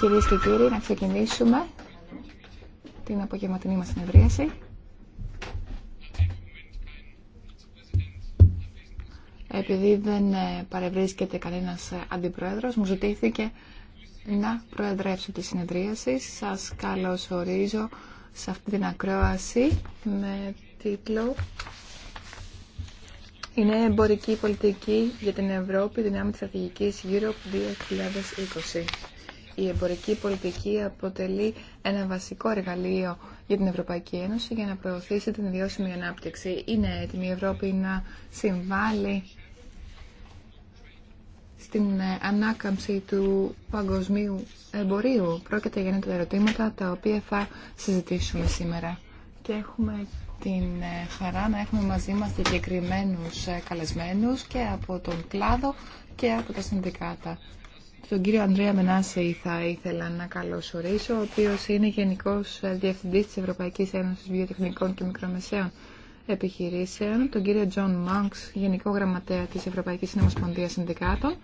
Κυρίες και κύριοι, να ξεκινήσουμε την απογευματινή μας συνεδρίαση. Επειδή δεν ε, παρευρίσκεται κανένας ε, αντιπρόεδρος, μου ζητήθηκε να προεδρεύσω τη συνεδρίαση. Σας καλωσορίζω σε αυτή την ακρόαση με τίτλο είναι εμπορική πολιτική για την Ευρώπη δυνάμει της στρατηγικής Europe 2020. Η εμπορική πολιτική αποτελεί ένα βασικό εργαλείο για την Ευρωπαϊκή Ένωση για να προωθήσει την βιώσιμη ανάπτυξη. Είναι έτοιμη η Ευρώπη να συμβάλλει στην ανάκαμψη του παγκοσμίου εμπορίου. Πρόκειται για ένα τα ερωτήματα τα οποία θα συζητήσουμε σήμερα την ε, χαρά να έχουμε μαζί μας συγκεκριμένου ε, καλεσμένους και από τον κλάδο και από τα συνδικάτα. Τον κύριο Ανδρέα Μενάση θα ήθελα να καλωσορίσω, ο οποίος είναι Γενικός ε, Διευθυντής της Ευρωπαϊκής Ένωσης Βιοτεχνικών και Μικρομεσαίων Επιχειρήσεων, τον κύριο Τζον Μάνξ, Γενικό Γραμματέα της Ευρωπαϊκής Συνομοσπονδίας Συνδικάτων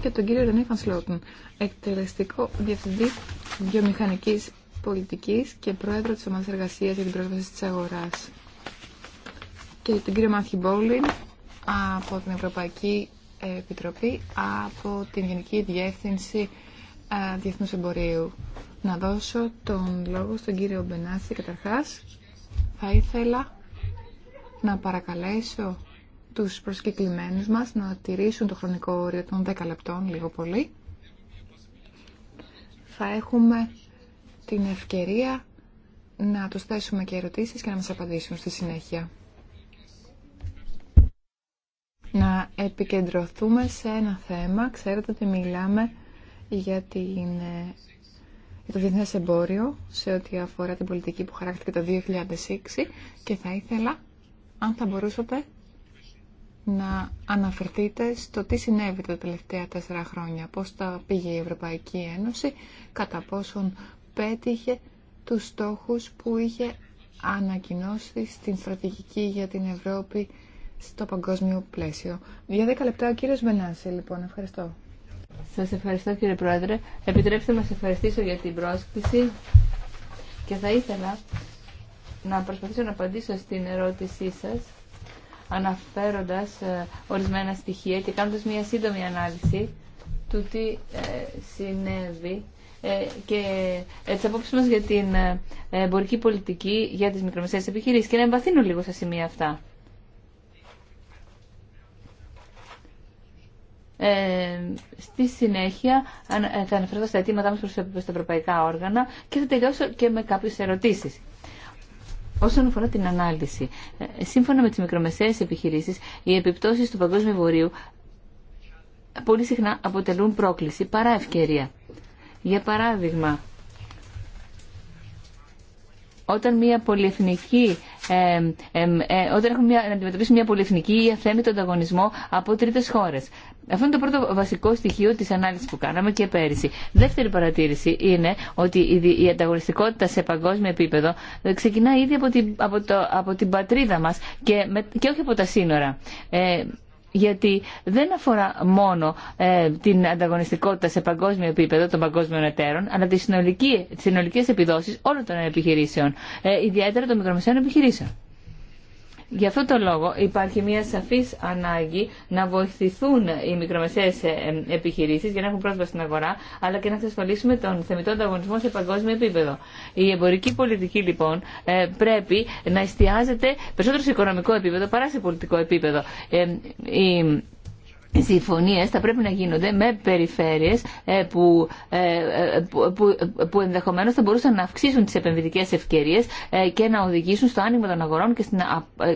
και τον κύριο Ρενίφαν Φανσλότον, εκτελεστικό Διευθυντή Βιομηχανικής και Πρόεδρο της Ομάδας Εργασίας για την Πρόσβαση τη αγορά. Και τον κύριο Μάθη Μπόλιν από την Ευρωπαϊκή ε, Επιτροπή, από την Γενική Διεύθυνση ε, Διεθνού Εμπορίου. Να δώσω τον λόγο στον κύριο Μπενάση καταρχάς. Θα ήθελα να παρακαλέσω τους προσκεκλημένους μας να τηρήσουν το χρονικό όριο των 10 λεπτών, λίγο πολύ. Θα έχουμε την ευκαιρία να τους θέσουμε και ερωτήσεις και να μας απαντήσουν στη συνέχεια. Να επικεντρωθούμε σε ένα θέμα. Ξέρετε ότι μιλάμε για, την, για το διεθνές εμπόριο σε ό,τι αφορά την πολιτική που χαράκτηκε το 2006 και θα ήθελα, αν θα μπορούσατε, να αναφερθείτε στο τι συνέβη τα τελευταία τέσσερα χρόνια, πώς τα πήγε η Ευρωπαϊκή Ένωση, κατά πόσον πέτυχε τους στόχους που είχε ανακοινώσει στην στρατηγική για την Ευρώπη στο παγκόσμιο πλαίσιο. Για 10 λεπτά ο κύριος Μενάση, λοιπόν. Ευχαριστώ. Σας ευχαριστώ κύριε Πρόεδρε. Επιτρέψτε να σας ευχαριστήσω για την πρόσκληση και θα ήθελα να προσπαθήσω να απαντήσω στην ερώτησή σας αναφέροντας ε, ορισμένα στοιχεία και κάνοντας μια σύντομη ανάλυση του τι ε, συνέβη ε, και ε, τι απόψει μα για την ε, εμπορική πολιτική για τι μικρομεσαίε επιχειρήσει και να εμπαθύνω λίγο στα σημεία αυτά. Ε, στη συνέχεια θα αναφερθώ στα αιτήματά μας προς τα ευρωπαϊκά όργανα και θα τελειώσω και με κάποιες ερωτήσεις. Όσον αφορά την ανάλυση, σύμφωνα με τις μικρομεσαίες επιχειρήσεις, οι επιπτώσεις του παγκόσμιου βορείου πολύ συχνά αποτελούν πρόκληση παρά ευκαιρία. Για παράδειγμα, όταν μια πολυεθνική ε, όταν έχουμε μια, να αντιμετωπίσουμε μια πολυεθνική ή αθέμητο ανταγωνισμό από τρίτε χώρε. Αυτό είναι το πρώτο βασικό στοιχείο τη ανάλυση που κάναμε και πέρυσι. Δεύτερη παρατήρηση είναι ότι η ανταγωνιστικότητα σε παγκόσμιο επίπεδο ε, ξεκινά ήδη από την, από το, από την πατρίδα μα και, και όχι από τα σύνορα. Ε, γιατί δεν αφορά μόνο ε, την ανταγωνιστικότητα σε παγκόσμιο επίπεδο των παγκόσμιων εταίρων, αλλά τις συνολικές επιδόσεις όλων των επιχειρήσεων, ε, ιδιαίτερα των μικρομεσαίων επιχειρήσεων. Γι' αυτό το λόγο υπάρχει μια σαφής ανάγκη να βοηθηθούν οι μικρομεσαίες ε, επιχειρήσεις για να έχουν πρόσβαση στην αγορά, αλλά και να εξασφαλίσουμε τον θεμητό ανταγωνισμό σε παγκόσμιο επίπεδο. Η εμπορική πολιτική λοιπόν ε, πρέπει να εστιάζεται περισσότερο σε οικονομικό επίπεδο παρά σε πολιτικό επίπεδο. Ε, η συμφωνίε θα πρέπει να γίνονται με περιφέρειες ε, ε, ε, που, που, που ενδεχομένω θα μπορούσαν να αυξήσουν τι επενδυτικέ ευκαιρίε και να οδηγήσουν στο άνοιγμα των αγορών και στην,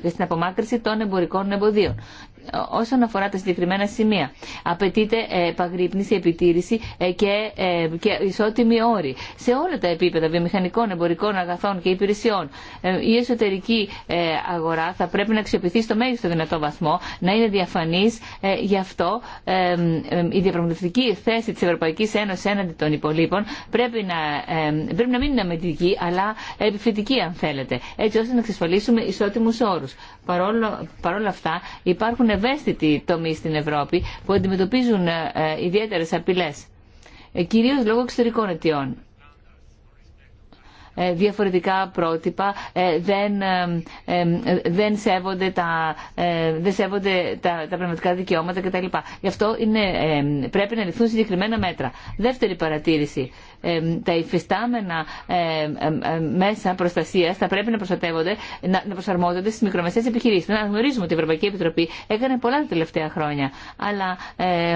και στην απομάκρυση των εμπορικών εμποδίων όσον αφορά τα συγκεκριμένα σημεία. Απαιτείται ε, επαγρύπνηση, επιτήρηση ε, και, ε, και ισότιμη όρη σε όλα τα επίπεδα βιομηχανικών, εμπορικών αγαθών και υπηρεσιών. Η εσωτερική αγορά θα πρέπει να αξιοποιηθεί στο μέγιστο δυνατό βαθμό, να είναι διαφανή. Γι' αυτό η διαπραγματευτική θέση τη Ευρωπαϊκή Ένωση έναντι των υπολείπων πρέπει να, πρέπει να μην είναι αμυντική, αλλά επιφυτική, αν θέλετε, έτσι ώστε να εξασφαλίσουμε ισότιμου όρου. Παρόλα αυτά, υπάρχουν ευαίσθητοι τομεί στην Ευρώπη που αντιμετωπίζουν ε, ε, ιδιαίτερε απειλέ. Ε, Κυρίω λόγω εξωτερικών αιτιών. Ε, διαφορετικά πρότυπα, ε, δεν, ε, δεν σέβονται, τα, δεν σέβονται τα, τα πνευματικά δικαιώματα κτλ. Γι' αυτό είναι, πρέπει να ληφθούν συγκεκριμένα μέτρα. Δεύτερη παρατήρηση. Τα υφιστάμενα μέσα προστασία θα πρέπει να προστατεύονται, να, προσαρμόζονται στι μικρομεσαίε επιχειρήσει. Να γνωρίζουμε ότι η Ευρωπαϊκή Επιτροπή έκανε πολλά τα τελευταία χρόνια, αλλά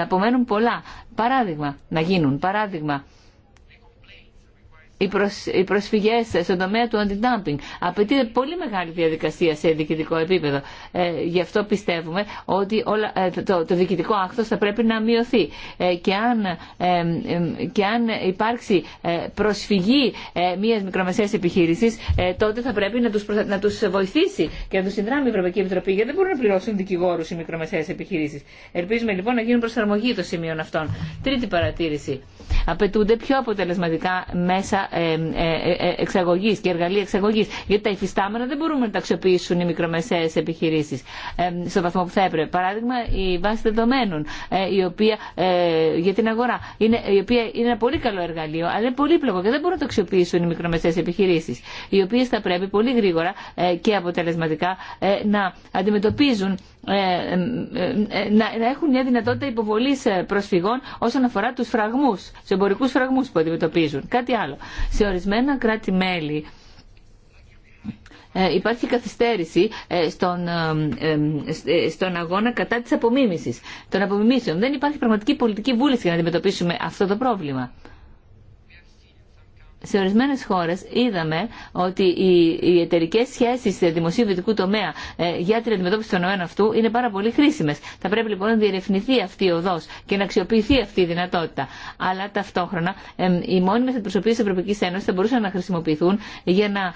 απομένουν πολλά. Παράδειγμα, να γίνουν. Παράδειγμα, οι, προσ, οι προσφυγές στον τομέα του αντιντάμπινγκ. Απαιτείται πολύ μεγάλη διαδικασία σε διοικητικό επίπεδο. Ε, γι' αυτό πιστεύουμε ότι όλα, ε, το, το διοικητικό άκτο θα πρέπει να μειωθεί. Ε, και, αν, ε, ε, και αν υπάρξει προσφυγή μιας μικρομεσαίας επιχείρησης, τότε θα πρέπει να τους, να τους βοηθήσει και να τους συνδράμει η Ευρωπαϊκή Επιτροπή, γιατί δεν μπορούν να πληρώσουν δικηγόρους οι μικρομεσαίες επιχειρήσεις. Ελπίζουμε λοιπόν να γίνουν προσαρμογή των σημείων αυτών. Τρίτη παρατήρηση. Απαιτούνται πιο αποτελεσματικά μέσα ε, ε, ε, εξαγωγή και εργαλεία εξαγωγή. Γιατί τα υφιστάμενα δεν μπορούμε να τα αξιοποιήσουν οι μικρομεσαίε επιχειρήσει στο βαθμό που θα έπρεπε. Παράδειγμα, η βάση δεδομένων, η οποία, για την αγορά, είναι, η οποία είναι ένα πολύ καλό εργαλείο, αλλά είναι πολύπλοκο και δεν μπορούν να το αξιοποιήσουν οι μικρομεσαίε επιχειρήσει, οι οποίε θα πρέπει πολύ γρήγορα και αποτελεσματικά να αντιμετωπίζουν ε, ε, ε, να έχουν μια δυνατότητα υποβολής προσφυγών όσον αφορά τους φραγμούς, τους εμπορικού φραγμούς που αντιμετωπίζουν. Κάτι άλλο. Σε ορισμένα κράτη-μέλη υπάρχει καθυστέρηση στον, στον αγώνα κατά της απομίμησης, των απομιμήσεων. Δεν υπάρχει πραγματική πολιτική βούληση για να αντιμετωπίσουμε αυτό το πρόβλημα σε ορισμένες χώρες είδαμε ότι οι, οι εταιρικέ σχέσεις δημοσίου δημοσίου τομέα ε, για την αντιμετώπιση του φαινομένου αυτού είναι πάρα πολύ χρήσιμες. Θα πρέπει λοιπόν να διερευνηθεί αυτή η οδός και να αξιοποιηθεί αυτή η δυνατότητα. Αλλά ταυτόχρονα οι μόνιμες αντιπροσωπείες της Ευρωπαϊκής Ένωσης θα μπορούσαν να χρησιμοποιηθούν για να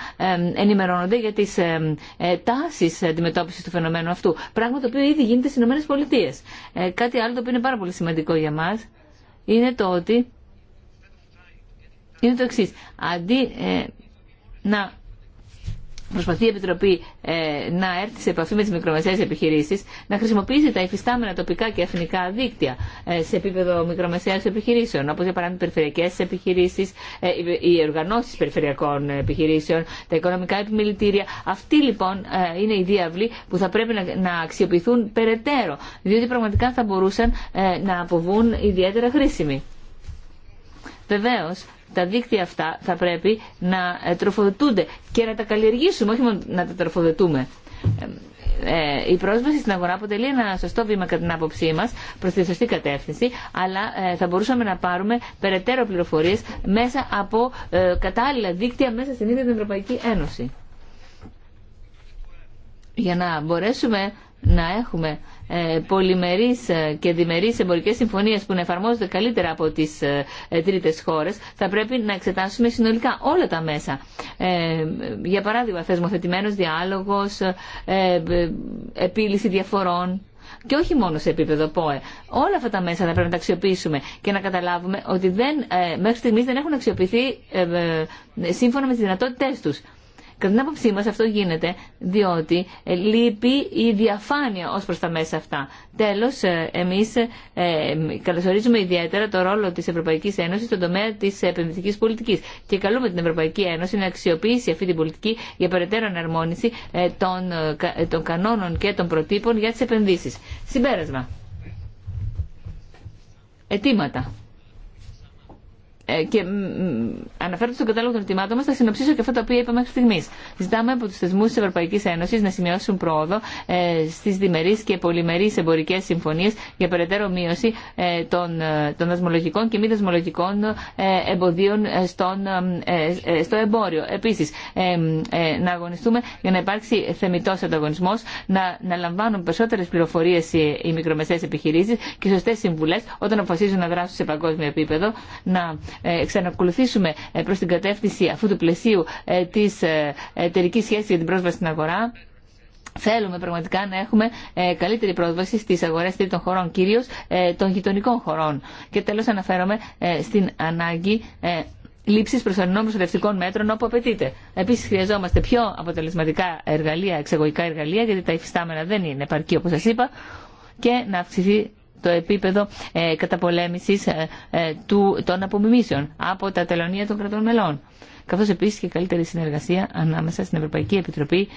ενημερώνονται για τις ε, ε, τάσεις αντιμετώπισης του φαινομένου αυτού. Πράγμα το οποίο ήδη γίνεται στις ΗΠΑ. Ε, κάτι άλλο το οποίο είναι πάρα πολύ σημαντικό για μας είναι το ότι είναι το εξή. Αντί ε, να προσπαθεί η Επιτροπή ε, να έρθει σε επαφή με τι μικρομεσαίε επιχειρήσει, να χρησιμοποιήσει τα υφιστάμενα τοπικά και εθνικά δίκτυα ε, σε επίπεδο μικρομεσαίων επιχειρήσεων, όπω για παράδειγμα οι περιφερειακέ επιχειρήσει, ε, οι οργανώσει περιφερειακών επιχειρήσεων, τα οικονομικά επιμελητήρια. Αυτοί λοιπόν ε, είναι οι διάβλη που θα πρέπει να, να αξιοποιηθούν περαιτέρω, διότι πραγματικά θα μπορούσαν ε, να αποβούν ιδιαίτερα χρήσιμοι. Βεβαίω, τα δίκτυα αυτά θα πρέπει να ε, τροφοδοτούνται και να τα καλλιεργήσουμε, όχι μόνο να τα τροφοδοτούμε. Ε, ε, η πρόσβαση στην αγορά αποτελεί ένα σωστό βήμα κατά την άποψή μα προ τη σωστή κατεύθυνση, αλλά θα μπορούσαμε να πάρουμε περαιτέρω πληροφορίε μέσα από κατάλληλα δίκτυα μέσα στην ίδια την Ευρωπαϊκή Ένωση. Για να μπορέσουμε να έχουμε ε, πολυμερείς ε, και διμερείς εμπορικές συμφωνίες που να εφαρμόζονται καλύτερα από τις ε, τρίτες χώρες, θα πρέπει να εξετάσουμε συνολικά όλα τα μέσα. Για παράδειγμα, θεσμοθετημένος διάλογος, επίλυση διαφορών και όχι μόνο σε επίπεδο ΠΟΕ. Όλα αυτά τα μέσα θα πρέπει να τα αξιοποιήσουμε και να καταλάβουμε ότι δεν, μέχρι στιγμής δεν έχουν αξιοποιηθεί σύμφωνα με τις δυνατότητές τους. Κατά την άποψή μα αυτό γίνεται διότι ε, λείπει η διαφάνεια ω προ τα μέσα αυτά. Τέλο, ε, εμεί ε, καλωσορίζουμε ιδιαίτερα το ρόλο τη Ευρωπαϊκή Ένωση στον τομέα τη επενδυτική πολιτική και καλούμε την Ευρωπαϊκή Ένωση να αξιοποιήσει αυτή την πολιτική για περαιτέρω εναρμόνιση των κανόνων και των προτύπων για τι επενδύσει. Συμπέρασμα. Ετήματα. Ε, και αναφέρω στον κατάλογο των ετοιμάτων μα, θα συνοψίσω και αυτά τα οποία είπα μέχρι στιγμή. Ζητάμε από του θεσμού τη Ευρωπαϊκή Ένωση να σημειώσουν πρόοδο ε, στι διμερεί και πολυμερεί εμπορικέ συμφωνίε για περαιτέρω μείωση ε, των, ε, των δασμολογικών και μη δασμολογικών ε, εμποδίων στον, στο εμπόριο. Επίση, να αγωνιστούμε για να υπάρξει θεμητό ανταγωνισμό, να, να λαμβάνουν περισσότερε πληροφορίε οι, οι μικρομεσαίε επιχειρήσει και σωστέ συμβουλέ όταν αποφασίζουν να δράσουν σε παγκόσμιο επίπεδο, να ε, ξανακολουθήσουμε ε, προς την κατεύθυνση αυτού του πλαισίου ε, της εταιρικής σχέσης για την πρόσβαση στην αγορά. Θέλουμε πραγματικά να έχουμε καλύτερη πρόσβαση στις αγορές τρίτων χωρών, κυρίως των γειτονικών χωρών. Και τέλος αναφέρομαι στην ανάγκη λήψη προσωρινών προστατευτικών μέτρων όπου απαιτείται. Επίση, χρειαζόμαστε πιο αποτελεσματικά εργαλεία, εξαγωγικά εργαλεία, γιατί τα υφιστάμενα δεν είναι επαρκή, όπω σα είπα, και να αυξηθεί το επίπεδο ε, καταπολέμησης ε, ε, των απομιμήσεων από τα τελωνία των κρατών μελών. Καθώς επίσης και καλύτερη συνεργασία ανάμεσα στην Ευρωπαϊκή Επιτροπή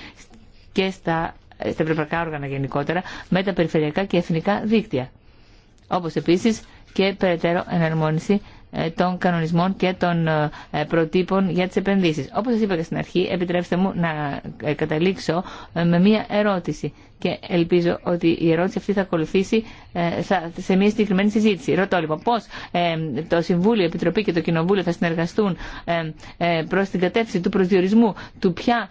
και στα, στα ευρωπαϊκά όργανα γενικότερα με τα περιφερειακά και εθνικά δίκτυα. Όπως επίσης και περαιτέρω εναρμόνιση των κανονισμών και των προτύπων για τις επενδύσεις. Όπως σας είπα και στην αρχή, επιτρέψτε μου να καταλήξω με μία ερώτηση. Και ελπίζω ότι η ερώτηση αυτή θα ακολουθήσει ε, σε μια συγκεκριμένη συζήτηση. Ρωτώ λοιπόν πώ ε, το Συμβούλιο, η Επιτροπή και το Κοινοβούλιο θα συνεργαστούν ε, προ την κατεύθυνση του προσδιορισμού του, ποια,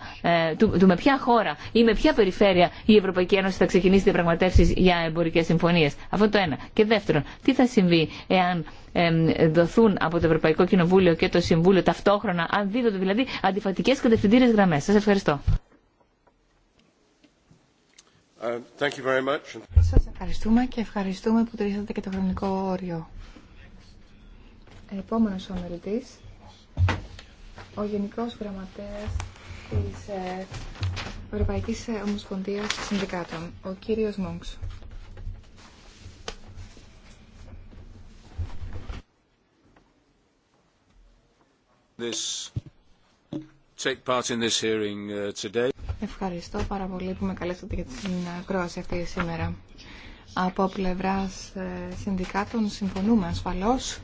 του, του με ποια χώρα ή με ποια περιφέρεια η Ευρωπαϊκή Ένωση θα ξεκινήσει διαπραγματεύσει για εμπορικέ συμφωνίε. Αυτό το ένα. Και δεύτερον, τι θα συμβεί εάν δοθούν από το Ευρωπαϊκό Κοινοβούλιο και το Συμβούλιο ταυτόχρονα, αν δίδονται δηλαδή αντιφατικέ κατευθυντήρε γραμμέ. Σα ευχαριστώ. Σας ευχαριστούμε και ευχαριστούμε που τηρήσατε και το χρονικό όριο. Επόμενος ο ο Γενικός Γραμματέας της ε, Ευρωπαϊκής ε, Ομοσπονδίας Συνδικάτων, ο κύριος Μόγκς. Uh, Ευχαριστώ πάρα πολύ που με καλέσατε για την ακρόαση αυτή σήμερα. Από πλευράς ε, συνδικάτων συμφωνούμε ασφαλώς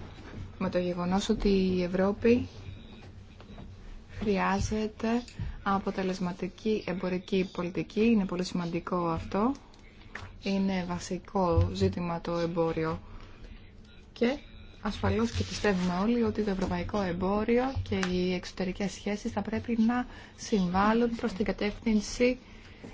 με το γεγονός ότι η Ευρώπη χρειάζεται αποτελεσματική εμπορική πολιτική. Είναι πολύ σημαντικό αυτό. Είναι βασικό ζήτημα το εμπόριο. Και Ασφαλώς και πιστεύουμε όλοι ότι το ευρωπαϊκό εμπόριο και οι εξωτερικές σχέσεις θα πρέπει να συμβάλλουν προς την κατεύθυνση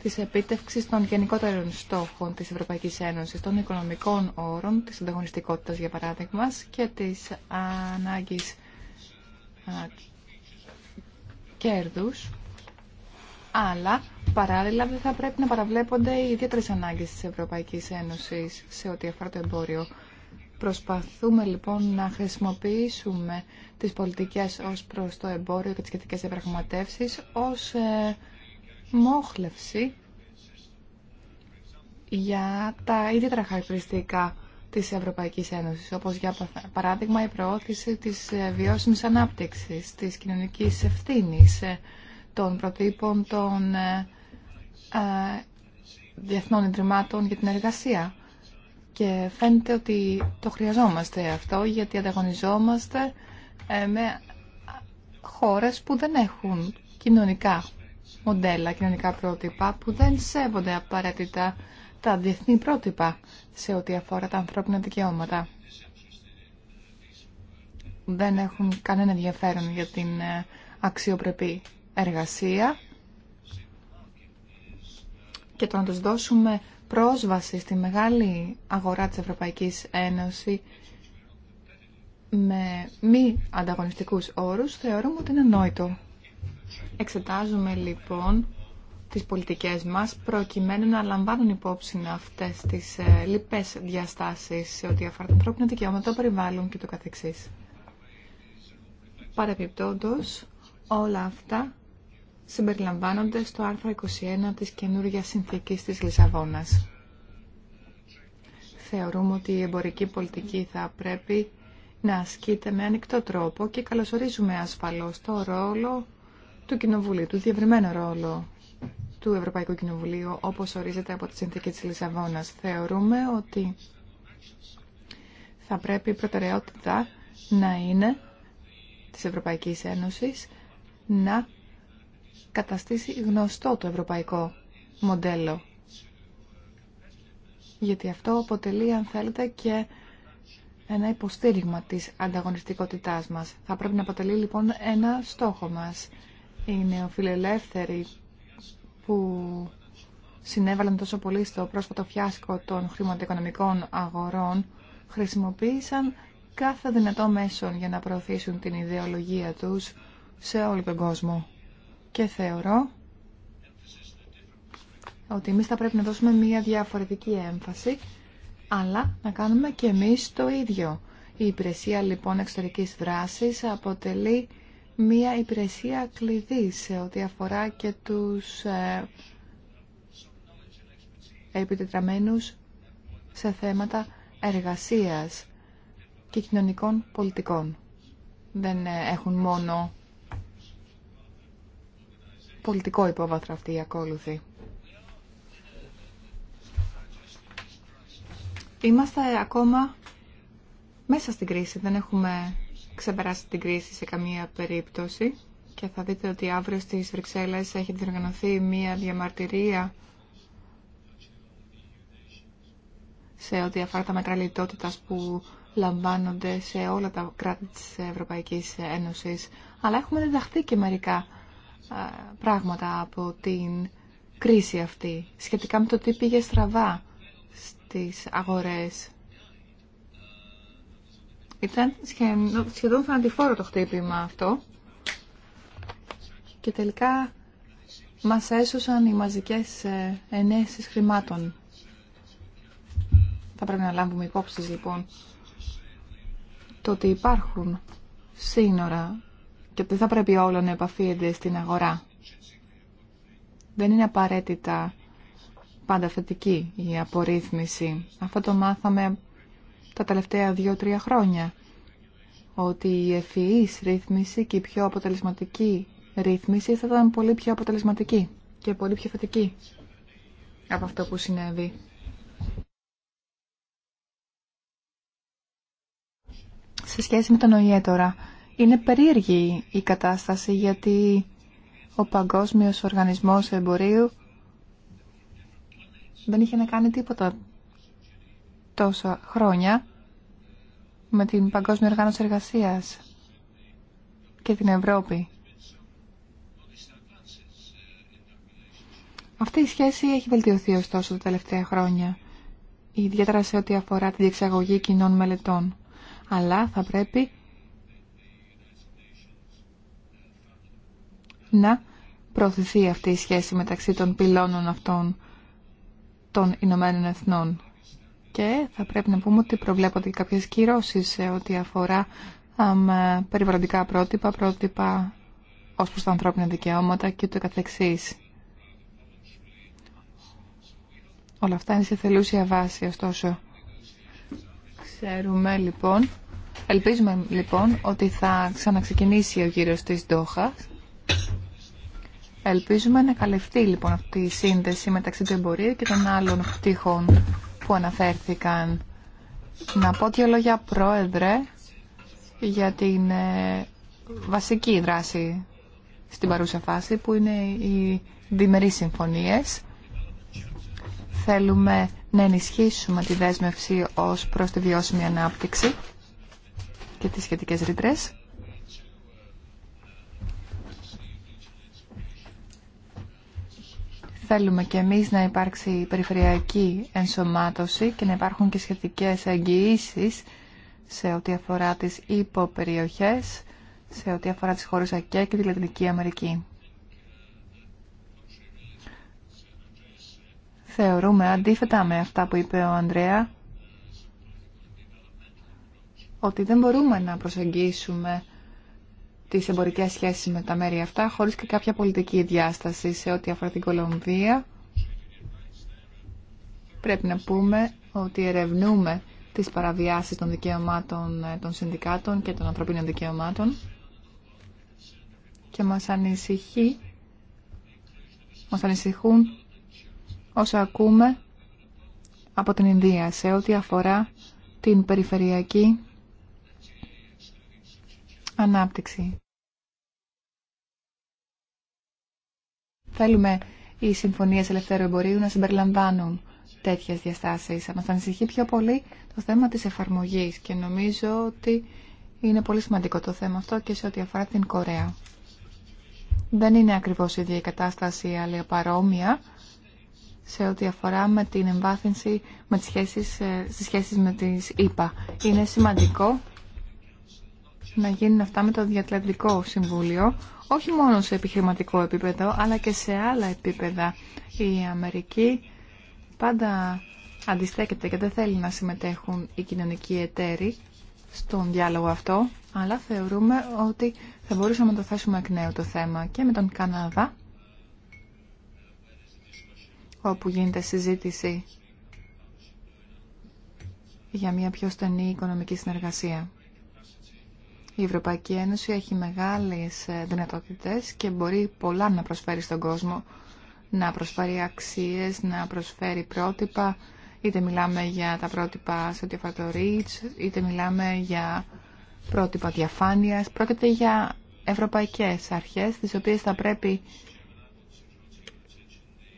της επίτευξης των γενικότερων στόχων της Ευρωπαϊκής Ένωσης, των οικονομικών όρων, της ανταγωνιστικότητας για παράδειγμα και της ανάγκης κέρδους, αλλά παράλληλα δεν θα πρέπει να παραβλέπονται οι ιδιαίτερε ανάγκες της Ευρωπαϊκής Ένωσης σε ό,τι αφορά το εμπόριο. Προσπαθούμε λοιπόν να χρησιμοποιήσουμε τις πολιτικές ως προς το εμπόριο και τις σχετικές διαπραγματεύσει ως ε, μόχλευση για τα ίδια χαρακτηριστικά της Ευρωπαϊκής Ένωσης, όπως για παράδειγμα η προώθηση της ε, βιώσιμης ανάπτυξης, της κοινωνικής ευθύνης, ε, των προτύπων των ε, διεθνών ιδρυμάτων για την εργασία. Και φαίνεται ότι το χρειαζόμαστε αυτό γιατί ανταγωνιζόμαστε ε, με χώρες που δεν έχουν κοινωνικά μοντέλα, κοινωνικά πρότυπα που δεν σέβονται απαραίτητα τα διεθνή πρότυπα σε ό,τι αφορά τα ανθρώπινα δικαιώματα. Δεν έχουν κανένα ενδιαφέρον για την ε, αξιοπρεπή εργασία και το να τους δώσουμε πρόσβαση στη μεγάλη αγορά της Ευρωπαϊκής Ένωση με μη ανταγωνιστικούς όρους θεωρούμε ότι είναι νόητο. Εξετάζουμε λοιπόν τις πολιτικές μας προκειμένου να λαμβάνουν υπόψη αυτές τις ε, λοιπές διαστάσεις σε ό,τι αφορά τα ανθρώπινα δικαιώματα, το περιβάλλον και το καθεξής. Παρεπιπτόντως, όλα αυτά συμπεριλαμβάνονται στο άρθρο 21 της καινούργια συνθήκης της Λισαβόνας. Θεωρούμε ότι η εμπορική πολιτική θα πρέπει να ασκείται με ανοιχτό τρόπο και καλωσορίζουμε ασφαλώς το ρόλο του Κοινοβουλίου, του διευρυμένο ρόλο του Ευρωπαϊκού Κοινοβουλίου, όπως ορίζεται από τη συνθήκη της Λισαβόνας. Θεωρούμε ότι θα πρέπει η προτεραιότητα να είναι της Ευρωπαϊκής Ένωσης να καταστήσει γνωστό το ευρωπαϊκό μοντέλο. Γιατί αυτό αποτελεί, αν θέλετε, και ένα υποστήριγμα της ανταγωνιστικότητάς μας. Θα πρέπει να αποτελεί λοιπόν ένα στόχο μας. Οι νεοφιλελεύθεροι που συνέβαλαν τόσο πολύ στο πρόσφατο φιάσκο των χρηματοοικονομικών αγορών χρησιμοποίησαν κάθε δυνατό μέσο για να προωθήσουν την ιδεολογία τους σε όλο τον κόσμο. Και θεωρώ ότι εμείς θα πρέπει να δώσουμε μια διαφορετική έμφαση, αλλά να κάνουμε και εμείς το ίδιο. Η υπηρεσία λοιπόν εξωτερικής δράσης αποτελεί μια υπηρεσία κλειδί σε ό,τι αφορά και τους ε, επιτετραμένους σε θέματα εργασίας και κοινωνικών πολιτικών. Δεν ε, έχουν μόνο πολιτικό υπόβαθρο αυτή η ακόλουθη. Είμαστε ακόμα μέσα στην κρίση. Δεν έχουμε ξεπεράσει την κρίση σε καμία περίπτωση. Και θα δείτε ότι αύριο στις Βρυξέλλες έχει διοργανωθεί μία διαμαρτυρία σε ό,τι αφορά τα μέτρα που λαμβάνονται σε όλα τα κράτη της Ευρωπαϊκής Ένωσης. Αλλά έχουμε διδαχθεί και μερικά πράγματα από την κρίση αυτή σχετικά με το τι πήγε στραβά στις αγορές. Ήταν σχεδόν θανατηφόρο το χτύπημα αυτό και τελικά μας έσωσαν οι μαζικές ε, ενέσεις χρημάτων. Θα πρέπει να λάβουμε υπόψη λοιπόν το ότι υπάρχουν σύνορα και ότι δεν θα πρέπει όλο να επαφίεται στην αγορά. Δεν είναι απαραίτητα πάντα θετική η απορρίθμιση. Αυτό το μάθαμε τα τελευταία δύο-τρία χρόνια. Ότι η ευφυής ρύθμιση και η πιο αποτελεσματική ρύθμιση θα ήταν πολύ πιο αποτελεσματική και πολύ πιο θετική από αυτό που συνέβη. Σε σχέση με τον ΟΗΕ τώρα, είναι περίεργη η κατάσταση γιατί ο Παγκόσμιος Οργανισμός Εμπορίου δεν είχε να κάνει τίποτα τόσα χρόνια με την Παγκόσμια Οργάνωση Εργασίας και την Ευρώπη. Αυτή η σχέση έχει βελτιωθεί ωστόσο τα τελευταία χρόνια, ιδιαίτερα σε ό,τι αφορά τη διεξαγωγή κοινών μελετών. Αλλά θα πρέπει να προωθηθεί αυτή η σχέση μεταξύ των πυλώνων αυτών των Ηνωμένων Εθνών. Και θα πρέπει να πούμε ότι προβλέπονται και κάποιες κυρώσεις σε ό,τι αφορά περιβαλλοντικά πρότυπα, πρότυπα ως προς τα ανθρώπινα δικαιώματα και το καθεξής. Όλα αυτά είναι σε θελούσια βάση, ωστόσο. Ξέρουμε λοιπόν, ελπίζουμε λοιπόν ότι θα ξαναξεκινήσει ο γύρος της Ντόχας Ελπίζουμε να καλυφθεί λοιπόν αυτή η σύνδεση μεταξύ του εμπορίου και των άλλων πτυχών που αναφέρθηκαν. Να πω δύο λόγια, Πρόεδρε, για την ε, βασική δράση στην παρούσα φάση που είναι οι διμερείς συμφωνίες. Θέλουμε να ενισχύσουμε τη δέσμευση ως προς τη βιώσιμη ανάπτυξη και τις σχετικές ρήτρες. Θέλουμε και εμείς να υπάρξει περιφερειακή ενσωμάτωση και να υπάρχουν και σχετικές εγγυήσει σε ό,τι αφορά τις υποπεριοχές, σε ό,τι αφορά τις χώρες ΑΚΕ και τη Λατινική Αμερική. Θεωρούμε, αντίθετα με αυτά που είπε ο Ανδρέα, ότι δεν μπορούμε να προσεγγίσουμε τις εμπορικέ σχέσει με τα μέρη αυτά, χωρίς και κάποια πολιτική διάσταση σε ό,τι αφορά την Κολομβία. Πρέπει να πούμε ότι ερευνούμε τις παραβιάσεις των δικαιωμάτων ε, των συνδικάτων και των ανθρωπίνων δικαιωμάτων και μας ανησυχεί, μας ανησυχούν όσα ακούμε από την Ινδία σε ό,τι αφορά την περιφερειακή ανάπτυξη. Θέλουμε οι συμφωνίες ελευθέρου εμπορίου να συμπεριλαμβάνουν τέτοιες διαστάσεις. Μας ανησυχεί πιο πολύ το θέμα της εφαρμογής και νομίζω ότι είναι πολύ σημαντικό το θέμα αυτό και σε ό,τι αφορά την Κορέα. Δεν είναι ακριβώς η ίδια η κατάσταση, αλλά παρόμοια σε ό,τι αφορά με την εμβάθυνση με τις σχέσεις, ε, στις σχέσεις με τις ΗΠΑ. Είναι σημαντικό να γίνουν αυτά με το Διατλαντικό Συμβούλιο, όχι μόνο σε επιχειρηματικό επίπεδο, αλλά και σε άλλα επίπεδα. Η Αμερική πάντα αντιστέκεται και δεν θέλει να συμμετέχουν οι κοινωνικοί εταίροι στον διάλογο αυτό, αλλά θεωρούμε ότι θα μπορούσαμε να το θέσουμε εκ νέου το θέμα και με τον Καναδά, όπου γίνεται συζήτηση για μια πιο στενή οικονομική συνεργασία. Η Ευρωπαϊκή Ένωση έχει μεγάλες ε, δυνατότητες και μπορεί πολλά να προσφέρει στον κόσμο. Να προσφέρει αξίες, να προσφέρει πρότυπα, είτε μιλάμε για τα πρότυπα σε ό,τι αφορά το είτε μιλάμε για πρότυπα διαφάνειας. Πρόκειται για ευρωπαϊκές αρχές, τις οποίες θα πρέπει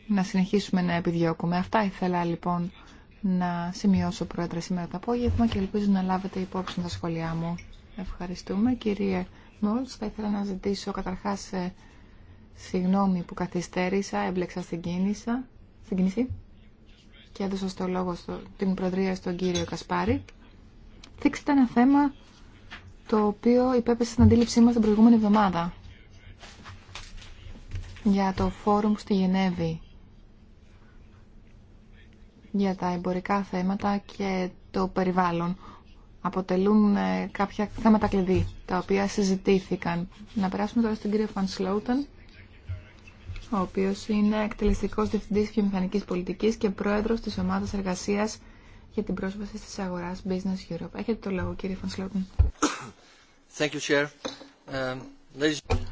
να συνεχίσουμε να επιδιώκουμε. Αυτά ήθελα λοιπόν να σημειώσω, Πρόεδρε, σήμερα το απόγευμα και ελπίζω να λάβετε υπόψη τα σχόλιά μου. Ευχαριστούμε κύριε Μόλτς. Θα ήθελα να ζητήσω καταρχάς ε, συγγνώμη που καθυστέρησα, έμπλεξα στην κίνηση και έδωσα στο λόγο στο, την Προεδρία στον κύριο Κασπάρη. Θίξτε ένα θέμα το οποίο υπέπεσε στην αντίληψή μας την προηγούμενη εβδομάδα για το φόρουμ στη Γενέβη για τα εμπορικά θέματα και το περιβάλλον αποτελούν ε, κάποια θέματα κλειδί, τα οποία συζητήθηκαν. Να περάσουμε τώρα στον κύριο Φαν Σλόουτεν, ο οποίος είναι εκτελεστικός διευθυντής βιομηχανική πολιτικής και πρόεδρος της ομάδας εργασίας για την πρόσβαση στις αγορά Business Europe. Έχετε το λόγο κύριε Φαν Σλόουτεν. Um,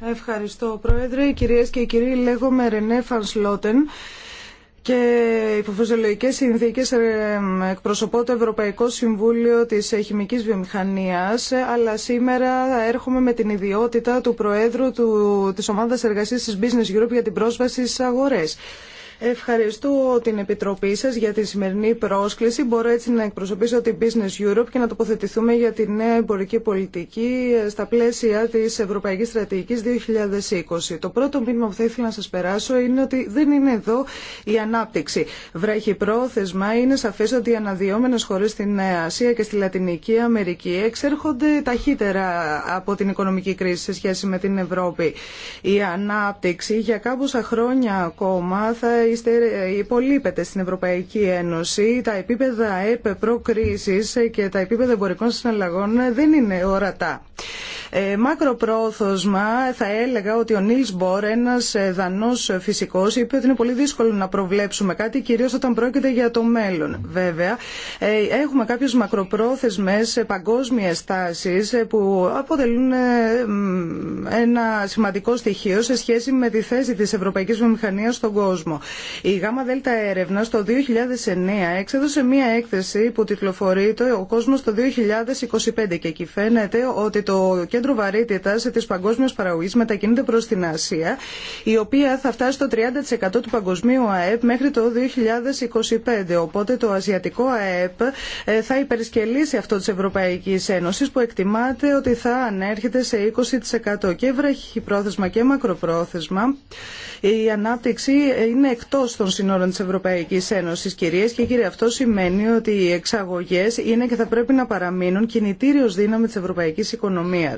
Ευχαριστώ πρόεδρε, κυρίες και κύριοι. Λέγομαι Ρενέ Φαν Σλόουτεν και υποφυσιολογικέ συνθήκε ε, εκπροσωπώ το Ευρωπαϊκό Συμβούλιο τη Χημική Βιομηχανία, αλλά σήμερα έρχομαι με την ιδιότητα του Προέδρου τη Ομάδα Εργασία τη Business Europe για την πρόσβαση στι αγορέ. Ευχαριστώ την Επιτροπή σας για τη σημερινή πρόσκληση. Μπορώ έτσι να εκπροσωπήσω την Business Europe και να τοποθετηθούμε για τη νέα εμπορική πολιτική ε, στα πλαίσια της Ευρωπαϊκής Στρατηγικής 2020. Το πρώτο μήνυμα που θα ήθελα να σας περάσω είναι ότι δεν είναι εδώ η ανάπτυξη. Βράχει πρόθεσμα, είναι σαφές ότι οι αναδυόμενες χώρες στην Ασία και στη Λατινική Αμερική εξέρχονται ταχύτερα από την οικονομική κρίση σε σχέση με την Ευρώπη. Η ανάπτυξη για χρόνια ακόμα υπολείπεται στην Ευρωπαϊκή Ένωση. Τα επίπεδα ΕΠ και τα επίπεδα εμπορικών συναλλαγών δεν είναι ορατά. Ε, μακροπρόθεσμα θα έλεγα ότι ο Νίλς Μπορ, ένας ε, δανός φυσικός, είπε ότι είναι πολύ δύσκολο να προβλέψουμε κάτι, κυρίως όταν πρόκειται για το μέλλον. Βέβαια, ε, έχουμε κάποιες μακροπρόθεσμες παγκόσμιες τάσεις που αποτελούν ένα σημαντικό στοιχείο σε σχέση με τη θέση της ευρωπαϊκής βιομηχανίας στον κόσμο. Η ΓΑΜΑ ΔΕΛΤΑ Έρευνα στο 2009 εξέδωσε μία έκθεση που τυκλοφορεί το «Ο το 2025» και εκεί φαίνεται ότι το κέντρου βαρύτητα τη παγκόσμια παραγωγή μετακινείται προ την Ασία, η οποία θα φτάσει στο 30% του παγκοσμίου ΑΕΠ μέχρι το 2025. Οπότε το Ασιατικό ΑΕΠ ε, θα υπερισκελίσει αυτό τη Ευρωπαϊκή Ένωση, που εκτιμάται ότι θα ανέρχεται σε 20%. Και βραχυπρόθεσμα και μακροπρόθεσμα η ανάπτυξη ε, είναι εκτό των συνόρων τη Ευρωπαϊκή Ένωση. Κυρίε και κύριοι, αυτό σημαίνει ότι οι εξαγωγέ είναι και θα πρέπει να παραμείνουν κινητήριο δύναμη τη ευρωπαϊκή οικονομία.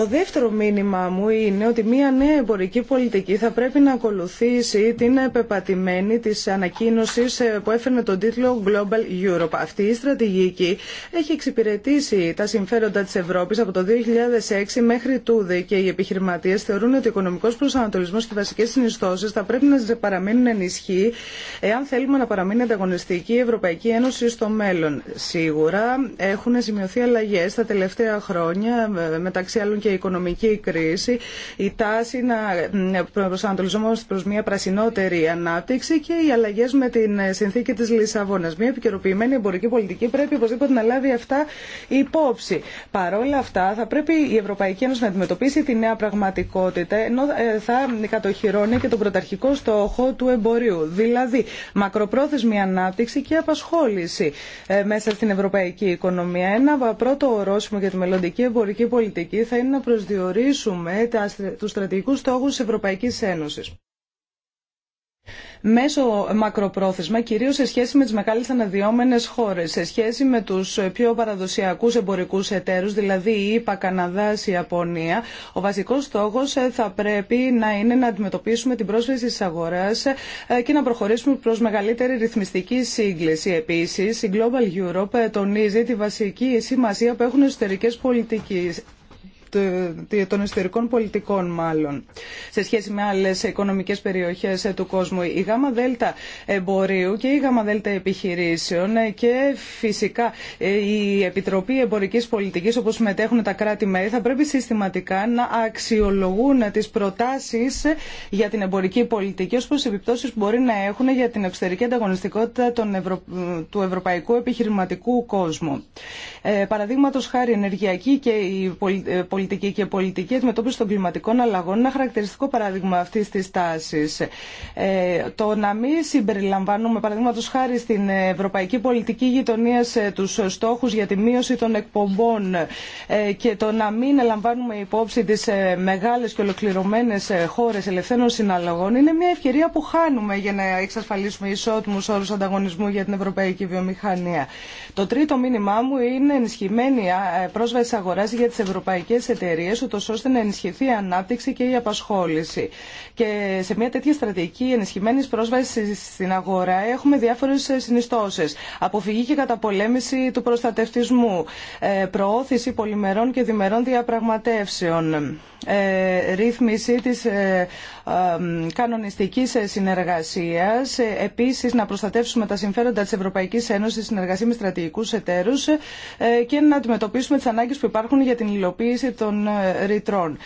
Το δεύτερο μήνυμα μου είναι ότι μια νέα εμπορική πολιτική θα πρέπει να ακολουθήσει την πεπατημένη της ανακοίνωσης ε, που έφερνε τον τίτλο Global Europe. Αυτή η στρατηγική έχει εξυπηρετήσει τα συμφέροντα της Ευρώπης από το 2006 μέχρι τούδε και οι επιχειρηματίες θεωρούν ότι ο οικονομικός προσανατολισμός και οι βασικές συνιστώσεις θα πρέπει να παραμείνουν ενισχύ εάν θέλουμε να παραμείνει ανταγωνιστική η Ευρωπαϊκή Ένωση στο μέλλον. Σίγουρα έχουν σημειωθεί αλλαγές τα τελευταία χρόνια ε, μεταξύ άλλων και η οικονομική κρίση, η τάση να προσανατολισόμαστε προς μια πρασινότερη ανάπτυξη και οι αλλαγές με την συνθήκη της Λισαβόνας. Μια επικαιροποιημένη εμπορική πολιτική πρέπει οπωσδήποτε να λάβει αυτά υπόψη. Παρόλα αυτά θα πρέπει η Ευρωπαϊκή Ένωση να αντιμετωπίσει τη νέα πραγματικότητα ενώ ε, θα κατοχυρώνει και τον πρωταρχικό στόχο του εμπορίου. Δηλαδή μακροπρόθεσμη ανάπτυξη και απασχόληση ε, μέσα στην ευρωπαϊκή οικονομία. Ένα πρώτο ορόσημο για τη μελλοντική εμπορική πολιτική θα είναι να προσδιορίσουμε τους στρατηγικούς στόχους της Ευρωπαϊκής Ένωσης. Μέσω μακροπρόθεσμα, κυρίως σε σχέση με τις μεγάλες αναδυόμενες χώρες, σε σχέση με τους πιο παραδοσιακούς εμπορικούς εταίρους, δηλαδή η ΕΠΑ, Καναδάς, η Ιαπωνία, ο βασικός στόχος ε, θα πρέπει να είναι να αντιμετωπίσουμε την πρόσφαση της αγοράς ε, και να προχωρήσουμε προς μεγαλύτερη ρυθμιστική σύγκληση. Επίσης, η Global Europe ε, τονίζει τη βασική σημασία που έχουν εσωτερικές πολιτικές των εσωτερικών πολιτικών μάλλον σε σχέση με άλλες οικονομικές περιοχές ε, του κόσμου. Η γάμα δέλτα εμπορίου και η γάμα δέλτα επιχειρήσεων ε, και φυσικά ε, η Επιτροπή Εμπορικής Πολιτικής όπως συμμετέχουν τα κράτη-μέλη θα πρέπει συστηματικά να αξιολογούν τις προτάσεις για την εμπορική πολιτική ως προς επιπτώσεις που μπορεί να έχουν για την εξωτερική ανταγωνιστικότητα του ευρωπαϊκού επιχειρηματικού κόσμου. Παραδείγματο χάρη, ενεργειακή και η πολιτική πολιτική και πολιτική αντιμετώπιση των κλιματικών αλλαγών είναι ένα χαρακτηριστικό παράδειγμα αυτή τη τάση. Ε, το να μην συμπεριλαμβάνουμε, παραδείγματο χάρη στην ευρωπαϊκή πολιτική γειτονία, ε, του στόχου για τη μείωση των εκπομπών ε, και το να μην λαμβάνουμε υπόψη τι ε, μεγάλε και ολοκληρωμένε χώρε ελευθέρων συναλλαγών είναι μια ευκαιρία που χάνουμε για να εξασφαλίσουμε ισότιμου όρου ανταγωνισμού για την ευρωπαϊκή βιομηχανία. Το τρίτο μήνυμά μου είναι ενισχυμένη πρόσβαση αγορά για τι ευρωπαϊκέ εταιρείε, ώστε να ενισχυθεί η ανάπτυξη και η απασχόληση. Και σε μια τέτοια στρατηγική ενισχυμένη πρόσβαση στην αγορά έχουμε διάφορε συνιστώσει. Αποφυγή και καταπολέμηση του προστατευτισμού, ε, προώθηση πολυμερών και διμερών διαπραγματεύσεων, ε, ρύθμιση τη ε, κανονιστική συνεργασία, επίση να προστατεύσουμε τα συμφέροντα τη Ευρωπαϊκή Ένωση συνεργασία με στρατηγικού εταίρου και να αντιμετωπίσουμε τι ανάγκε που υπάρχουν για την υλοποίηση των ε, ρητρών.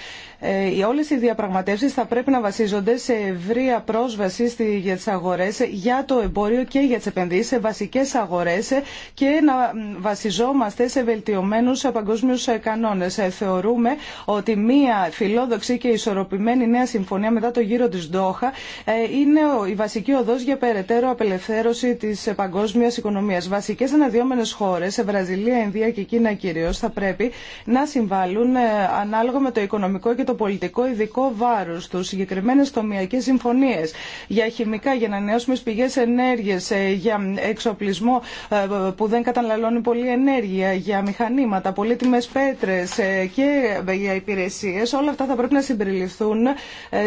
Ε, όλες οι διαπραγματεύσεις θα πρέπει να βασίζονται σε ευρεία πρόσβαση στη, για τις αγορές, για το εμπόριο και για τις επενδύσεις, σε βασικές αγορές και να βασιζόμαστε σε βελτιωμένους παγκόσμιους κανόνες. Ε, θεωρούμε ότι μία φιλόδοξη και ισορροπημένη νέα συμφωνία μετά το γύρο της Ντόχα ε, είναι η βασική οδός για περαιτέρω απελευθέρωση της παγκόσμιας οικονομίας. Βασικές αναδυόμενες χώρες, Βραζιλία, Ινδία και Κίνα κυρίως, θα πρέπει να συμβάλλουν ανάλογα με το οικονομικό και το πολιτικό ειδικό βάρο του, συγκεκριμένε τομιακέ συμφωνίε για χημικά, για να νεώσουμε πηγέ ενέργεια, ε, για εξοπλισμό ε, που δεν καταναλώνει πολύ ενέργεια, για μηχανήματα, πολύτιμε πέτρε ε, και για υπηρεσίε, όλα αυτά θα πρέπει να συμπεριληφθούν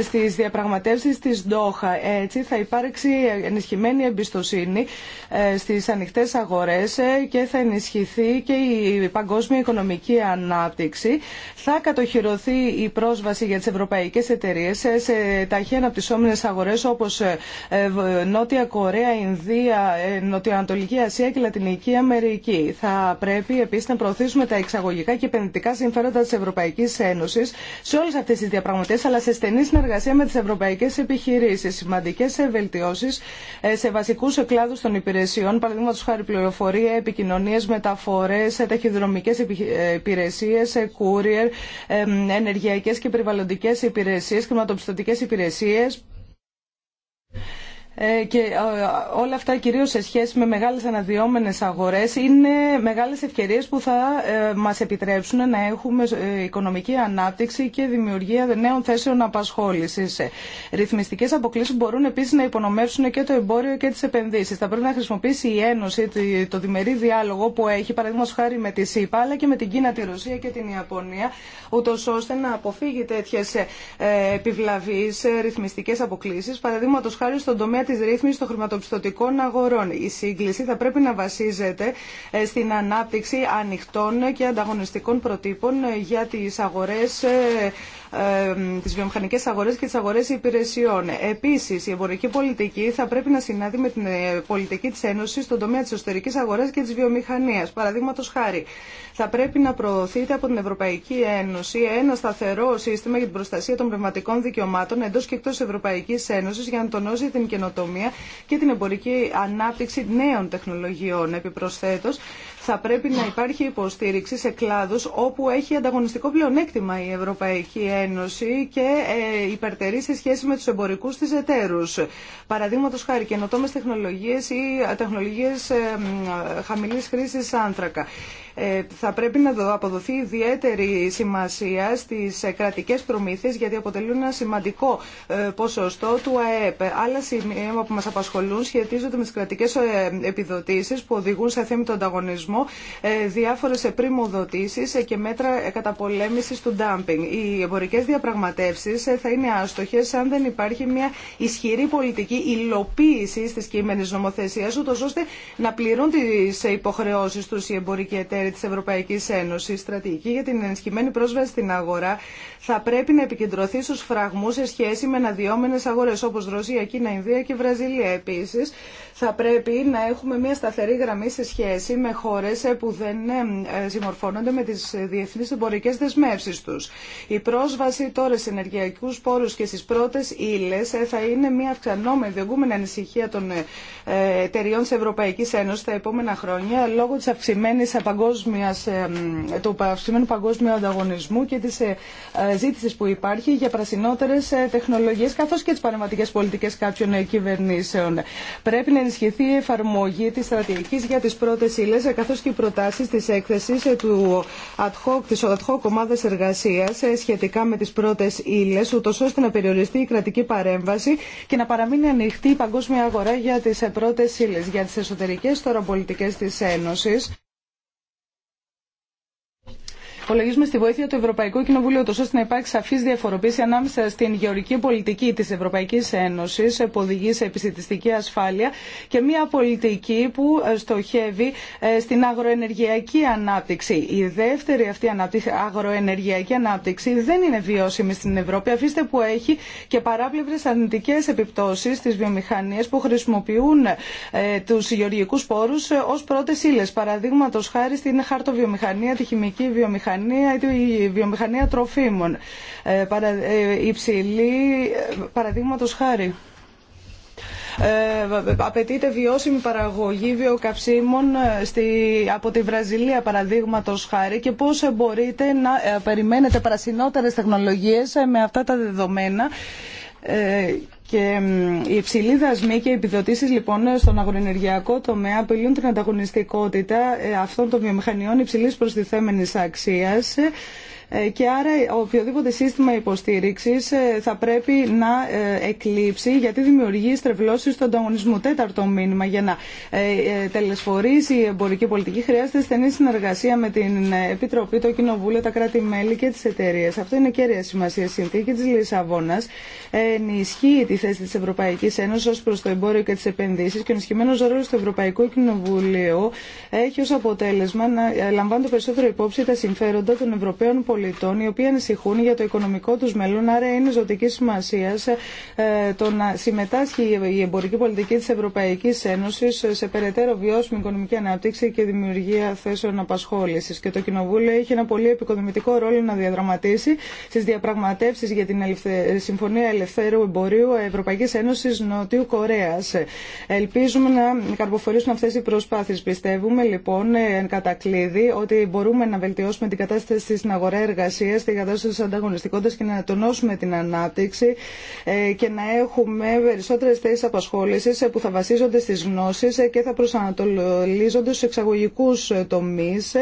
στι διαπραγματεύσει τη Ντόχα. Έτσι θα υπάρξει ενισχυμένη εμπιστοσύνη στι ανοιχτέ αγορέ και θα ενισχυθεί και η παγκόσμια οικονομική ανάπτυξη. Θα κατοχυρωθεί η πρόσβαση για τι ευρωπαϊκέ εταιρείε, σε ταχύ αναπτυσσόμενες αγορέ, όπω ε, ε, Νότια Κορέα, Ινδία, ε, Νοτιοανατολική Ασία και Λατινική Αμερική. Θα πρέπει επίση να προωθήσουμε τα εξαγωγικά και επενδυτικά συμφέροντα τη Ευρωπαϊκή Ένωση, σε όλε αυτέ τι διαπραγματεύσει, αλλά σε στενή συνεργασία με τι ευρωπαϊκέ επιχειρήσει, σημαντικέ βελτιώσεις σε βασικού κλάδου των υπηρεσιών, παραδείγματο χάρη πληροφορία, επικοινωνίε, μεταφορέ, ταχυδρομικέ υπηρεσίε, courier, ενεργειακέ και περιβαλλοντικές υπηρεσίες, χρηματοπιστωτικές υπηρεσίες ε, και ε, όλα αυτά κυρίως σε σχέση με μεγάλες αναδυόμενες αγορές είναι μεγάλες ευκαιρίες που θα ε, μας επιτρέψουν να έχουμε οικονομική ανάπτυξη και δημιουργία νέων θέσεων απασχόλησης. Ρυθμιστικές αποκλήσεις μπορούν επίσης να υπονομεύσουν και το εμπόριο και τις επενδύσεις. Θα πρέπει να χρησιμοποιήσει η Ένωση το διμερή διάλογο που έχει παραδείγματος χάρη με τη ΣΥΠΑ αλλά και με την Κίνα, τη Ρωσία και την Ιαπωνία ούτω ώστε να αποφύγει τέτοιες επιβλαβείς ρυθμιστικές αποκλήσεις παραδείγματος χάρη στον τομέα Τη Ρύθμιση των χρηματοπιστωτικών αγορών. Η σύγκληση θα πρέπει να βασίζεται ε, στην ανάπτυξη ανοιχτών και ανταγωνιστικών προτύπων ε, για τις αγορές ε, τις βιομηχανικές αγορές και τις αγορές υπηρεσιών. Επίσης, η εμπορική πολιτική θα πρέπει να συνάδει με την ε, πολιτική της Ένωσης στον τομέα της εσωτερικής αγοράς και της βιομηχανίας. Παραδείγματο χάρη, θα πρέπει να προωθείται από την Ευρωπαϊκή Ένωση ένα σταθερό σύστημα για την προστασία των πνευματικών δικαιωμάτων εντός και εκτός Ευρωπαϊκής Ένωσης για να τονώσει την καινοτομία και την εμπορική ανάπτυξη νέων τεχνολογιών. Επιπροσθέτως, θα πρέπει να υπάρχει υποστήριξη σε κλάδους όπου έχει ανταγωνιστικό πλεονέκτημα η Ευρωπαϊκή Ένωση και ε, υπερτερεί σε σχέση με τους εμπορικούς της εταίρους. Παραδείγματος χάρη καινοτόμες τεχνολογίες ή τεχνολογίες ε, χαμηλής χρήσης άνθρακα. Ε, θα πρέπει να αποδοθεί ιδιαίτερη σημασία στις ε, κρατικές προμήθειες γιατί αποτελούν ένα σημαντικό ε, ποσοστό του ΑΕΠ. Άλλα σημεία που μας απασχολούν σχετίζονται με τις κρατικές επιδοτήσεις που οδηγούν σε θέμη τον ανταγωνισμό, διάφορες πρημοδοτήσει και μέτρα καταπολέμησης του ντάμπινγκ. Οι εμπορικές διαπραγματεύσεις θα είναι άστοχες αν δεν υπάρχει μια ισχυρή πολιτική υλοποίηση της κείμενης νομοθεσίας, ώστε να πληρούν τις υποχρεώσεις τους οι εμπορικοί Τη της Ευρωπαϊκής Ένωσης. στρατηγική για την ενισχυμένη πρόσβαση στην αγορά θα πρέπει να επικεντρωθεί στους φραγμούς σε σχέση με αναδυόμενες αγορές όπως Ρωσία, Κίνα, Ινδία και Βραζιλία επίσης θα πρέπει να έχουμε μια σταθερή γραμμή σε σχέση με χώρες ε, που δεν ε, ε, συμμορφώνονται με τις διεθνείς εμπορικές δεσμεύσεις τους. Η πρόσβαση τώρα σε ενεργειακούς πόρους και στις πρώτες ύλες θα είναι μια αυξανόμενη διωγούμενη ανησυχία των εταιριών της Ευρωπαϊκής Ένωσης τα επόμενα χρόνια λόγω της αυξημένης παγκόσμιας, του αυξημένου παγκόσμιου ανταγωνισμού και της ζήτησης που υπάρχει για πρασινότερες τεχνολογίες καθώς και τις παρεμβατικές πολιτικέ κάποιων κυβερνήσεων. Πρέπει ενισχυθεί η εφαρμογή τη στρατηγική για τις πρώτε ύλε, καθώς και οι προτάσεις τη έκθεση ε, του ad hoc, της ad ε, σχετικά με τις πρώτε ύλε, ούτω ώστε να περιοριστεί η κρατική παρέμβαση και να παραμείνει ανοιχτή η παγκόσμια αγορά για τις ε, πρώτε ύλε, για τις εσωτερικές τώρα πολιτικέ τη Ένωση. Υπολογίζουμε στη βοήθεια του Ευρωπαϊκού Κοινοβουλίου, τόσο ώστε να υπάρξει σαφή διαφοροποίηση ανάμεσα στην γεωρική πολιτική τη Ευρωπαϊκή Ένωση, που οδηγεί σε επιστημιστική ασφάλεια, και μια πολιτική που ε, στοχεύει ε, στην αγροενεργειακή ανάπτυξη. Η δεύτερη αυτή ανάπτυξη, αγροενεργειακή ανάπτυξη δεν είναι βιώσιμη στην Ευρώπη, αφήστε που έχει και παράπλευρε αρνητικέ επιπτώσει στι βιομηχανίε που χρησιμοποιούν ε, του γεωργικού πόρου ω πρώτε ύλε. Παραδείγματο χάρη στην χαρτοβιομηχανία, τη χημική βιομηχανία βιομηχανία, η βιομηχανία τροφίμων. Ε, ε υψηλή, ε, παραδείγματο χάρη. Ε, απαιτείται βιώσιμη παραγωγή βιοκαυσίμων ε, στη, από τη Βραζιλία παραδείγματο χάρη και πώς μπορείτε να περιμένετε πρασινότερες τεχνολογίες με αυτά τα δεδομένα και οι υψηλοί δασμοί και οι επιδοτήσει λοιπόν στον αγροενεργειακό τομέα απειλούν την ανταγωνιστικότητα ε, αυτών των βιομηχανιών υψηλή προστιθέμενη αξία ε, και άρα οποιοδήποτε σύστημα υποστήριξης ε, θα πρέπει να ε, εκλείψει γιατί δημιουργεί στρεβλώσεις στον ανταγωνισμό. Τέταρτο μήνυμα για να τελεσφορήσει η εμπορική πολιτική χρειάζεται στενή συνεργασία με την Επιτροπή, το Κοινοβούλιο, τα κράτη-μέλη και τις εταιρείες. Αυτό είναι κέρια σημασία συνθήκη της Λισαβόνας. Ενισχύει τη θέση της Ευρωπαϊκής Ένωσης ω προς το εμπόριο και τις επενδύσεις και ο ενισχυμένος ρόλος του Ευρωπαϊκού Κοινοβουλίου έχει ως αποτέλεσμα να λαμβάνει περισσότερο υπόψη τα συμφέροντα των Ευρωπαίων πολιτών πολιτών οι οποίοι ανησυχούν για το οικονομικό τους μέλλον, άρα είναι ζωτική σημασία ε, το να συμμετάσχει η εμπορική πολιτική της Ευρωπαϊκής Ένωσης σε περαιτέρω βιώσιμη οικονομική ανάπτυξη και δημιουργία θέσεων απασχόλησης. Και το Κοινοβούλιο έχει ένα πολύ επικοδομητικό ρόλο να διαδραματίσει στις διαπραγματεύσεις για την Συμφωνία Ελευθέρου Εμπορίου Ευρωπαϊκής Ένωσης Νοτιού Κορέα. Ελπίζουμε να καρποφορήσουν αυτές οι προσπάθειες. Πιστεύουμε λοιπόν εν ότι μπορούμε να βελτιώσουμε την κατάσταση στην αγορά εργασία, τη κατάσταση τη ανταγωνιστικότητα και να τονώσουμε την ανάπτυξη ε, και να έχουμε περισσότερες θέσεις απασχόλησης ε, που θα βασίζονται στις γνώσεις ε, και θα προσανατολίζονται στους εξαγωγικούς τομείς.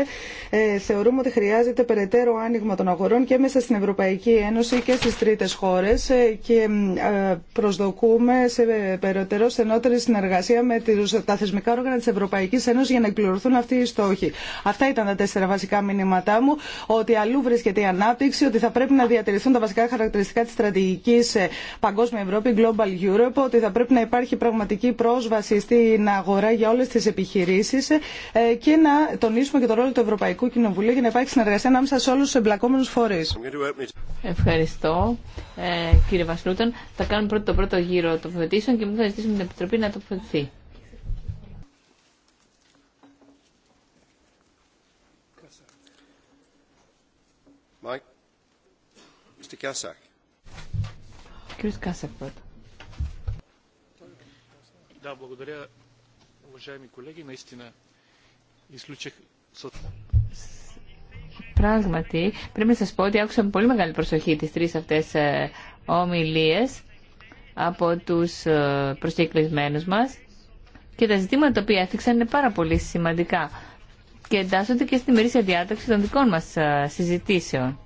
Θεωρούμε ότι χρειάζεται περαιτέρω άνοιγμα των αγορών και μέσα στην Ευρωπαϊκή Ένωση και στις τρίτες χώρες και προσδοκούμε σε περαιτέρω στενότερη συνεργασία με τα θεσμικά όργανα τη Ευρωπαϊκή Ένωση για να εκπληρωθούν αυτοί οι στόχοι. Αυτά ήταν τα τέσσερα βασικά μηνύματά μου, ότι αλλού βρίσκεται η ανάπτυξη, ότι θα πρέπει να διατηρηθούν τα βασικά χαρακτηριστικά τη στρατηγική ε, Παγκόσμια Ευρώπη, Global Europe, ότι θα πρέπει να υπάρχει πραγματική πρόσβαση στην αγορά για όλε τι επιχειρήσει ε, και να τονίσουμε και το ρόλο του Ευρωπαϊκού Κοινοβουλίου για να υπάρχει συνεργασία ανάμεσα σε όλου του εμπλακόμενου φορεί. Ευχαριστώ, ε, κύριε Βασλούτον. Θα κάνουμε πρώτο το πρώτο γύρο τοποθετήσεων και μετά θα ζητήσουμε την Επιτροπή να τοποθετηθεί. Κάσακ πρώτα. Πράγματι, πρέπει να σας πω ότι άκουσα με πολύ μεγάλη προσοχή τις τρεις αυτές ε, ομιλίες από τους ε, προσκεκλεισμένους μας και τα ζητήματα τα οποία έφτιαξαν είναι πάρα πολύ σημαντικά και εντάσσονται και στη μερίσια διάταξη των δικών μας ε, συζητήσεων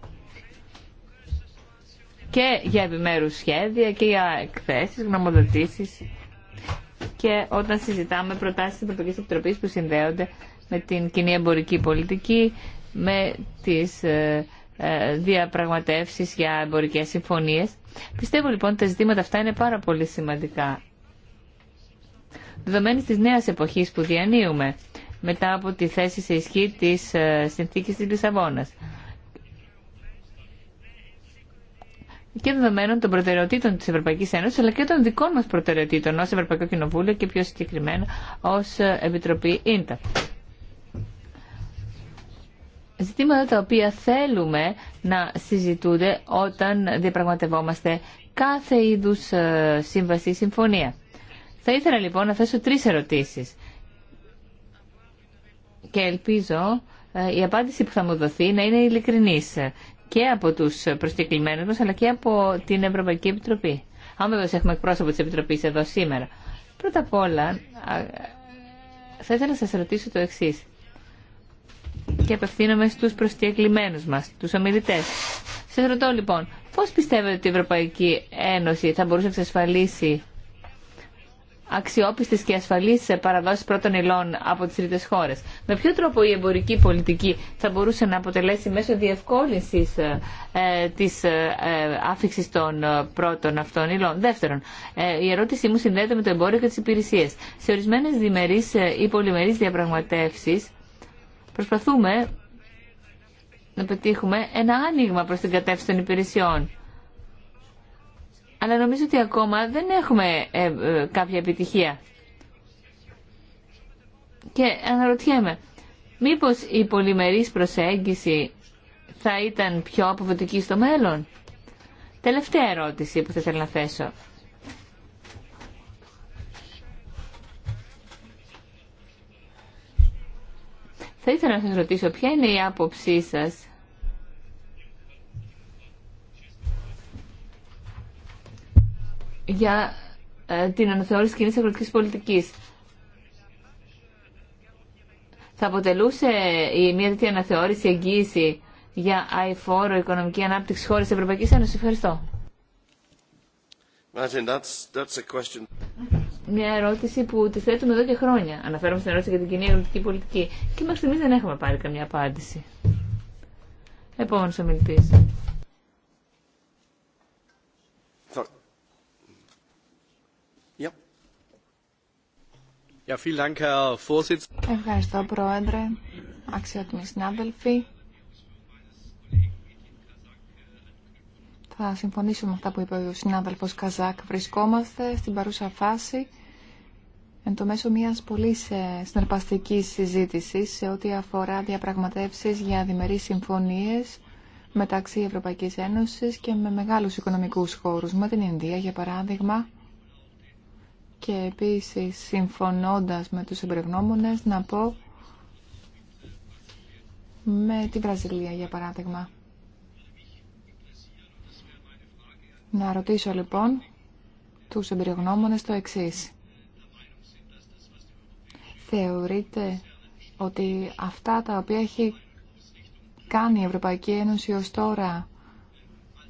και για επιμέρους σχέδια και για εκθέσεις, γνωμοδοτήσεις και όταν συζητάμε προτάσεις της Ευρωπαϊκής Επιτροπής που συνδέονται με την κοινή εμπορική πολιτική, με τις ε, ε, διαπραγματεύσεις για εμπορικές συμφωνίες. Πιστεύω λοιπόν ότι τα ζητήματα αυτά είναι πάρα πολύ σημαντικά. Δεδομένης της νέας εποχής που διανύουμε μετά από τη θέση σε ισχύ της ε, συνθήκης της Λισαβόνας. και δεδομένων των προτεραιοτήτων της Ευρωπαϊκής Ένωσης αλλά και των δικών μας προτεραιοτήτων ω Ευρωπαϊκό Κοινοβούλιο και πιο συγκεκριμένα ως Επιτροπή ΙΝΤΑ. Ζητήματα τα οποία θέλουμε να συζητούνται όταν διαπραγματευόμαστε κάθε είδους ε, σύμβαση ή συμφωνία. Θα ήθελα λοιπόν να θέσω τρεις ερωτήσεις και ελπίζω ε, η απάντηση που θα μου δοθεί να είναι ειλικρινής και από τους προσκεκλημένου μα αλλά και από την Ευρωπαϊκή Επιτροπή. Αν βέβαια έχουμε εκπρόσωπο τη Επιτροπή εδώ σήμερα. Πρώτα απ' όλα θα ήθελα να σα ρωτήσω το εξή. και απευθύνομαι στους προσκεκλημένου μας, τους ομιλητέ. Σα ρωτώ λοιπόν, πώς πιστεύετε ότι η Ευρωπαϊκή Ένωση θα μπορούσε να εξασφαλίσει Αξιόπιστη και ασφαλή παραδόσεις πρώτων υλών από τις τρίτε χώρες. Με ποιο τρόπο η εμπορική πολιτική θα μπορούσε να αποτελέσει μέσω διευκόλυνση ε, ε, της ε, ε των ε, πρώτων αυτών υλών. Δεύτερον, η ερώτησή μου συνδέεται με το εμπόριο και τις υπηρεσίες. Σε ορισμένες διμερείς ή πολυμερεί διαπραγματεύσει προσπαθούμε να πετύχουμε ένα άνοιγμα προς την κατεύθυνση των υπηρεσιών αλλά νομίζω ότι ακόμα δεν έχουμε ε, ε, κάποια επιτυχία. Και αναρωτιέμαι, μήπως η πολυμερής προσέγγιση θα ήταν πιο αποδοτική στο μέλλον. Τελευταία ερώτηση που θα ήθελα να θέσω. Θα ήθελα να σας ρωτήσω ποια είναι η άποψή σας για ε, την αναθεώρηση κοινή αγροτική πολιτική. Θα αποτελούσε η ε, μια τέτοια αναθεώρηση εγγύηση για αηφόρο οικονομική ανάπτυξη χώρε τη Ευρωπαϊκή Ένωση. Ευχαριστώ. Μια ερώτηση που τη θέτουμε εδώ και χρόνια. Αναφέρομαι στην ερώτηση για την κοινή αγροτική πολιτική. Και μέχρι στιγμή δεν έχουμε πάρει καμία απάντηση. Επόμενο ομιλητή. Ευχαριστώ, Πρόεδρε, αξιότιμοι συνάδελφοι. Θα συμφωνήσω με αυτά που είπε ο συνάδελφος Καζάκ. Βρισκόμαστε στην παρούσα φάση εν το μέσο μιας πολύ ε, συνεργαστικής συζήτησης σε ό,τι αφορά διαπραγματεύσεις για διμερείς συμφωνίες μεταξύ Ευρωπαϊκής Ένωσης και με μεγάλους οικονομικούς χώρους, με την Ινδία για παράδειγμα, και επίσης συμφωνώντας με τους εμπρευνόμονες να πω με τη Βραζιλία για παράδειγμα. Να ρωτήσω λοιπόν τους εμπειρογνώμονες το εξής. Θεωρείτε ότι αυτά τα οποία έχει κάνει η Ευρωπαϊκή Ένωση ως τώρα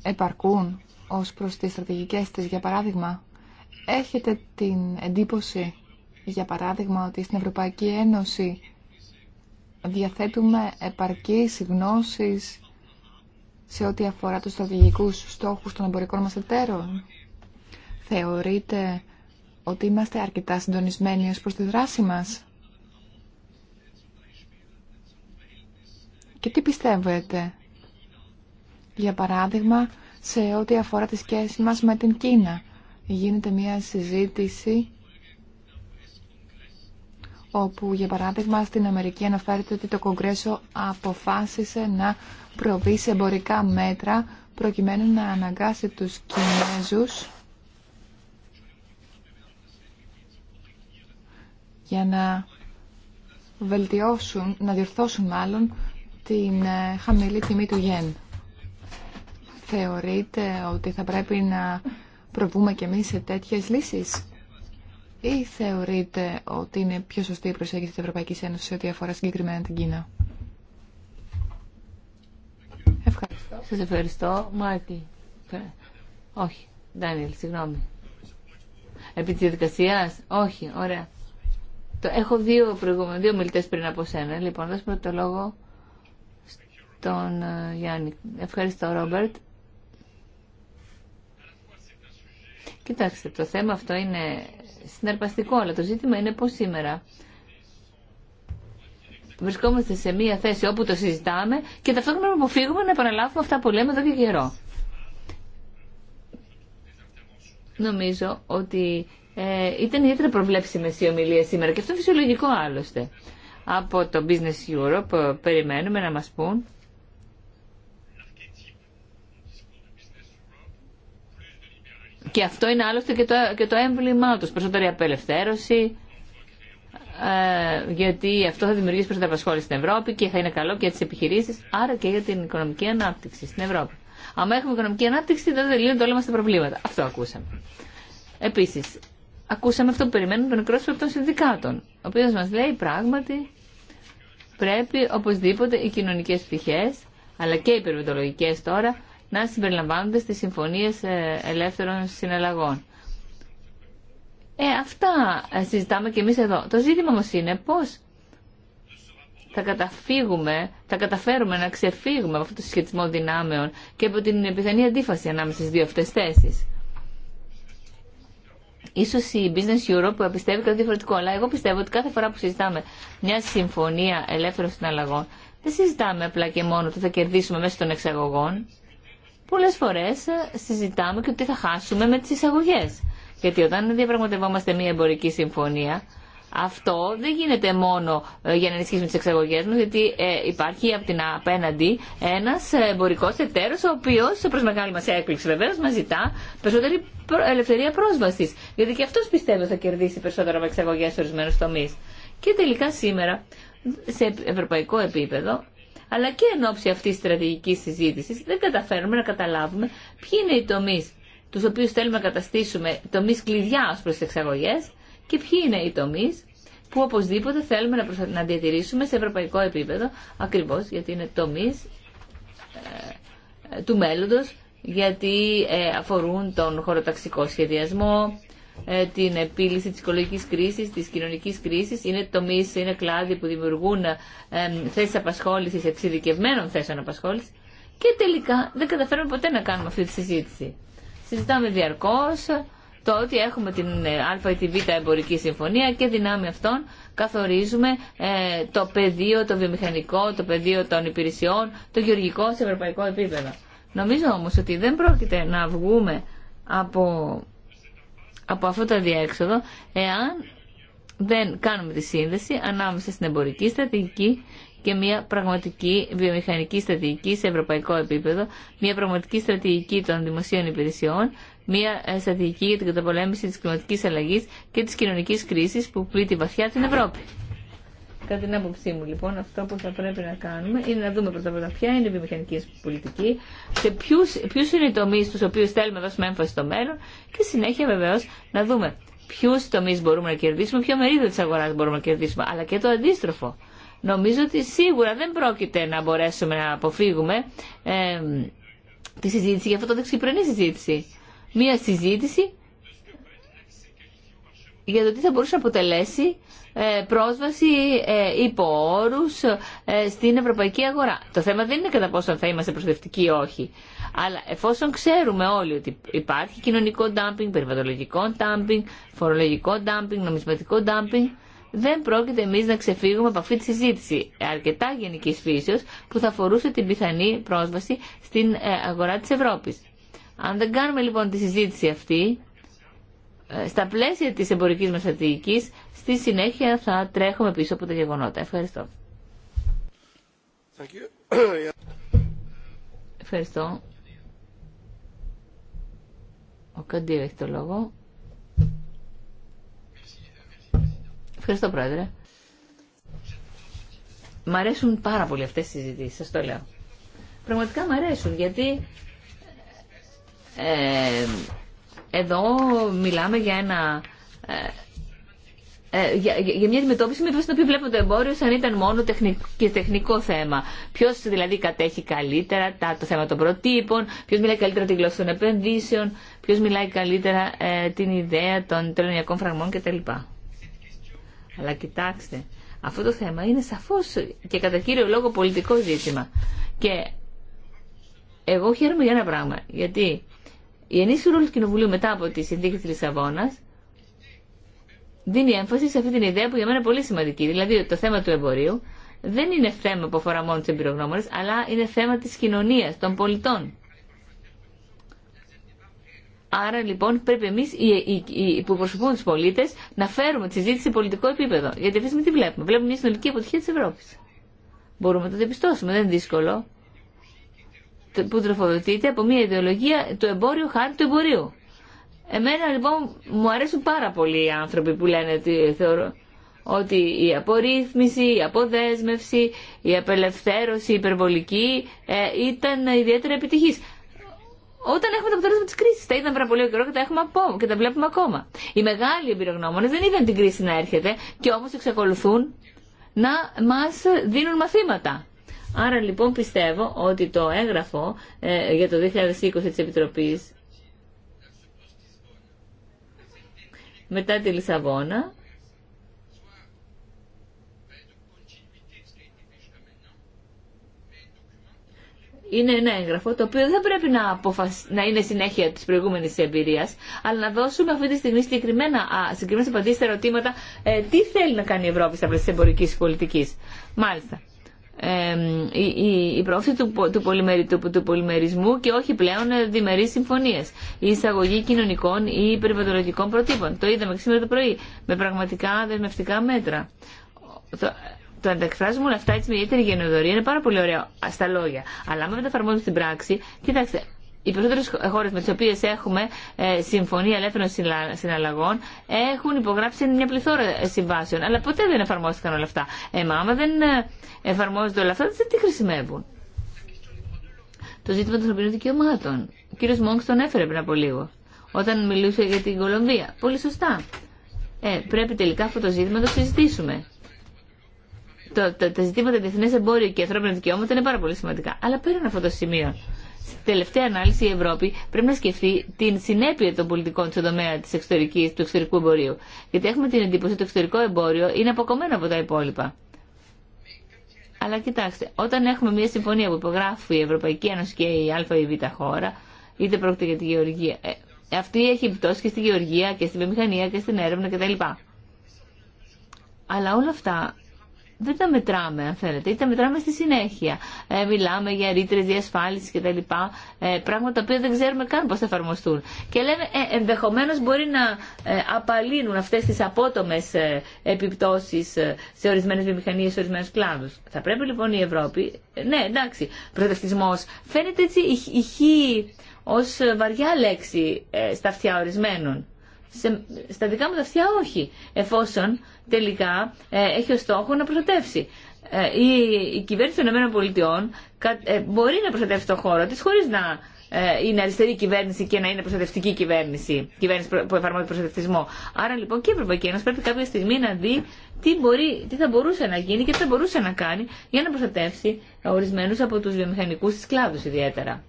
επαρκούν ως προς τις στρατηγικές της, για παράδειγμα, έχετε την εντύπωση, για παράδειγμα, ότι στην Ευρωπαϊκή Ένωση διαθέτουμε επαρκείς γνώσεις σε ό,τι αφορά τους στρατηγικούς στόχους των εμπορικών μας εταίρων. Θεωρείτε ότι είμαστε αρκετά συντονισμένοι ως προς τη δράση μας. Και τι πιστεύετε, για παράδειγμα, σε ό,τι αφορά τη σχέση μας με την Κίνα γίνεται μια συζήτηση όπου για παράδειγμα στην Αμερική αναφέρεται ότι το Κογκρέσο αποφάσισε να προβεί σε εμπορικά μέτρα προκειμένου να αναγκάσει τους Κινέζους για να βελτιώσουν, να διορθώσουν μάλλον την ε, χαμηλή τιμή του γεν. Θεωρείτε ότι θα πρέπει να προβούμε κι εμείς σε τέτοιες λύσεις ή θεωρείτε ότι είναι πιο σωστή η προσέγγιση της Ευρωπαϊκής Ένωσης σε ό,τι αφορά συγκεκριμένα την Κίνα. Ευχαριστώ. Σας ευχαριστώ. Μάρτι. Όχι. Ντάνιελ, συγγνώμη. Επί της διαδικασίας. Όχι. Ωραία. Το, έχω δύο, δύο μιλητές πριν από σένα. Λοιπόν, δώσουμε το λόγο στον ε, Γιάννη. Ευχαριστώ, Ρόμπερτ. Κοιτάξτε, το θέμα αυτό είναι συναρπαστικό, αλλά το ζήτημα είναι πώς σήμερα βρισκόμαστε σε μία θέση όπου το συζητάμε και ταυτόχρονα να αποφύγουμε να επαναλάβουμε αυτά που λέμε εδώ και καιρό. Νομίζω ότι ε, ήταν ιδιαίτερα προβλέψιμες οι ομιλίες σήμερα και αυτό είναι φυσιολογικό άλλωστε. Από το Business Europe ε, περιμένουμε να μας πούν Και αυτό είναι άλλωστε και το, και το έμβλημά τους. Περισσότερη απελευθέρωση, ε, γιατί αυτό θα δημιουργήσει περισσότερη απασχόληση στην Ευρώπη και θα είναι καλό και για τις επιχειρήσεις, άρα και για την οικονομική ανάπτυξη στην Ευρώπη. Αν έχουμε οικονομική ανάπτυξη, δεν λύνονται όλα μα τα προβλήματα. Αυτό ακούσαμε. Επίση, ακούσαμε αυτό που περιμένουν τον εκπρόσωπο των συνδικάτων, ο οποίο μα λέει πράγματι πρέπει οπωσδήποτε οι κοινωνικέ πτυχέ, αλλά και οι περιβαλλοντολογικέ τώρα, να συμπεριλαμβάνονται στις συμφωνίες ε, ελεύθερων συναλλαγών. Ε, αυτά ε, συζητάμε και εμείς εδώ. Το ζήτημα μας είναι πώς θα καταφύγουμε, θα καταφέρουμε να ξεφύγουμε από αυτό το συσχετισμό δυνάμεων και από την επιθανή αντίφαση ανάμεσα στις δύο αυτές θέσεις. Ίσως η Business Europe πιστεύει κάτι διαφορετικό, αλλά εγώ πιστεύω ότι κάθε φορά που συζητάμε μια συμφωνία ελεύθερων συναλλαγών, δεν συζητάμε απλά και μόνο ότι θα κερδίσουμε μέσα των εξαγωγών, πολλές φορές ε, συζητάμε και ότι θα χάσουμε με τις εισαγωγές. Γιατί όταν διαπραγματευόμαστε μια εμπορική συμφωνία, αυτό δεν γίνεται μόνο ε, για να ενισχύσουμε τις εξαγωγέ μα, γιατί ε, υπάρχει από την απέναντι ένας εμπορικός εταίρος ο οποίος προς μεγάλη μα έκπληξη βεβαίω μα ζητά περισσότερη ελευθερία πρόσβασης. Γιατί και αυτός πιστεύω θα κερδίσει περισσότερο με εξαγωγές σε ορισμένους τομεί. Και τελικά σήμερα, σε ευρωπαϊκό επίπεδο, αλλά και εν ώψη αυτή τη στρατηγική συζήτηση δεν καταφέρουμε να καταλάβουμε ποιοι είναι οι τομεί του οποίου θέλουμε να καταστήσουμε τομεί κλειδιά ω προ τι εξαγωγέ και ποιοι είναι οι τομεί που οπωσδήποτε θέλουμε να, να διατηρήσουμε σε ευρωπαϊκό επίπεδο ακριβώ γιατί είναι τομεί ε, ε, του μέλλοντο γιατί ε, αφορούν τον χωροταξικό σχεδιασμό, ε, την επίλυση της οικολογικής κρίσης, της κοινωνικής κρίσης. Είναι τομείς, είναι κλάδοι που δημιουργούν θέσεις απασχόλησης, εξειδικευμένων θέσεων απασχόλησης και τελικά δεν καταφέρουμε ποτέ να κάνουμε αυτή τη συζήτηση. Συζητάμε διαρκώς το ότι έχουμε την ε, Α ή τη Β εμπορική συμφωνία και δυνάμει αυτών καθορίζουμε ε, το πεδίο, το βιομηχανικό, το πεδίο των υπηρεσιών, το γεωργικό σε ευρωπαϊκό επίπεδο. Νομίζω όμως ότι δεν πρόκειται να βγούμε από από αυτό το διέξοδο εάν δεν κάνουμε τη σύνδεση ανάμεσα στην εμπορική στρατηγική και μια πραγματική βιομηχανική στρατηγική σε ευρωπαϊκό επίπεδο, μια πραγματική στρατηγική των δημοσίων υπηρεσιών, μια ε, στρατηγική για την καταπολέμηση της κλιματικής αλλαγής και της κοινωνικής κρίσης που πλήττει βαθιά την Ευρώπη. Κατά την άποψή μου, λοιπόν, αυτό που θα πρέπει να κάνουμε είναι να δούμε πρώτα πρώτα ποια είναι η βιομηχανική πολιτική, σε ποιου είναι οι τομεί στου οποίου θέλουμε να δώσουμε έμφαση στο μέλλον και συνέχεια βεβαίω να δούμε ποιου τομεί μπορούμε να κερδίσουμε, ποιο μερίδιο τη αγορά μπορούμε να κερδίσουμε, αλλά και το αντίστροφο. Νομίζω ότι σίγουρα δεν πρόκειται να μπορέσουμε να αποφύγουμε ε, τη συζήτηση, για αυτό το δεξιπρενή συζήτηση. Μία συζήτηση για το τι θα μπορούσε να αποτελέσει ε, πρόσβαση ε, υπό όρους ε, στην ευρωπαϊκή αγορά. Το θέμα δεν είναι κατά πόσο θα είμαστε προσδευτικοί ή όχι. Αλλά εφόσον ξέρουμε όλοι ότι υπάρχει κοινωνικό ντάμπινγκ, περιβαλλοντικό ντάμπινγκ, φορολογικό ντάμπινγκ, νομισματικό ντάμπινγκ, δεν πρόκειται εμεί να ξεφύγουμε από αυτή τη συζήτηση αρκετά γενική φύσεω που θα αφορούσε την πιθανή πρόσβαση στην αγορά τη Ευρώπη. Αν δεν κάνουμε λοιπόν τη συζήτηση αυτή, στα πλαίσια της εμπορικής μας στη συνέχεια θα τρέχουμε πίσω από τα γεγονότα. Ευχαριστώ. Ευχαριστώ. Ο Καντήρ έχει το λόγο. Ευχαριστώ, Πρόεδρε. Μ' αρέσουν πάρα πολύ αυτές οι συζητήσεις, σας το λέω. Πραγματικά μ' αρέσουν, γιατί ε, εδώ μιλάμε για ένα ε, ε, για, για μια αντιμετώπιση με βάση το οποίο βλέπουμε το εμπόριο σαν ήταν μόνο και τεχνικό θέμα. Ποιο δηλαδή κατέχει καλύτερα τα, το θέμα των προτύπων, ποιο μιλάει καλύτερα τη γλώσσα των επενδύσεων, ποιο μιλάει καλύτερα ε, την ιδέα των τελωνιακών φραγμών κτλ. Αλλά κοιτάξτε, αυτό το θέμα είναι σαφώ και κατά κύριο λόγο πολιτικό ζήτημα. Και εγώ χαίρομαι για ένα πράγμα. Γιατί η ενίσχυση ρόλου του Κοινοβουλίου μετά από τη συνθήκη τη Λισαβόνα δίνει έμφαση σε αυτή την ιδέα που για μένα είναι πολύ σημαντική. Δηλαδή το θέμα του εμπορίου δεν είναι θέμα που αφορά μόνο του εμπειρογνώμονε, αλλά είναι θέμα τη κοινωνία, των πολιτών. Άρα λοιπόν πρέπει εμεί οι, οι, που προσωπούν του πολίτε να φέρουμε τη συζήτηση σε πολιτικό επίπεδο. Γιατί αυτή τη στιγμή τι βλέπουμε. Βλέπουμε μια συνολική αποτυχία τη Ευρώπη. Μπορούμε να το διαπιστώσουμε, δεν είναι δύσκολο. Που τροφοδοτείται από μια ιδεολογία του εμπόριου χάρη του εμπορίου. Εμένα λοιπόν μου αρέσουν πάρα πολύ οι άνθρωποι που λένε ότι θεωρώ ότι η απορρίθμιση, η αποδέσμευση, η απελευθέρωση, υπερβολική ε, ήταν ιδιαίτερα επιτυχής. Όταν έχουμε το αποτέλεσμα τη κρίση, τα είδαμε πριν πολύ καιρό και τα έχουμε ακόμα και τα βλέπουμε ακόμα. Οι μεγάλοι εμπειρογνώμονε δεν είδαν την κρίση να έρχεται και όμω εξακολουθούν να μα δίνουν μαθήματα. Άρα λοιπόν πιστεύω ότι το έγγραφο ε, για το 2020 τη Επιτροπή μετά τη Λισαβόνα είναι ένα έγγραφο το οποίο δεν πρέπει να, να είναι συνέχεια τη προηγούμενη εμπειρία, αλλά να δώσουμε αυτή τη στιγμή συγκεκριμένα, συγκεκριμένα απαντήσει στα ερωτήματα ε, τι θέλει να κάνει η Ευρώπη στα πλαίσια τη εμπορική πολιτική. Μάλιστα η, η πρόθεση του, του, πολυμερι, του, πολυμερισμού και όχι πλέον ε, διμερεί συμφωνίε. Η εισαγωγή κοινωνικών ή περιβαλλοντικών προτύπων. Το είδαμε και σήμερα το πρωί με πραγματικά δεσμευτικά μέτρα. Το, το όλα αυτά έτσι με ιδιαίτερη γενοδορία είναι πάρα πολύ ωραία στα λόγια. Αλλά άμα μεταφαρμόζουμε στην πράξη, κοιτάξτε, οι περισσότερε χώρε με τι οποίε έχουμε ε, συμφωνία ελεύθερων συναλλαγών έχουν υπογράψει μια πληθώρα ε, συμβάσεων. Αλλά ποτέ δεν εφαρμόστηκαν όλα αυτά. Ε, μα άμα δεν ε, εφαρμόζονται όλα αυτά, δεν τι χρησιμεύουν. Το ζήτημα των ανθρωπίνων δικαιωμάτων. Ο κύριο Μόγκ τον έφερε πριν από λίγο. Όταν μιλούσε για την Κολομβία. Πολύ σωστά. Ε, πρέπει τελικά αυτό το ζήτημα να το συζητήσουμε. Το, το, τα ζητήματα διεθνέ εμπόριο και ανθρώπινα δικαιώματα είναι πάρα πολύ σημαντικά. Αλλά πέραν αυτό το σημείο, στην τελευταία ανάλυση η Ευρώπη πρέπει να σκεφτεί την συνέπεια των πολιτικών στον τομέα της εξωτερικής, του εξωτερικού εμπορίου. Γιατί έχουμε την εντύπωση ότι το εξωτερικό εμπόριο είναι αποκομμένο από τα υπόλοιπα. Αλλά κοιτάξτε, όταν έχουμε μια συμφωνία που υπογράφει η Ευρωπαϊκή Ένωση και η Α ή Β χώρα, είτε πρόκειται για τη γεωργία, ε, αυτή έχει επιπτώσει και στη γεωργία και στην βιομηχανία και στην έρευνα κτλ. Αλλά όλα αυτά δεν τα μετράμε, αν θέλετε, ή τα μετράμε στη συνέχεια. Ε, μιλάμε για ρήτρε διασφάλιση κτλ. Ε, πράγματα τα οποία δεν ξέρουμε καν πώ θα εφαρμοστούν. Και λέμε, ε, ενδεχομένω μπορεί να ε, απαλύνουν αυτέ τι απότομε επιπτώσει ε, σε ορισμένε βιομηχανίε, σε ορισμένου κλάδου. Θα πρέπει λοιπόν η Ευρώπη, ε, ναι, εντάξει, προτευτισμό. Φαίνεται έτσι η χή ω βαριά λέξη ε, στα αυτιά ορισμένων. στα δικά μου τα αυτιά όχι, εφόσον τελικά ε, έχει ως στόχο να προστατεύσει. Ε, η κυβέρνηση των ΗΠΑ ε, μπορεί να προστατεύσει το χώρο τη χωρί να είναι αριστερή κυβέρνηση και να είναι προστατευτική κυβέρνηση, κυβέρνηση που εφαρμόζει προστατευτισμό. Άρα λοιπόν και η Ευρωπαϊκή Ένωση πρέπει κάποια στιγμή να δει τι, μπορεί, τι θα μπορούσε να γίνει και τι θα μπορούσε να κάνει για να προστατεύσει ορισμένου από του βιομηχανικού τη κλάδου ιδιαίτερα.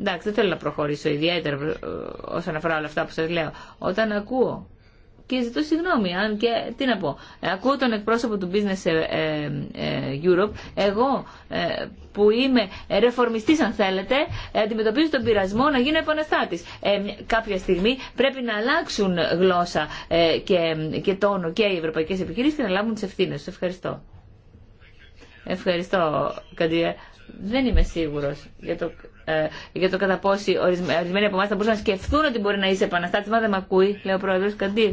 Εντάξει, δεν θέλω να προχωρήσω ιδιαίτερα όσον αφορά όλα αυτά που σα λέω. Όταν ακούω και ζητώ συγγνώμη, αν και τι να πω, ε, ακούω τον εκπρόσωπο του Business ε, ε, Europe, εγώ που είμαι ρεφορμιστής αν θέλετε, αντιμετωπίζω τον πειρασμό να γίνω επαναστάτης. κάποια στιγμή πρέπει να αλλάξουν γλώσσα και, και τόνο και οι ευρωπαϊκές επιχειρήσεις και να λάβουν τις ευθύνες τους. Ευχαριστώ. Ευχαριστώ, Καντιέ. Δεν είμαι σίγουρο για το, ε, για το κατά πόσοι ορισμένοι από εμά θα μπορούσαν να σκεφτούν ότι μπορεί να είσαι επαναστάτη. Μα δεν με ακούει, λέει ο πρόεδρο Καντήρ.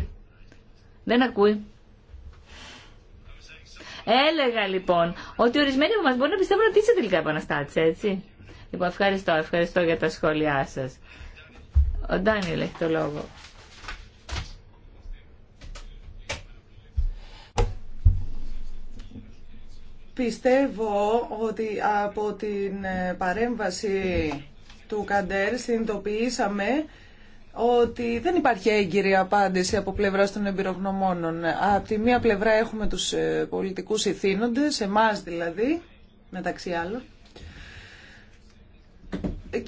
Δεν ακούει. Έλεγα λοιπόν ότι ορισμένοι από μα μπορεί να πιστεύουν ότι είσαι τελικά επαναστάτη, έτσι. Λοιπόν, ευχαριστώ, ευχαριστώ για τα σχόλιά σα. Ο Ντάνιελ έχει το λόγο. Πιστεύω ότι από την παρέμβαση του Καντέρ συνειδητοποιήσαμε ότι δεν υπάρχει έγκυρη απάντηση από πλευρά των εμπειρογνωμόνων. Από τη μία πλευρά έχουμε τους ε, πολιτικούς ηθήνοντες, εμάς δηλαδή, μεταξύ άλλων,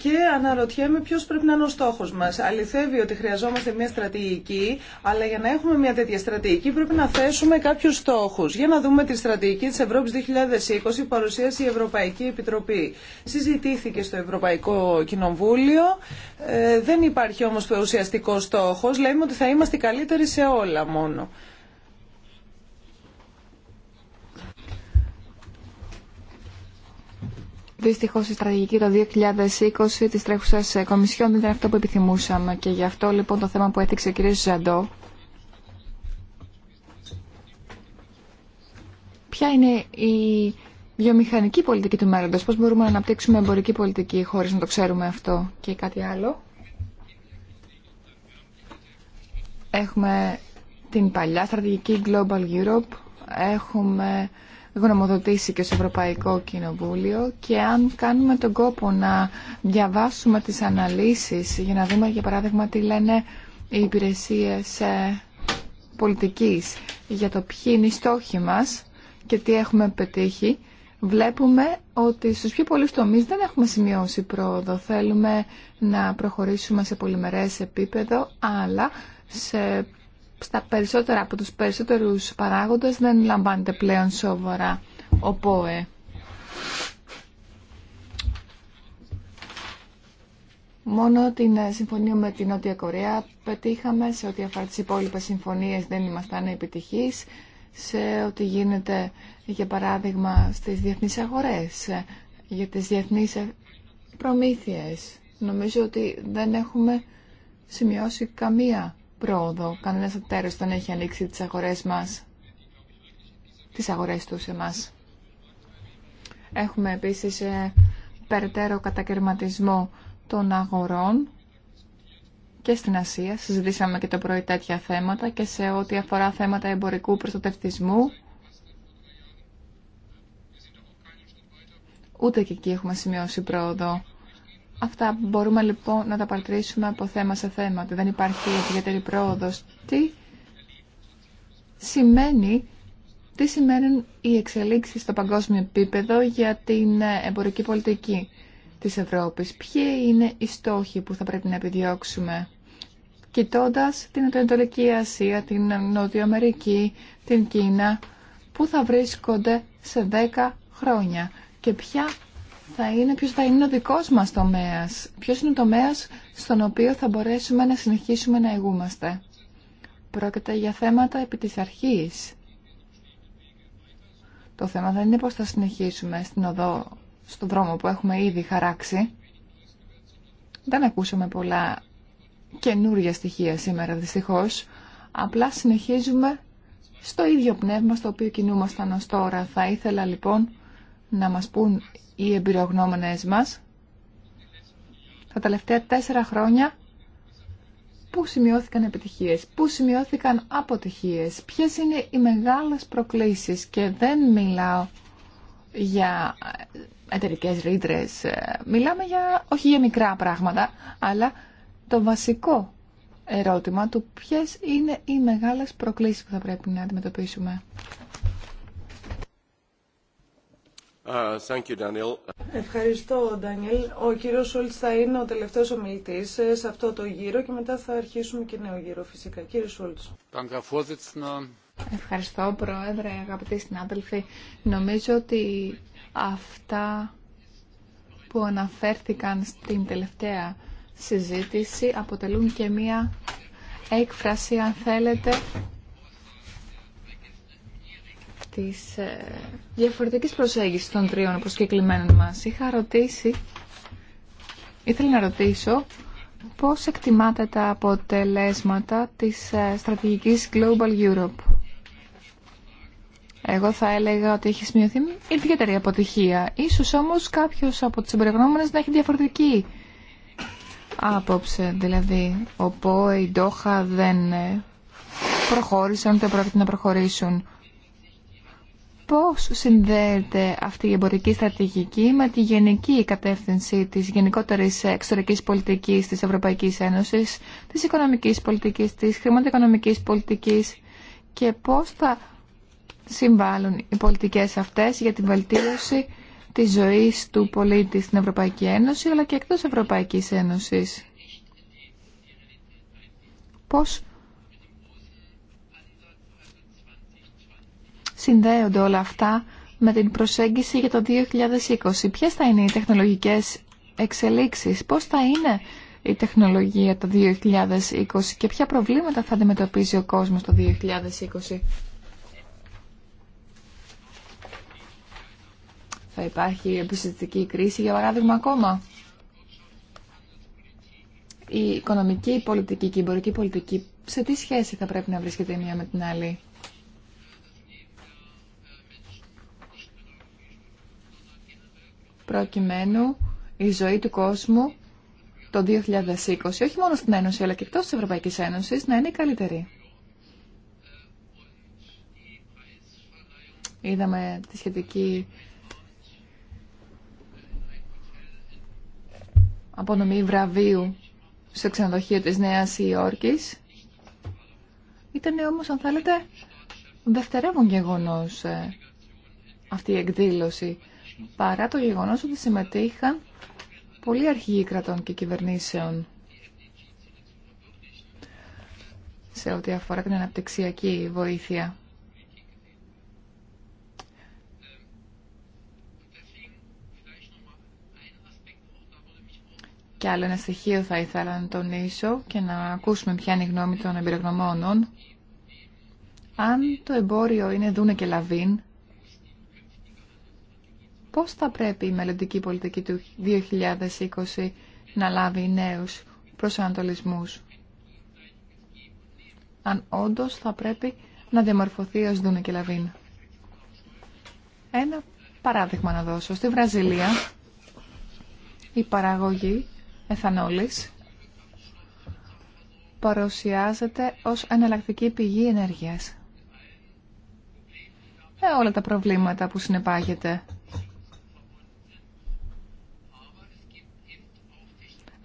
και αναρωτιέμαι ποιο πρέπει να είναι ο στόχο μα. Αληθεύει ότι χρειαζόμαστε μια στρατηγική, αλλά για να έχουμε μια τέτοια στρατηγική πρέπει να θέσουμε κάποιου στόχου. Για να δούμε τη στρατηγική τη Ευρώπη 2020, παρουσίασε η Ευρωπαϊκή Επιτροπή. Συζητήθηκε στο Ευρωπαϊκό Κοινοβούλιο. Ε, δεν υπάρχει όμω ουσιαστικό στόχο. Λέμε ότι θα είμαστε καλύτεροι σε όλα μόνο. Δυστυχώς η στρατηγική το 2020 τη τρέχουσα Κομισιόν δεν ήταν αυτό που επιθυμούσαμε και γι' αυτό λοιπόν το θέμα που έθιξε ο κ. Ζαντό ποια είναι η βιομηχανική πολιτική του μέλλοντο, πώς μπορούμε να αναπτύξουμε εμπορική πολιτική χωρίς να το ξέρουμε αυτό και κάτι άλλο. Έχουμε την παλιά στρατηγική Global Europe, έχουμε γνωμοδοτήσει και στο Ευρωπαϊκό Κοινοβούλιο και αν κάνουμε τον κόπο να διαβάσουμε τις αναλύσεις για να δούμε για παράδειγμα τι λένε οι υπηρεσίες ε, πολιτικής για το ποιοι είναι οι στόχοι μας και τι έχουμε πετύχει βλέπουμε ότι στους πιο πολλούς τομείς δεν έχουμε σημειώσει πρόοδο. Θέλουμε να προχωρήσουμε σε πολυμερές επίπεδο, αλλά σε στα περισσότερα από τους περισσότερους παράγοντες δεν λαμβάνεται πλέον σοβαρά ο ΠΟΕ. Μόνο την συμφωνία με την Νότια Κορέα πετύχαμε σε ό,τι αφορά τις υπόλοιπες συμφωνίες δεν ήμασταν επιτυχείς σε ό,τι γίνεται για παράδειγμα στις διεθνείς αγορές για τις διεθνείς προμήθειες. Νομίζω ότι δεν έχουμε σημειώσει καμία πρόοδο. Κανένας τέρος δεν έχει ανοίξει τις αγορές μας, Τι αγορές του σε μας. Έχουμε επίσης ε, περαιτέρω κατακαιρματισμό των αγορών και στην Ασία. Συζητήσαμε και το πρωί τέτοια θέματα και σε ό,τι αφορά θέματα εμπορικού προστατευτισμού. Ούτε και εκεί έχουμε σημειώσει πρόοδο. Αυτά μπορούμε λοιπόν να τα παρτρήσουμε από θέμα σε θέμα. δεν υπάρχει ιδιαίτερη πρόοδος. Τι σημαίνει, τι σημαίνουν οι εξελίξεις στο παγκόσμιο επίπεδο για την εμπορική πολιτική της Ευρώπης. Ποιοι είναι οι στόχοι που θα πρέπει να επιδιώξουμε κοιτώντας την Ανατολική Ασία, την Νότιο Αμερική, την Κίνα, που θα βρίσκονται σε 10 χρόνια και ποια θα είναι ποιος θα είναι ο δικός μας τομέας, ποιος είναι ο τομέας στον οποίο θα μπορέσουμε να συνεχίσουμε να εγούμαστε. Πρόκειται για θέματα επί της αρχής. Το θέμα δεν είναι πώς θα συνεχίσουμε στην οδό, στον δρόμο που έχουμε ήδη χαράξει. Δεν ακούσαμε πολλά καινούργια στοιχεία σήμερα δυστυχώς. Απλά συνεχίζουμε στο ίδιο πνεύμα στο οποίο κινούμασταν ως τώρα. Θα ήθελα λοιπόν να μας πούν οι εμπειρογνώμονες μας τα τελευταία τέσσερα χρόνια πού σημειώθηκαν επιτυχίες, πού σημειώθηκαν αποτυχίες, ποιες είναι οι μεγάλες προκλήσεις και δεν μιλάω για εταιρικέ ρήτρε. Ε, μιλάμε για, όχι για μικρά πράγματα, αλλά το βασικό ερώτημα του ποιες είναι οι μεγάλες προκλήσεις που θα πρέπει να αντιμετωπίσουμε. Uh, Ευχαριστώ, Ντανιέλ. Ο κύριο Σόλτ θα είναι ο τελευταίο ομιλητή ε, σε αυτό το γύρο και μετά θα αρχίσουμε και νέο γύρο φυσικά. Κύριε Σούλτ. Ευχαριστώ, Πρόεδρε, αγαπητοί συνάδελφοι. Νομίζω ότι αυτά που αναφέρθηκαν στην τελευταία συζήτηση αποτελούν και μία έκφραση, αν θέλετε, της ε, διαφορετική προσέγγιση των τριών προσκεκλημένων μα. Είχα ρωτήσει, ήθελα να ρωτήσω πώ εκτιμάτε τα αποτελέσματα της ε, στρατηγική Global Europe. Εγώ θα έλεγα ότι έχει σημειωθεί ιδιαίτερη αποτυχία. Ίσως όμως κάποιος από του εμπεριογνώμονες να έχει διαφορετική άποψε. Δηλαδή, ο ΠΟΕ, η Ντόχα δεν ε, προχώρησαν, δεν πρόκειται να προχωρήσουν πώς συνδέεται αυτή η εμπορική στρατηγική με τη γενική κατεύθυνση της γενικότερης εξωτερικής πολιτικής της Ευρωπαϊκής Ένωσης, της οικονομικής πολιτικής, της χρηματοοικονομικής πολιτικής και πώς θα συμβάλλουν οι πολιτικές αυτές για την βελτίωση της ζωής του πολίτη στην Ευρωπαϊκή Ένωση αλλά και εκτός Ευρωπαϊκής Ένωσης. Πώς συνδέονται όλα αυτά με την προσέγγιση για το 2020. Ποιες θα είναι οι τεχνολογικές εξελίξεις, πώς θα είναι η τεχνολογία το 2020 και ποια προβλήματα θα αντιμετωπίζει ο κόσμος το 2020. Θα υπάρχει επιστημική κρίση, για παράδειγμα, ακόμα. Η οικονομική, η πολιτική και η εμπορική πολιτική σε τι σχέση θα πρέπει να βρίσκεται η μία με την άλλη. προκειμένου η ζωή του κόσμου το 2020, όχι μόνο στην Ένωση αλλά και εκτός της Ευρωπαϊκής Ένωσης, να είναι καλύτερη. Είδαμε τη σχετική απονομή βραβείου σε ξενοδοχείο της Νέας Υόρκης. Ήταν όμως, αν θέλετε, δευτερεύον γεγονός ε, αυτή η εκδήλωση παρά το γεγονός ότι συμμετείχαν πολλοί αρχηγοί κρατών και κυβερνήσεων σε ό,τι αφορά την αναπτυξιακή βοήθεια. Και άλλο ένα στοιχείο θα ήθελα να τονίσω και να ακούσουμε ποια είναι η γνώμη των εμπειρογνωμόνων. Αν το εμπόριο είναι δούνε και λαβήν, πώς θα πρέπει η μελλοντική πολιτική του 2020 να λάβει νέους προσανατολισμούς. Αν όντως θα πρέπει να διαμορφωθεί ως Δούνε και Λαβίν. Ένα παράδειγμα να δώσω. Στη Βραζιλία η παραγωγή εθανόλης παρουσιάζεται ως εναλλακτική πηγή ενέργειας. Ε, όλα τα προβλήματα που συνεπάγεται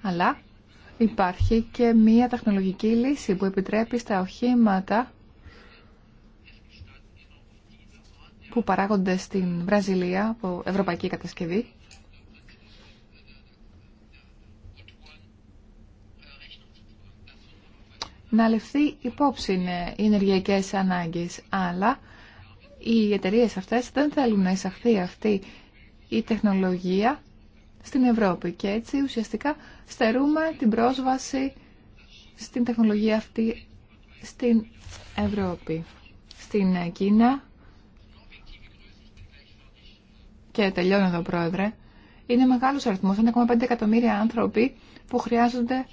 αλλά υπάρχει και μία τεχνολογική λύση που επιτρέπει στα οχήματα που παράγονται στην Βραζιλία από ευρωπαϊκή κατασκευή να ληφθεί υπόψη ναι, οι ενεργειακές ανάγκες, αλλά οι εταιρείες αυτές δεν θέλουν να εισαχθεί αυτή η τεχνολογία στην Ευρώπη και έτσι ουσιαστικά στερούμε την πρόσβαση στην τεχνολογία αυτή στην Ευρώπη. Στην Κίνα και τελειώνω εδώ πρόεδρε είναι μεγάλος αριθμός, 1,5 εκατομμύρια άνθρωποι που χρειάζονται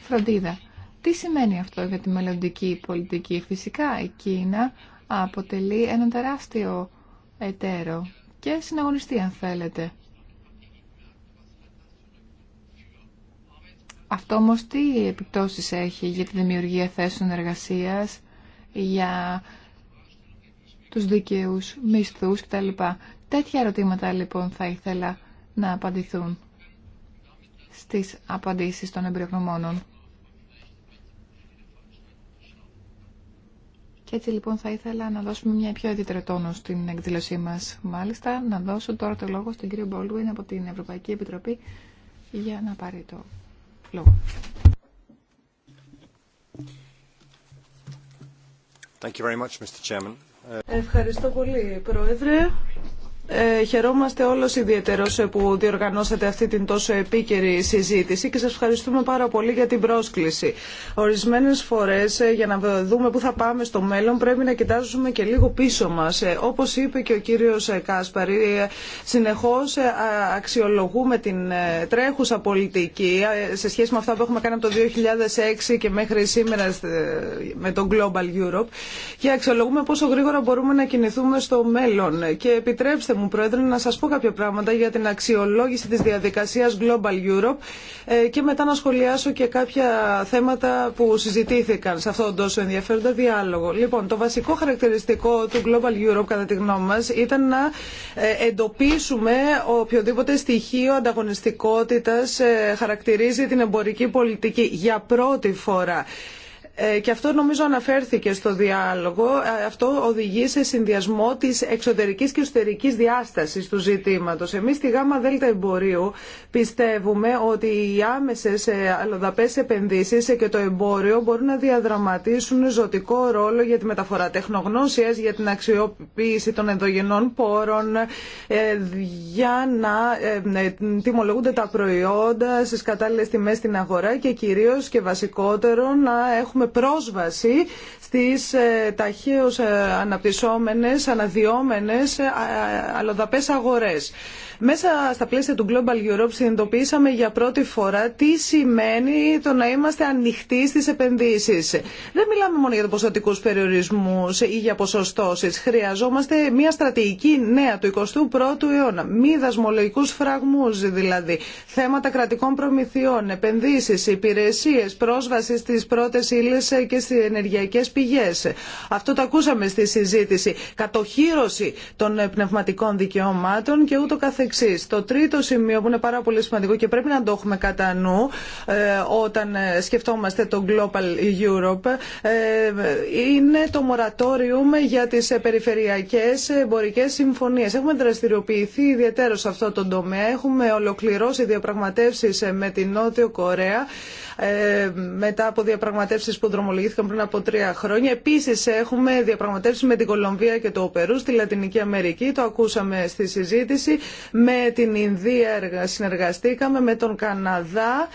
φροντίδα. Τι σημαίνει αυτό για τη μελλοντική πολιτική. Φυσικά η Κίνα αποτελεί έναν τεράστιο εταίρο και συναγωνιστή αν θέλετε. Αυτό όμω τι επιπτώσεις έχει για τη δημιουργία θέσεων εργασίας, για τους δικαιούς μισθούς κτλ. Τέτοια ερωτήματα λοιπόν θα ήθελα να απαντηθούν στις απαντήσεις των εμπειρογνωμόνων. Και έτσι λοιπόν θα ήθελα να δώσουμε μια πιο ιδιαίτερη τόνο στην εκδήλωσή μας. Μάλιστα να δώσω τώρα το λόγο στον κύριο Μπόλουιν από την Ευρωπαϊκή Επιτροπή για να πάρει το λόγο. Thank you very much, Mr. Chairman. Ευχαριστώ πολύ, Πρόεδρε. Ε, χαιρόμαστε όλος ιδιαίτερος ε, που διοργανώσατε αυτή την τόσο επίκαιρη συζήτηση και σας ευχαριστούμε πάρα πολύ για την πρόσκληση. Ορισμένες φορές ε, για να δούμε πού θα πάμε στο μέλλον πρέπει να κοιτάζουμε και λίγο πίσω μας. Ε, όπως είπε και ο κύριος Κάσπαρη, συνεχώς αξιολογούμε την τρέχουσα πολιτική σε σχέση με αυτά που έχουμε κάνει από το 2006 και μέχρι σήμερα με τον Global Europe και αξιολογούμε πόσο γρήγορα μπορούμε να κινηθούμε στο μέλλον. Και επιτρέψτε μου, Πρόεδρε, να σα πω κάποια πράγματα για την αξιολόγηση τη διαδικασία Global Europe ε, και μετά να σχολιάσω και κάποια θέματα που συζητήθηκαν σε αυτόν τον τόσο ενδιαφέροντα διάλογο. Λοιπόν, το βασικό χαρακτηριστικό του Global Europe, κατά τη γνώμη μα, ήταν να ε, εντοπίσουμε οποιοδήποτε στοιχείο ανταγωνιστικότητας ε, χαρακτηρίζει την εμπορική πολιτική για πρώτη φορά. Ε, και αυτό νομίζω αναφέρθηκε στο διάλογο, ε, αυτό οδηγεί σε συνδυασμό της εξωτερικής και εσωτερικής διάστασης του ζητήματος. Εμείς στη ΓΑΜΑ ΔΕΛΤΑ Εμπορίου πιστεύουμε ότι οι άμεσες ε, αλλοδαπές επενδύσεις και το εμπόριο μπορούν να διαδραματίσουν ζωτικό ρόλο για τη μεταφορά τεχνογνώσιας, για την αξιοποίηση των ενδογενών πόρων, για να τιμολογούνται τα προϊόντα στις κατάλληλε τιμέ στην αγορά και κυρίως και βασικότερο να έχουμε πρόσβαση στις ε, ταχείως ε, αναπτυσσόμενες, αναδυόμενες ε, αλλοδαπές αγορές. Μέσα στα πλαίσια του Global Europe συνειδητοποίησαμε για πρώτη φορά τι σημαίνει το να είμαστε ανοιχτοί στις επενδύσεις. Δεν μιλάμε μόνο για ποσοτικούς περιορισμούς ή για ποσοστώσεις. Χρειαζόμαστε μια στρατηγική νέα του 21ου αιώνα. Μη δασμολογικούς φραγμούς δηλαδή. Θέματα κρατικών προμηθειών, επενδύσεις, υπηρεσίε, πρόσβαση στις πρώτες και στις ενεργειακές πηγές. Αυτό το ακούσαμε στη συζήτηση. Κατοχύρωση των πνευματικών δικαιωμάτων και ούτω καθεξής. Το τρίτο σημείο που είναι πάρα πολύ σημαντικό και πρέπει να το έχουμε κατά νου ε, όταν σκεφτόμαστε το Global Europe ε, είναι το Μορατόριου για τις περιφερειακές εμπορικές συμφωνίες. Έχουμε δραστηριοποιηθεί ιδιαίτερο σε αυτό το τομέα. Έχουμε ολοκληρώσει διαπραγματεύσεις με την Νότιο Κορέα ε, μετά από διαπραγματεύσεις που δρομολογήθηκαν πριν από τρία χρόνια. Επίσης έχουμε διαπραγματεύσεις με την Κολομβία και το Περού στη Λατινική Αμερική. Το ακούσαμε στη συζήτηση. Με την Ινδία συνεργαστήκαμε, με τον Καναδά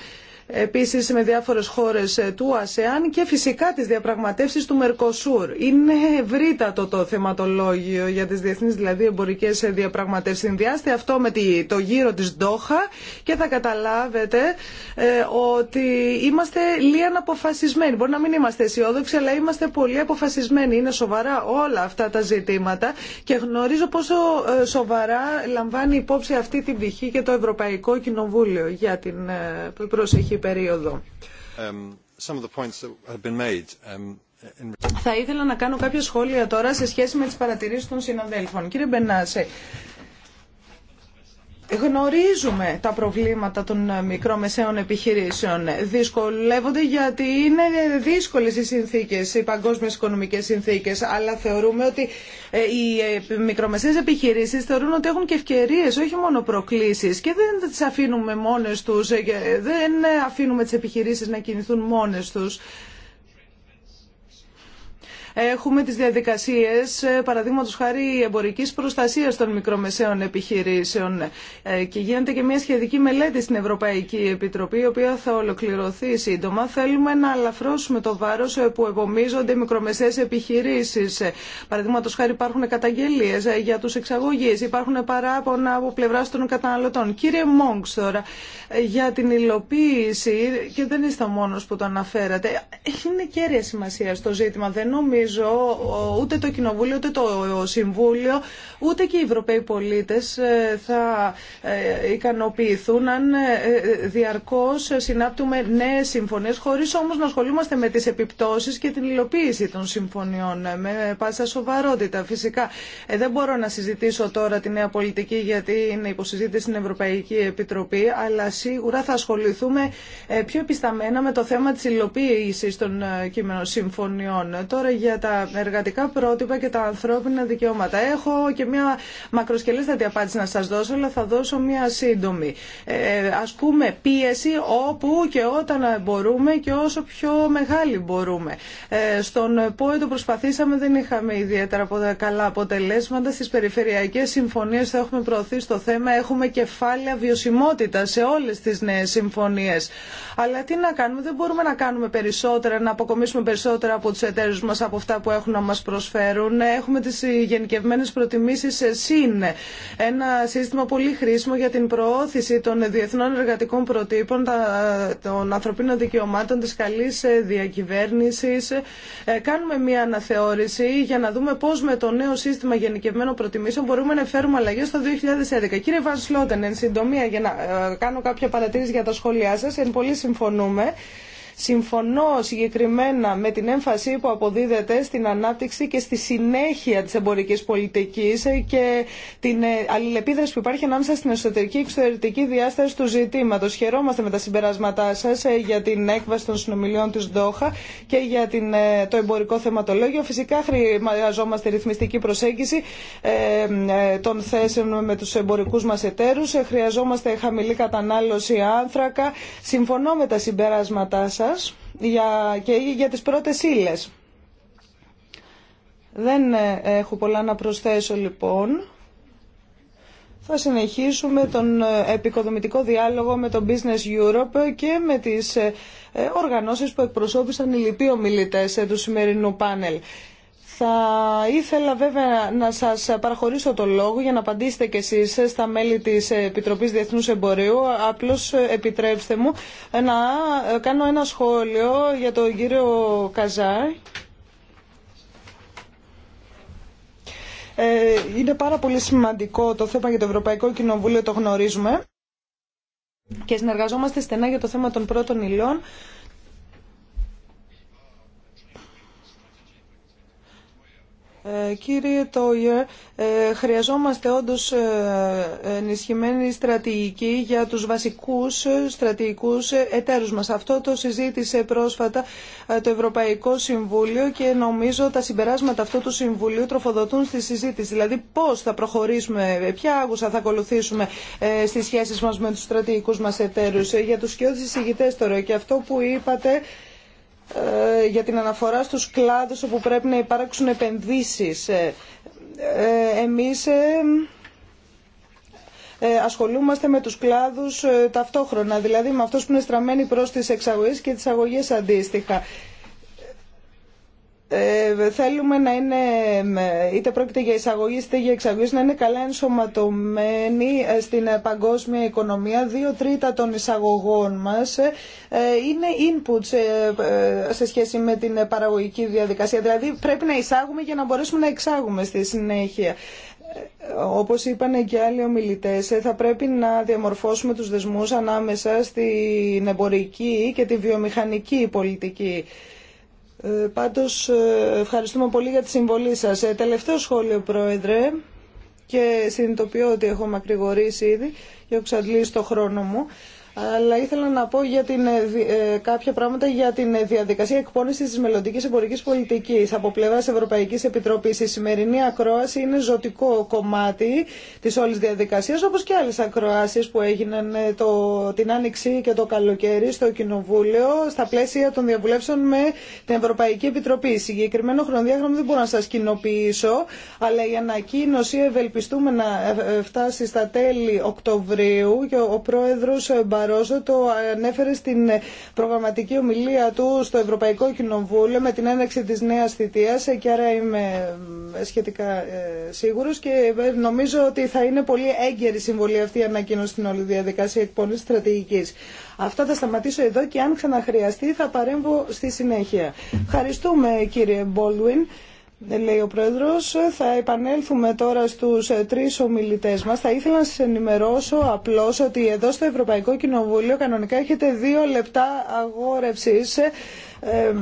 επίσης με διάφορες χώρες ε, του ΑΣΕΑΝ και φυσικά τις διαπραγματεύσεις του Μερκοσούρ. Είναι ευρύτατο το θεματολόγιο για τις διεθνείς δηλαδή εμπορικές ε, διαπραγματεύσεις. Συνδυάστε αυτό με το γύρο της Ντόχα και θα καταλάβετε ε, ότι είμαστε λίγαν αποφασισμένοι. Μπορεί να μην είμαστε αισιόδοξοι αλλά είμαστε πολύ αποφασισμένοι. Είναι σοβαρά όλα αυτά τα ζητήματα και γνωρίζω πόσο σοβαρά λαμβάνει υπόψη αυτή την πτυχή και το Ευρωπαϊκό Κοινοβούλιο για την προσοχή περίοδο. Θα ήθελα να κάνω κάποια σχόλια τώρα σε σχέση με τις παρατηρήσεις των συναδέλφων. Κύριε Μπενάσε, Γνωρίζουμε τα προβλήματα των μικρομεσαίων επιχειρήσεων. Δυσκολεύονται γιατί είναι δύσκολες οι συνθήκες, οι παγκόσμιες οικονομικές συνθήκες. Αλλά θεωρούμε ότι ε, οι ε, μικρομεσαίες επιχειρήσεις θεωρούν ότι έχουν και ευκαιρίες, όχι μόνο προκλήσεις. Και δεν τις αφήνουμε μόνες τους, ε, δεν αφήνουμε τις επιχειρήσεις να κινηθούν μόνες τους. Έχουμε τις διαδικασίες, ε, παραδείγματος χάρη εμπορικής προστασίας των μικρομεσαίων επιχειρήσεων ε, και γίνεται και μια σχεδική μελέτη στην Ευρωπαϊκή Επιτροπή, η οποία θα ολοκληρωθεί σύντομα. Θέλουμε να αλαφρώσουμε το βάρος ε, που επομίζονται οι μικρομεσαίες επιχειρήσεις. Παραδείγματος χάρη υπάρχουν καταγγελίες για τους εξαγωγείς, υπάρχουν παράπονα από πλευρά των καταναλωτών. Κύριε Μόγκ τώρα, για την υλοποίηση, και δεν είστε μόνος που το αναφέρατε, είναι κέρια σημασία στο ζήτημα. Δεν ούτε το Κοινοβούλιο, ούτε το Συμβούλιο, ούτε και οι Ευρωπαίοι πολίτες ε, θα ε, ικανοποιηθούν αν ε, διαρκώς συνάπτουμε νέες συμφωνίες, χωρίς όμως να ασχολούμαστε με τις επιπτώσεις και την υλοποίηση των συμφωνιών. Με πάσα σοβαρότητα φυσικά. δεν μπορώ να συζητήσω τώρα τη νέα πολιτική γιατί είναι υποσυζήτηση στην Ευρωπαϊκή Επιτροπή, αλλά σίγουρα θα ασχοληθούμε πιο επισταμένα με το θέμα της υλοποίησης των κείμενων συμφωνιών. Τώρα για τα εργατικά πρότυπα και τα ανθρώπινα δικαιώματα. Έχω και μια μακροσκελέστατη απάντηση να σα δώσω, αλλά θα δώσω μια σύντομη. Ε, πούμε, πίεση όπου και όταν μπορούμε και όσο πιο μεγάλη μπορούμε. Ε, στον ΠΟΕ το προσπαθήσαμε, δεν είχαμε ιδιαίτερα καλά αποτελέσματα. στι περιφερειακέ συμφωνίε θα έχουμε προωθεί στο θέμα. Έχουμε κεφάλαια βιωσιμότητα σε όλε τι νέε συμφωνίε. Αλλά τι να κάνουμε, δεν μπορούμε να κάνουμε περισσότερα, να αποκομίσουμε περισσότερα από του εταίρου μα αυτά που έχουν να μας προσφέρουν. Έχουμε τις γενικευμένες προτιμήσεις ΣΥΝ, ένα σύστημα πολύ χρήσιμο για την προώθηση των διεθνών εργατικών προτύπων, των ανθρωπίνων δικαιωμάτων, της καλής διακυβέρνησης. Ε, κάνουμε μια αναθεώρηση για να δούμε πώς με το νέο σύστημα γενικευμένων προτιμήσεων μπορούμε να φέρουμε αλλαγέ στο 2011. Κύριε Σλότεν, εν συντομία, για να ε, κάνω κάποια παρατήρηση για τα σχόλιά σας, εν πολύ συμφωνούμε. Συμφωνώ συγκεκριμένα με την έμφαση που αποδίδεται στην ανάπτυξη και στη συνέχεια της εμπορικής πολιτικής και την ε, αλληλεπίδραση που υπάρχει ανάμεσα στην εσωτερική και εξωτερική διάσταση του ζητήματος. Χαιρόμαστε με τα συμπεράσματά σας ε, για την έκβαση των συνομιλιών της Δόχα και για την, ε, το εμπορικό θεματολόγιο. Φυσικά χρειαζόμαστε ρυθμιστική προσέγγιση των θέσεων με τους εμπορικούς μας εταίρους. Χρειαζόμαστε χαμηλή κατανάλωση άνθρακα. Συμφωνώ με τα συμπεράσματά σα για, και για τις πρώτες ύλε. Δεν ε, έχω πολλά να προσθέσω λοιπόν. Θα συνεχίσουμε τον ε, επικοδομητικό διάλογο με το Business Europe και με τις ε, οργανώσεις που εκπροσώπησαν οι λοιποί ομιλητές του σημερινού πάνελ. Θα ήθελα βέβαια να σας παραχωρήσω το λόγο για να απαντήσετε και εσείς στα μέλη της Επιτροπής Διεθνούς Εμπορίου. Απλώς επιτρέψτε μου να κάνω ένα σχόλιο για τον κύριο Καζάρ. Ε, είναι πάρα πολύ σημαντικό το θέμα για το Ευρωπαϊκό Κοινοβούλιο, το γνωρίζουμε. Και συνεργαζόμαστε στενά για το θέμα των πρώτων υλών. Ε, κύριε Τόιερ, ε, χρειαζόμαστε όντως ε, ενισχυμένη στρατηγική για τους βασικούς στρατηγικούς εταίρους μας. Αυτό το συζήτησε πρόσφατα το Ευρωπαϊκό Συμβούλιο και νομίζω τα συμπεράσματα αυτού του Συμβουλίου τροφοδοτούν στη συζήτηση. Δηλαδή πώς θα προχωρήσουμε, ποια άγουσα θα ακολουθήσουμε στις σχέσεις μας με τους στρατηγικούς μας εταίρους. Για τους και τώρα και αυτό που είπατε ε, για την αναφορά στους κλάδους όπου πρέπει να υπάρξουν επενδύσεις. Ε, ε, εμείς ασχολούμαστε με τους κλάδους ταυτόχρονα, δηλαδή με αυτός που είναι στραμμένοι προς τις εξαγωγές και τις αγωγές αντίστοιχα ε, θέλουμε να είναι, είτε πρόκειται για εισαγωγή είτε για εξαγωγή, να είναι καλά ενσωματωμένοι ε, στην ε, παγκόσμια οικονομία. Δύο τρίτα των εισαγωγών μας ε, είναι inputs σε σχέση με την παραγωγική διαδικασία. Δηλαδή πρέπει να εισάγουμε για να μπορέσουμε να εξάγουμε στη συνέχεια. Όπως είπαν και άλλοι ομιλητές, θα πρέπει να διαμορφώσουμε τους δεσμούς ανάμεσα στην εμπορική και τη βιομηχανική πολιτική. Ε, πάντως ε, ευχαριστούμε πολύ για τη συμβολή σας. Ε, τελευταίο σχόλιο, Πρόεδρε, και συνειδητοποιώ ότι έχω μακρηγορήσει ήδη και έχω ξαντλήσει το χρόνο μου αλλά ήθελα να πω για την, ε, ε, κάποια πράγματα για την ε, διαδικασία εκπόνηση τη μελλοντική εμπορική πολιτική από πλευρά Ευρωπαϊκή Επιτροπή. Η σημερινή ακρόαση είναι ζωτικό κομμάτι τη όλη διαδικασία, όπω και άλλε ακροάσει που έγιναν το, την άνοιξη και το καλοκαίρι στο Κοινοβούλιο στα πλαίσια των διαβουλεύσεων με την Ευρωπαϊκή Επιτροπή. Συγκεκριμένο χρονοδιάγραμμα δεν μπορώ να σα κοινοποιήσω, αλλά η ανακοίνωση ευελπιστούμε να φτάσει στα τέλη Οκτωβρίου και ο πρόεδρο το ανέφερε στην προγραμματική ομιλία του στο Ευρωπαϊκό Κοινοβούλιο με την έναρξη της νέας θητείας και άρα είμαι ε, σχετικά ε, σίγουρος και ε, νομίζω ότι θα είναι πολύ έγκαιρη συμβολή αυτή η ανακοίνωση στην όλη διαδικασία εκπόνησης στρατηγικής. Αυτά θα σταματήσω εδώ και αν ξαναχρειαστεί θα παρέμβω στη συνέχεια. Ευχαριστούμε κύριε Μπόλουιν λέει ο Πρόεδρος. Θα επανέλθουμε τώρα στους τρεις ομιλητές μας. Θα ήθελα να σας ενημερώσω απλώς ότι εδώ στο Ευρωπαϊκό Κοινοβούλιο κανονικά έχετε δύο λεπτά αγόρευσης. Ε,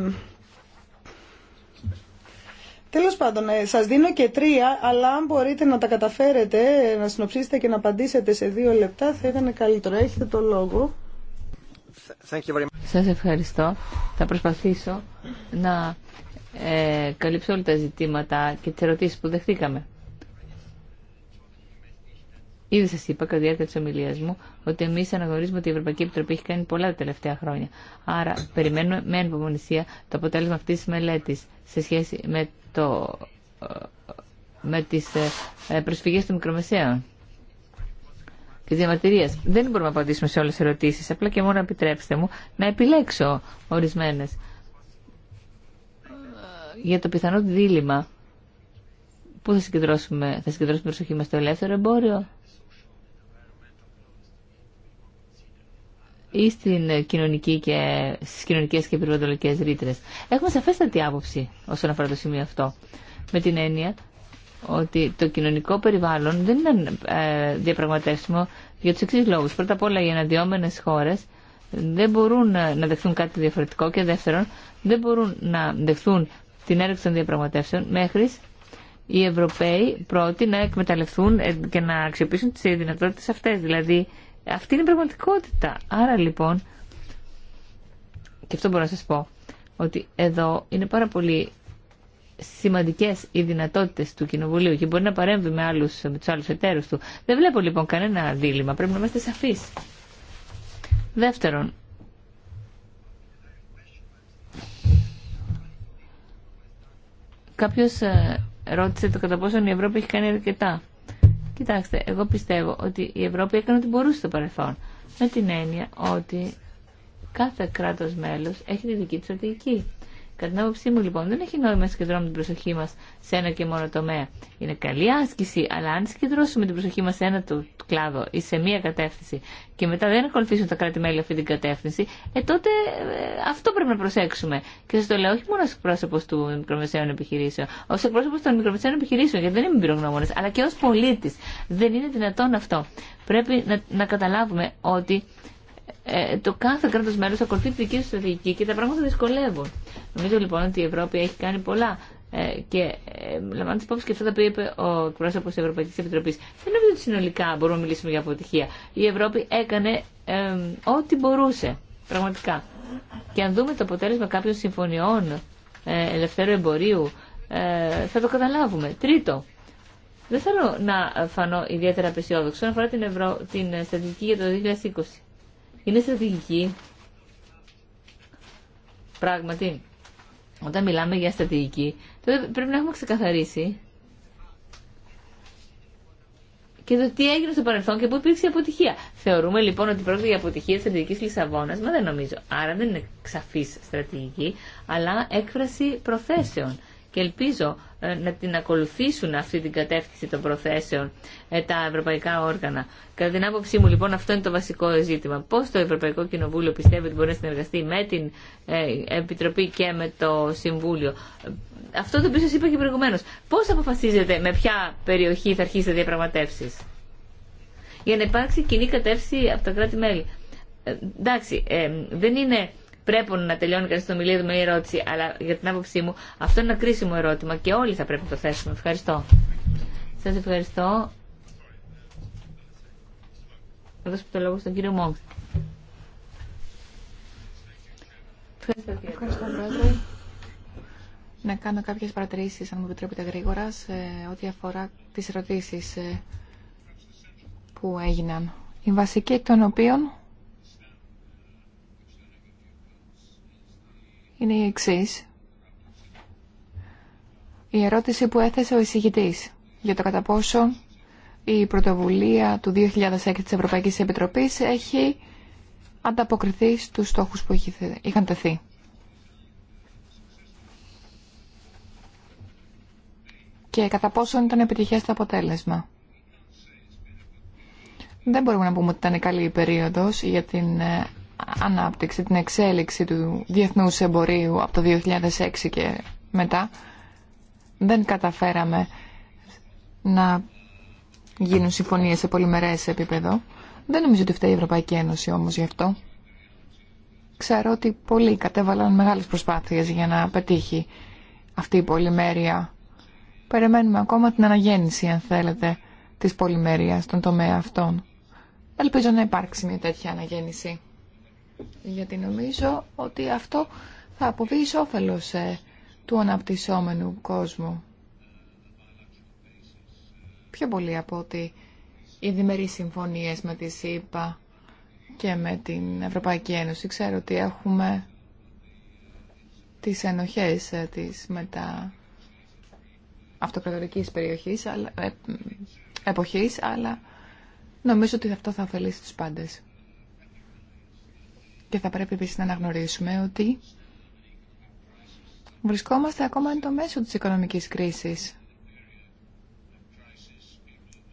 Τέλο πάντων, σα δίνω και τρία, αλλά αν μπορείτε να τα καταφέρετε, να συνοψίσετε και να απαντήσετε σε δύο λεπτά, θα ήταν καλύτερο. Έχετε το λόγο. Σας ευχαριστώ. Θα προσπαθήσω να ε, καλύψει όλα τα ζητήματα και τι ερωτήσει που δεχτήκαμε. Ήδη σα είπα κατά τη διάρκεια τη ομιλία μου ότι εμεί αναγνωρίζουμε ότι η Ευρωπαϊκή Επιτροπή έχει κάνει πολλά τα τελευταία χρόνια. Άρα, περιμένουμε με ανυπομονησία το αποτέλεσμα αυτή τη μελέτη σε σχέση με, ε, με τι ε, ε, προσφυγέ των μικρομεσαίων και τη Δεν μπορούμε να απαντήσουμε σε όλε τι ερωτήσει. Απλά και μόνο επιτρέψτε μου να επιλέξω ορισμένε για το πιθανό δίλημα. Πού θα συγκεντρώσουμε, θα συγκεντρώσουμε προσοχή μας στο ελεύθερο εμπόριο ή στην κοινωνική και, στις κοινωνικές και περιβαλλοντικές ρήτρες. Έχουμε σαφέστατη άποψη όσον αφορά το σημείο αυτό. Με την έννοια ότι το κοινωνικό περιβάλλον δεν είναι ε, διαπραγματεύσιμο για τους εξής λόγους. Πρώτα απ' όλα οι αναδυόμενες χώρες δεν μπορούν να δεχθούν κάτι διαφορετικό και δεύτερον δεν μπορούν να δεχθούν την έρευνα των διαπραγματεύσεων μέχρι οι Ευρωπαίοι πρώτοι να εκμεταλλευτούν ε, και να αξιοποιήσουν τις δυνατότητες αυτές. Δηλαδή, αυτή είναι η πραγματικότητα. Άρα λοιπόν, και αυτό μπορώ να σας πω, ότι εδώ είναι πάρα πολύ σημαντικές οι δυνατότητες του Κοινοβουλίου και μπορεί να παρέμβει με, άλλους, με τους άλλους του. Δεν βλέπω λοιπόν κανένα δίλημα, πρέπει να είμαστε σαφείς. Δεύτερον, Κάποιο ε, ρώτησε το κατά πόσον η Ευρώπη έχει κάνει αρκετά. Κοιτάξτε, εγώ πιστεύω ότι η Ευρώπη έκανε ό,τι μπορούσε στο παρελθόν. Με την έννοια ότι κάθε κράτος μέλος έχει τη δική του στρατηγική. Κατά την άποψή μου λοιπόν δεν έχει νόημα να συγκεντρώνουμε την προσοχή μας σε ένα και μόνο τομέα. Είναι καλή άσκηση, αλλά αν συγκεντρώσουμε την προσοχή μας σε ένα του κλάδο ή σε μία κατεύθυνση και μετά δεν ακολουθήσουν τα κράτη-μέλη αυτή την κατεύθυνση, ε, τότε ε, αυτό πρέπει να προσέξουμε. Και σα το λέω όχι μόνο ω εκπρόσωπο του μικρομεσαίων επιχειρήσεων, ω εκπρόσωπο των μικρομεσαίων επιχειρήσεων, γιατί δεν είμαι πυρογνώμονες, αλλά και ω πολίτη. Δεν είναι δυνατόν αυτό. Πρέπει να καταλάβουμε ότι ε, το κάθε κράτο μέλο ακολουθεί τη δική του στρατηγική και τα πράγματα δυσκολεύουν. Νομίζω λοιπόν ότι η Ευρώπη έχει κάνει πολλά ε, και ε, λαμβάνοντα υπόψη και αυτά τα οποία είπε ο εκπρόσωπο τη Ευρωπαϊκή Επιτροπή, δεν νομίζω ότι συνολικά μπορούμε να μιλήσουμε για αποτυχία. Η Ευρώπη έκανε ό,τι μπορούσε, πραγματικά. Και αν δούμε το αποτέλεσμα κάποιων συμφωνιών ε, ελευθέρου εμπορίου, ε, θα το καταλάβουμε. Τρίτο, δεν θέλω να φανώ ιδιαίτερα απεσιόδοξο αφορά την, Ευρω... την στρατηγική για το 2020. Είναι στρατηγική. Πράγματι, όταν μιλάμε για στρατηγική, τότε πρέπει να έχουμε ξεκαθαρίσει και το τι έγινε στο παρελθόν και πού υπήρξε η αποτυχία. Θεωρούμε λοιπόν ότι πρόκειται για αποτυχία τη στρατηγική Λισαβόνα, μα δεν νομίζω. Άρα δεν είναι ξαφή στρατηγική, αλλά έκφραση προθέσεων. Και ελπίζω ε, να την ακολουθήσουν αυτή την κατεύθυνση των προθέσεων ε, τα ευρωπαϊκά όργανα. Κατά την άποψή μου λοιπόν αυτό είναι το βασικό ζήτημα. Πώς το Ευρωπαϊκό Κοινοβούλιο πιστεύει ότι μπορεί να συνεργαστεί με την ε, Επιτροπή και με το Συμβούλιο. Αυτό το οποίο σα είπα και προηγουμένως. Πώς αποφασίζετε με ποια περιοχή θα αρχίσετε διαπραγματεύσει. Για να υπάρξει κοινή κατεύθυνση από τα κράτη-μέλη. εντάξει, δεν είναι πρέπει να τελειώνει κανεί το ομιλία με ερώτηση, αλλά για την άποψή μου αυτό είναι ένα κρίσιμο ερώτημα και όλοι θα πρέπει να το θέσουμε. Ευχαριστώ. Σα ευχαριστώ. Θα δώσω το λόγο στον κύριο Μόγκ. Ευχαριστώ, πρόεδρε. Να κάνω κάποιες παρατηρήσεις, αν μου επιτρέπετε γρήγορα, σε ό,τι αφορά τις ερωτήσεις ε, που έγιναν. Η βασική εκ των οποίων είναι η εξής. Η ερώτηση που έθεσε ο εισηγητής για το κατά πόσο η πρωτοβουλία του 2006 της Ευρωπαϊκής Επιτροπής έχει ανταποκριθεί στους στόχους που είχαν τεθεί. Και κατά πόσο ήταν επιτυχές το αποτέλεσμα. Δεν μπορούμε να πούμε ότι ήταν καλή η περίοδος για την ε, ανάπτυξη, την εξέλιξη του διεθνούς εμπορίου από το 2006 και μετά, δεν καταφέραμε να γίνουν συμφωνίες σε πολυμερές επίπεδο. Δεν νομίζω ότι φταίει η Ευρωπαϊκή Ένωση όμως γι' αυτό. Ξέρω ότι πολλοί κατέβαλαν μεγάλες προσπάθειες για να πετύχει αυτή η πολυμέρεια. Περιμένουμε ακόμα την αναγέννηση, αν θέλετε, της πολυμέρειας στον τομέα αυτών. Ελπίζω να υπάρξει μια τέτοια αναγέννηση γιατί νομίζω ότι αυτό θα αποβεί εις όφελος ε, του αναπτυσσόμενου κόσμου. Πιο πολύ από ότι οι διμερείς συμφωνίες με τη ΣΥΠΑ και με την Ευρωπαϊκή Ένωση. Ξέρω ότι έχουμε τις ενοχές ε, της μετά αυτοκρατορικής περιοχής, αλλά, ε, εποχής, αλλά νομίζω ότι αυτό θα ωφελήσει τους πάντες. Και θα πρέπει επίσης να αναγνωρίσουμε ότι βρισκόμαστε ακόμα εν το μέσο της οικονομικής κρίσης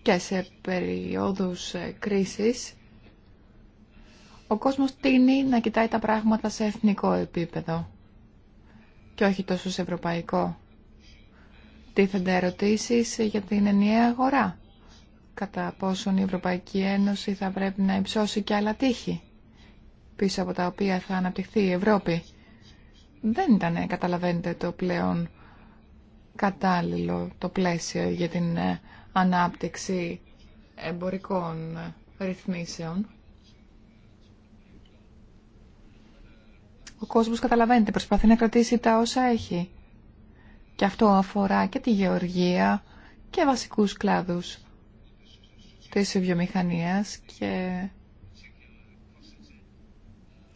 και σε περιόδους ε, κρίσης ο κόσμος τίνει να κοιτάει τα πράγματα σε εθνικό επίπεδο και όχι τόσο σε ευρωπαϊκό. Τίθενται ερωτήσει για την ενιαία αγορά. Κατά πόσον η Ευρωπαϊκή Ένωση θα πρέπει να υψώσει και άλλα τείχη πίσω από τα οποία θα αναπτυχθεί η Ευρώπη δεν ήταν, ε, καταλαβαίνετε, το πλέον κατάλληλο το πλαίσιο για την ε, ανάπτυξη εμπορικών ρυθμίσεων. Ο κόσμος, καταλαβαίνετε, προσπαθεί να κρατήσει τα όσα έχει. Και αυτό αφορά και τη γεωργία και βασικούς κλάδους της βιομηχανίας και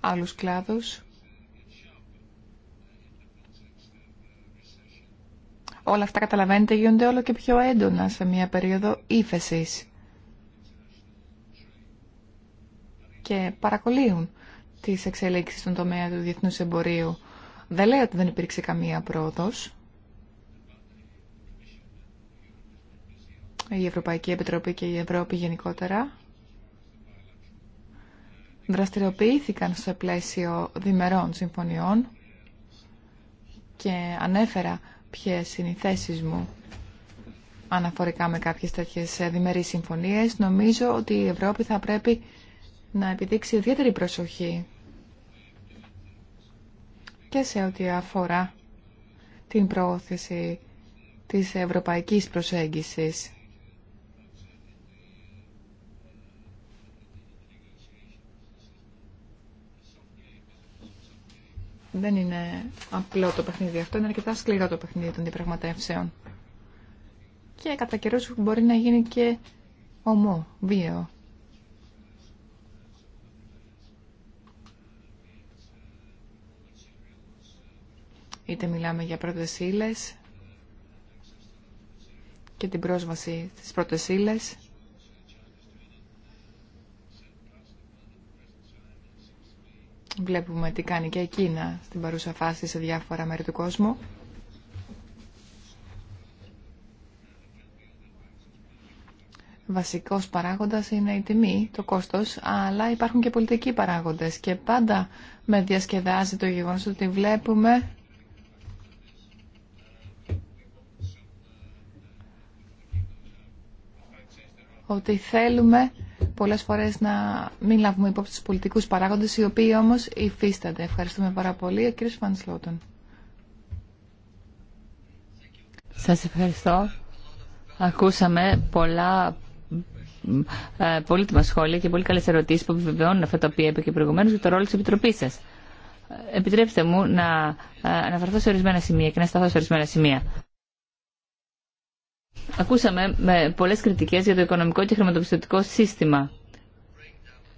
άλλους κλάδους. Όλα αυτά καταλαβαίνετε γίνονται όλο και πιο έντονα σε μια περίοδο ύφεση. Και παρακολύουν τις εξελίξεις στον τομέα του διεθνούς εμπορίου. Δεν λέω ότι δεν υπήρξε καμία πρόοδος. Η Ευρωπαϊκή Επιτροπή και η Ευρώπη γενικότερα δραστηριοποιήθηκαν σε πλαίσιο διμερών συμφωνιών και ανέφερα ποιες είναι οι θέσεις μου αναφορικά με κάποιες τέτοιες διμερείς συμφωνίες. Νομίζω ότι η Ευρώπη θα πρέπει να επιδείξει ιδιαίτερη προσοχή και σε ό,τι αφορά την προώθηση της ευρωπαϊκής προσέγγισης Δεν είναι απλό το παιχνίδι αυτό, είναι αρκετά σκληρό το παιχνίδι των διαπραγματεύσεων. Και κατά καιρούς μπορεί να γίνει και ομό, βίαιο. Είτε μιλάμε για πρώτες ύλες και την πρόσβαση στις πρώτες ύλες Βλέπουμε τι κάνει και η Κίνα στην παρούσα φάση σε διάφορα μέρη του κόσμου. Βασικός παράγοντας είναι η τιμή, το κόστος, αλλά υπάρχουν και πολιτικοί παράγοντες και πάντα με διασκεδάζει το γεγονός ότι βλέπουμε ότι θέλουμε πολλές φορές να μην λάβουμε υπόψη τους πολιτικούς παράγοντες, οι οποίοι όμως υφίστανται. Ευχαριστούμε πάρα πολύ. Ο κ. Φανσλότον. Σας ευχαριστώ. Ακούσαμε πολλά ε, πολύτιμα σχόλια και πολύ καλές ερωτήσεις που επιβεβαιώνουν αυτά τα οποία είπε και προηγουμένως για το ρόλο της Επιτροπής σας. Ε, επιτρέψτε μου να ε, αναφερθώ σε ορισμένα σημεία και να σταθώ σε ορισμένα σημεία. Ακούσαμε με πολλές κριτικές για το οικονομικό και χρηματοπιστωτικό σύστημα.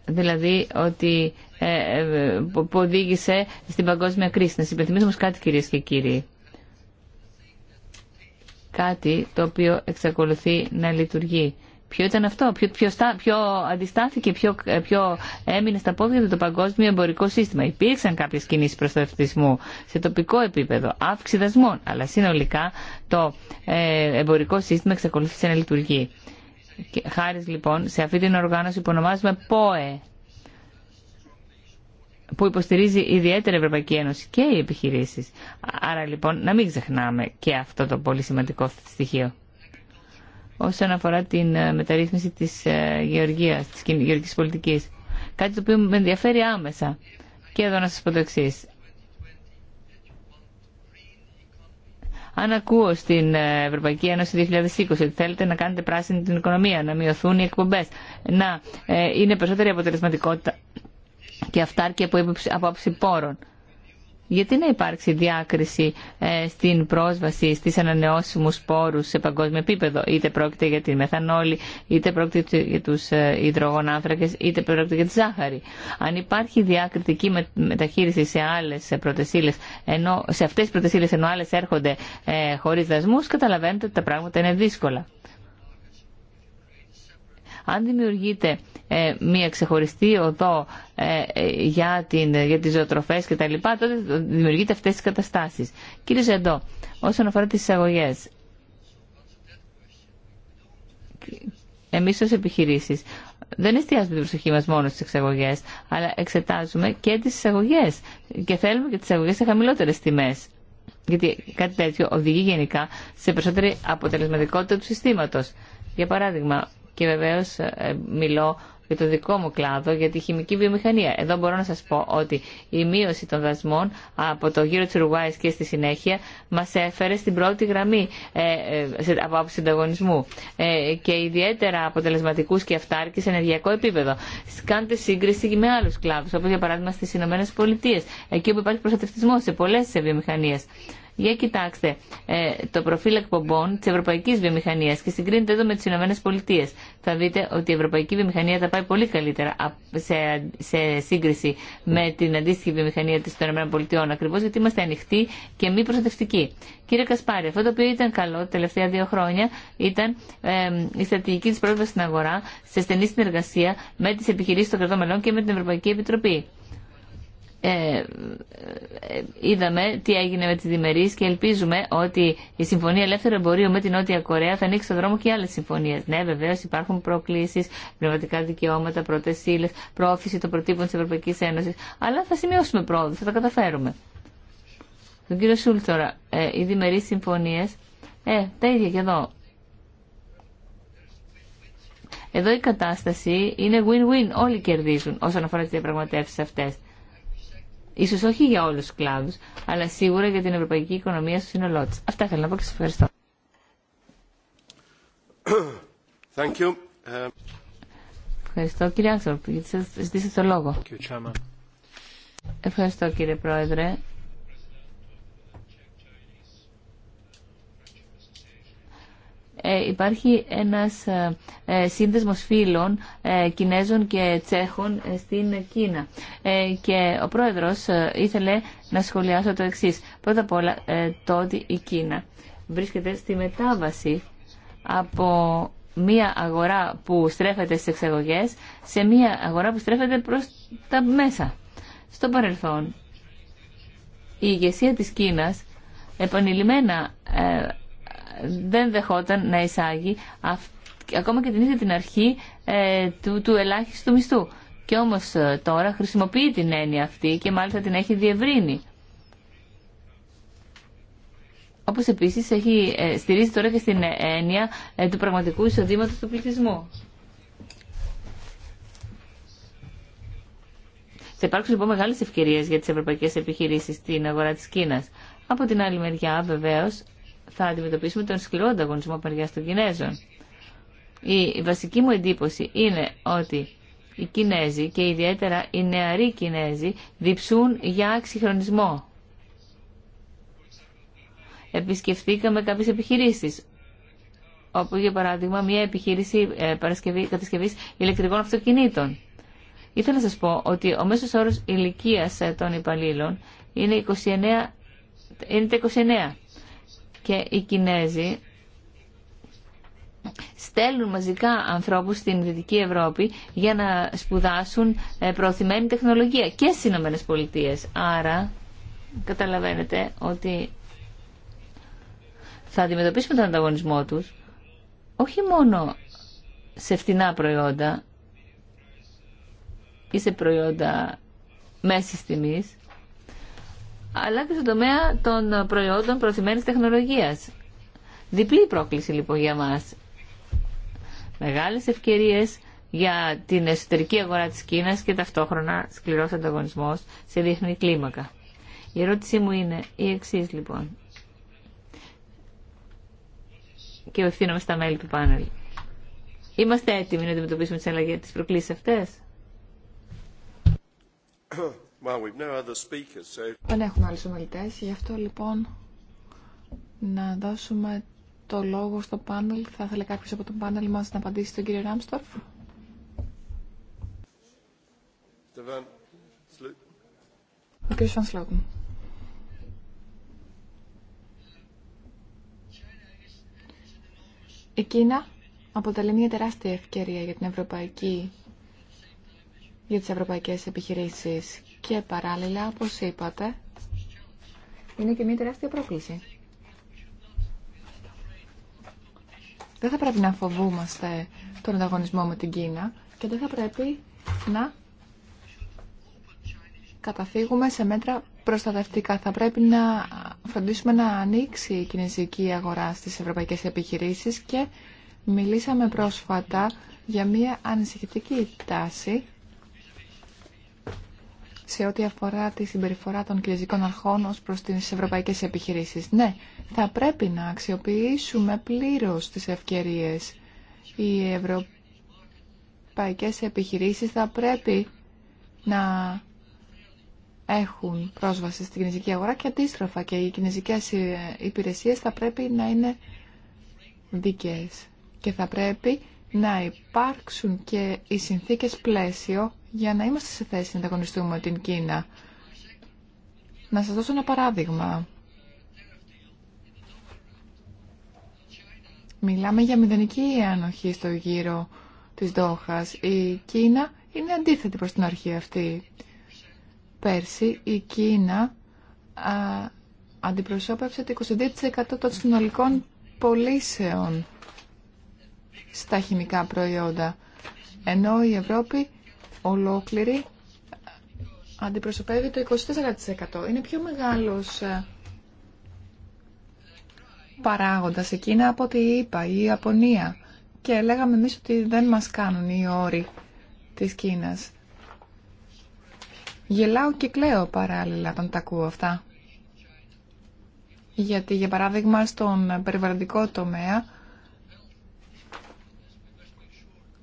Δηλαδή ότι ε, ε που οδήγησε στην παγκόσμια κρίση. Να συμπεθυμίσω όμως κάτι κυρίες και κύριοι. Κάτι το οποίο εξακολουθεί να λειτουργεί. Ποιο ήταν αυτό, ποιο, ποιο, ποιο αντιστάθηκε, ποιο, ποιο έμεινε στα πόδια του το παγκόσμιο εμπορικό σύστημα. Υπήρξαν κάποιε κινήσει προστατευτισμού σε τοπικό επίπεδο, αύξηση δασμών, αλλά συνολικά το ε, εμπορικό σύστημα εξακολουθήσε να λειτουργεί. Χάρη λοιπόν σε αυτή την οργάνωση που ονομάζουμε ΠΟΕ, που υποστηρίζει ιδιαίτερα η Ευρωπαϊκή Ένωση και οι επιχειρήσει. Άρα λοιπόν να μην ξεχνάμε και αυτό το πολύ σημαντικό στοιχείο όσον αφορά την ε, μεταρρύθμιση της ε, γεωργίας, της γεωργικής πολιτικής. Κάτι το οποίο με ενδιαφέρει άμεσα. Και εδώ να σας πω το εξή. Αν ακούω στην ε, Ευρωπαϊκή Ένωση 2020 ότι θέλετε να κάνετε πράσινη την οικονομία, να μειωθούν οι εκπομπές, να είναι περισσότερη αποτελεσματικότητα και αυτάρκεια από άποψη πόρων, γιατί να υπάρξει διάκριση ε, στην πρόσβαση στις ανανεώσιμους πόρους σε παγκόσμιο επίπεδο, είτε πρόκειται για τη μεθανόλη, είτε πρόκειται για τους ε, υδρογονάνθρακες, είτε πρόκειται για τη ζάχαρη. Αν υπάρχει διακριτική μεταχείριση σε άλλες πρωτεσίλες, ενώ σε αυτές τις πρωτεσίλες ενώ άλλες έρχονται ε, χωρίς δασμούς, καταλαβαίνετε ότι τα πράγματα είναι δύσκολα. Αν δημιουργείται ε, μία ξεχωριστή οδό ε, ε, για, την, για τις ζωοτροφές και τα λοιπά, τότε δημιουργείται αυτές τις καταστάσεις. Κύριε Ζεντό, όσον αφορά τις εισαγωγές, εμείς ως επιχειρήσεις δεν εστιάζουμε την προσοχή μας μόνο στις εξαγωγές, αλλά εξετάζουμε και τις εισαγωγές και θέλουμε και τις εισαγωγές σε χαμηλότερες τιμές. Γιατί κάτι τέτοιο οδηγεί γενικά σε περισσότερη αποτελεσματικότητα του συστήματος. Για παράδειγμα, και βεβαίω ε, μιλώ για το δικό μου κλάδο, για τη χημική βιομηχανία. Εδώ μπορώ να σα πω ότι η μείωση των δασμών από το γύρο τη Ουρουάης και στη συνέχεια μα έφερε στην πρώτη γραμμή ε, ε, από άποψη συνταγωνισμού και ιδιαίτερα αποτελεσματικού και αυτάρκη σε ενεργειακό επίπεδο. Κάντε σύγκριση και με άλλου κλάδου, όπω για παράδειγμα στι Ηνωμένες Πολιτείες, εκεί όπου υπάρχει προστατευτισμό σε πολλέ βιομηχανίε. Για κοιτάξτε ε, το προφίλ εκπομπών τη ευρωπαϊκή βιομηχανία και συγκρίνετε εδώ με τι Ηνωμένε Πολιτείε. Θα δείτε ότι η ευρωπαϊκή βιομηχανία θα πάει πολύ καλύτερα σε, σύγκριση με την αντίστοιχη βιομηχανία τη των ΗΠΑ. Ακριβώ γιατί είμαστε ανοιχτοί και μη προστατευτικοί. Κύριε Κασπάρη, αυτό το οποίο ήταν καλό τα τελευταία δύο χρόνια ήταν η στρατηγική τη πρόσβαση στην αγορά σε στενή συνεργασία με τι επιχειρήσει των κρατών μελών και με την Ευρωπαϊκή Επιτροπή. Ε, ε, είδαμε τι έγινε με τις διμερείς και ελπίζουμε ότι η Συμφωνία Ελεύθερου Εμπορίου με την Νότια Κορέα θα ανοίξει το δρόμο και άλλε συμφωνίε. Ναι, βεβαίω υπάρχουν προκλήσει, πνευματικά δικαιώματα, πρώτε ύλε, πρόφηση των προτύπων τη Ευρωπαϊκή Ένωση. αλλά θα σημειώσουμε πρόοδο, θα τα καταφέρουμε. Τον κύριο Σούλ τώρα, ε, οι διμερείς συμφωνίε ε, τα ίδια και εδώ. Εδώ η κατάσταση είναι win-win, όλοι κερδίζουν όσον αφορά τι διαπραγματεύσει αυτέ. Ίσως όχι για όλους τους κλάδους, αλλά σίγουρα για την ευρωπαϊκή οικονομία στο σύνολό τη. Αυτά θέλω να πω και σας ευχαριστώ. Ευχαριστώ κύριε Άξορπ γιατί σας ζητήσατε το λόγο. Ευχαριστώ κύριε Πρόεδρε. Ε, υπάρχει ένας ε, ε, σύνδεσμος φίλων Κινέζων και Τσέχων στην Κίνα. Και ο πρόεδρος ήθελε να σχολιάσω το εξής. Πρώτα απ' όλα το ότι η Κίνα βρίσκεται στη μετάβαση από μία αγορά που στρέφεται στις εξαγωγές σε μία αγορά που στρέφεται προς τα μέσα. Στο παρελθόν, η ηγεσία της Κίνας επανειλημμένα δεν δεχόταν να εισάγει ακόμα και την ίδια την αρχή ε, του, του ελάχιστου μισθού. Και όμως ε, τώρα χρησιμοποιεί την έννοια αυτή και μάλιστα την έχει διευρύνει. Όπως επίσης έχει ε, στηρίζει τώρα και στην έννοια του πραγματικού εισοδήματο του πληθυσμού. Θα υπάρξουν λοιπόν μεγάλε ευκαιρίε για τι ευρωπαϊκέ επιχειρήσει στην αγορά τη Κίνα. Από την άλλη μεριά, βεβαίω, θα αντιμετωπίσουμε τον σκληρό ανταγωνισμό παριά των Κινέζων. Η βασική μου εντύπωση είναι ότι οι Κινέζοι και ιδιαίτερα οι νεαροί Κινέζοι διψούν για αξιχρονισμό. Επισκεφθήκαμε κάποιες επιχειρήσεις, όπου για παράδειγμα μια επιχείρηση ε, παρασκευή, κατασκευής ηλεκτρικών αυτοκινήτων. Ήθελα να σας πω ότι ο μέσος όρος ηλικίας ε, των υπαλλήλων είναι, 29, 29 και οι Κινέζοι στέλνουν μαζικά ανθρώπους στην Δυτική Ευρώπη για να σπουδάσουν ε, προωθημένη τεχνολογία και στις Ηνωμένες Πολιτείες. Άρα καταλαβαίνετε ότι θα αντιμετωπίσουμε τον ανταγωνισμό τους όχι μόνο σε φτηνά προϊόντα ή σε προϊόντα μέσης τιμής αλλά και στον τομέα των προϊόντων προωθημένης τεχνολογίας. Διπλή πρόκληση λοιπόν για μας. Μεγάλες ευκαιρίες για την εσωτερική αγορά της Κίνας και ταυτόχρονα σκληρός ανταγωνισμός σε διεθνή κλίμακα. Η ερώτησή μου είναι η εξή λοιπόν. Και ευθύνομαι στα μέλη του πάνελ. Είμαστε έτοιμοι να αντιμετωπίσουμε τις, αλλαγές, τις προκλήσεις αυτές. Δεν έχουμε άλλους ομιλητές, γι' αυτό λοιπόν να δώσουμε το λόγο στο πάνελ. Θα ήθελε κάποιος από το πάνελ μας να απαντήσει στον κύριο Ράμστορφ. Ο κύριος Φανσλόγκου. Η Κίνα αποτελεί μια τεράστια ευκαιρία για την ευρωπαϊκή για τις ευρωπαϊκές επιχειρήσεις και παράλληλα, όπως είπατε, είναι και μια τεράστια πρόκληση. Δεν θα πρέπει να φοβούμαστε τον ανταγωνισμό με την Κίνα και δεν θα πρέπει να καταφύγουμε σε μέτρα προστατευτικά. Θα πρέπει να φροντίσουμε να ανοίξει η κινέζικη αγορά στις ευρωπαϊκές επιχειρήσεις και μιλήσαμε πρόσφατα για μια ανησυχητική τάση σε ό,τι αφορά τη συμπεριφορά των κινέζικων αρχών ως προς τις ευρωπαϊκές επιχειρήσεις. Ναι, θα πρέπει να αξιοποιήσουμε πλήρως τις ευκαιρίες. Οι ευρωπαϊκές επιχειρήσεις θα πρέπει να έχουν πρόσβαση στην κινέζικη αγορά και αντίστροφα και οι κινέζικες υπηρεσίες θα πρέπει να είναι δικές και θα πρέπει να υπάρξουν και οι συνθήκες πλαίσιο για να είμαστε σε θέση να ανταγωνιστούμε την Κίνα. Να σας δώσω ένα παράδειγμα. Μιλάμε για μηδενική ανοχή στο γύρο της Δόχας. Η Κίνα είναι αντίθετη προς την αρχή αυτή. Πέρσι η Κίνα α, αντιπροσώπευσε το 22% των συνολικών πωλήσεων στα χημικά προϊόντα, ενώ η Ευρώπη ολόκληρη αντιπροσωπεύει το 24%. Είναι πιο μεγάλος ε, παράγοντας εκείνα από ό,τι είπα, η Ιαπωνία. Και λέγαμε εμείς ότι δεν μας κάνουν οι όροι της Κίνας. Γελάω και κλαίω παράλληλα όταν τα ακούω αυτά. Γιατί, για παράδειγμα, στον περιβαλλοντικό τομέα,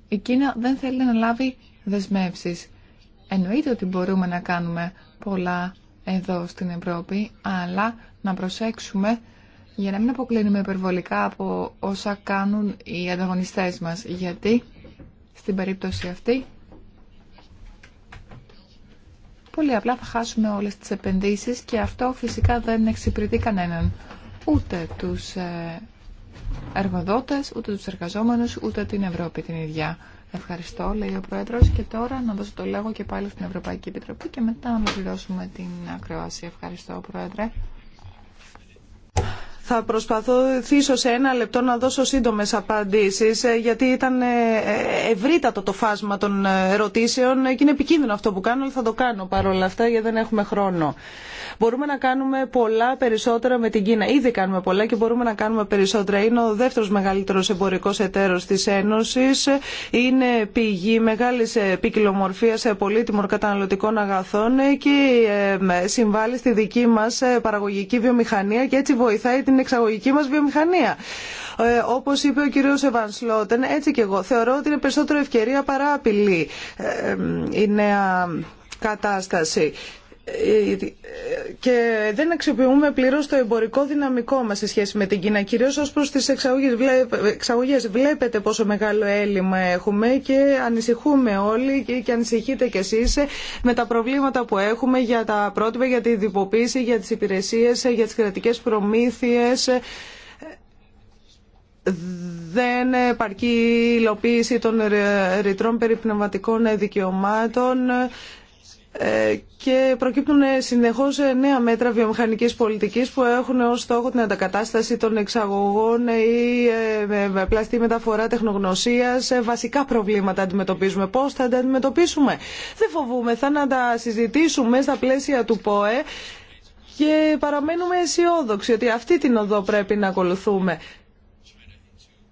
η Κίνα δεν θέλει να λάβει δεσμεύσεις. Εννοείται ότι μπορούμε να κάνουμε πολλά εδώ στην Ευρώπη, αλλά να προσέξουμε για να μην αποκλίνουμε υπερβολικά από όσα κάνουν οι ανταγωνιστές μας. Γιατί στην περίπτωση αυτή πολύ απλά θα χάσουμε όλες τις επενδύσεις και αυτό φυσικά δεν εξυπηρετεί κανέναν. Ούτε τους ε, εργοδότες, ούτε τους εργαζόμενους, ούτε την Ευρώπη την ίδια. Ευχαριστώ, λέει ο Πρόεδρο, Και τώρα να δώσω το λόγο και πάλι στην Ευρωπαϊκή Επιτροπή και μετά να ολοκληρώσουμε την ακρόαση. Ευχαριστώ, Πρόεδρε. Θα προσπαθήσω σε ένα λεπτό να δώσω σύντομες απαντήσεις ε, γιατί ήταν ε, ε, ευρύτατο το φάσμα των ερωτήσεων και είναι επικίνδυνο αυτό που κάνω αλλά θα το κάνω παρόλα αυτά γιατί δεν έχουμε χρόνο. Μπορούμε να κάνουμε πολλά περισσότερα με την Κίνα. Ήδη κάνουμε πολλά και μπορούμε να κάνουμε περισσότερα. Είναι ο δεύτερο μεγαλύτερο εμπορικό εταίρο τη Ένωση. Είναι πηγή μεγάλης σε πολύτιμων καταναλωτικών αγαθών και συμβάλλει στη δική μα παραγωγική βιομηχανία και έτσι βοηθάει την την εξαγωγική μας βιομηχανία. Ε, όπως είπε ο κύριος Εβαν Σλότεν, έτσι και εγώ θεωρώ ότι είναι περισσότερο ευκαιρία παρά απειλή ε, ε, η νέα κατάσταση και δεν αξιοποιούμε πλήρως το εμπορικό δυναμικό μας σε σχέση με την Κίνα, κυρίως ως προς τις εξαγωγές. Βλέπετε πόσο μεγάλο έλλειμμα έχουμε και ανησυχούμε όλοι και ανησυχείτε κι εσείς με τα προβλήματα που έχουμε για τα πρότυπα, για τη διποποίηση, για τις υπηρεσίες, για τις κρατικές προμήθειες δεν επαρκεί η υλοποίηση των ρητρών περιπνευματικών δικαιωμάτων ε, και προκύπτουν ε, συνεχώς ε, νέα μέτρα βιομηχανικής πολιτικής που έχουν ως στόχο την αντακατάσταση των εξαγωγών ή πλαστή μεταφορά τεχνογνωσίας. Βασικά προβλήματα αντιμετωπίζουμε. Πώς θα τα αντιμετωπίσουμε. Δεν φοβούμε, θα να τα συζητήσουμε στα πλαίσια του ΠΟΕ και παραμένουμε αισιόδοξοι ότι αυτή την οδό πρέπει να ακολουθούμε.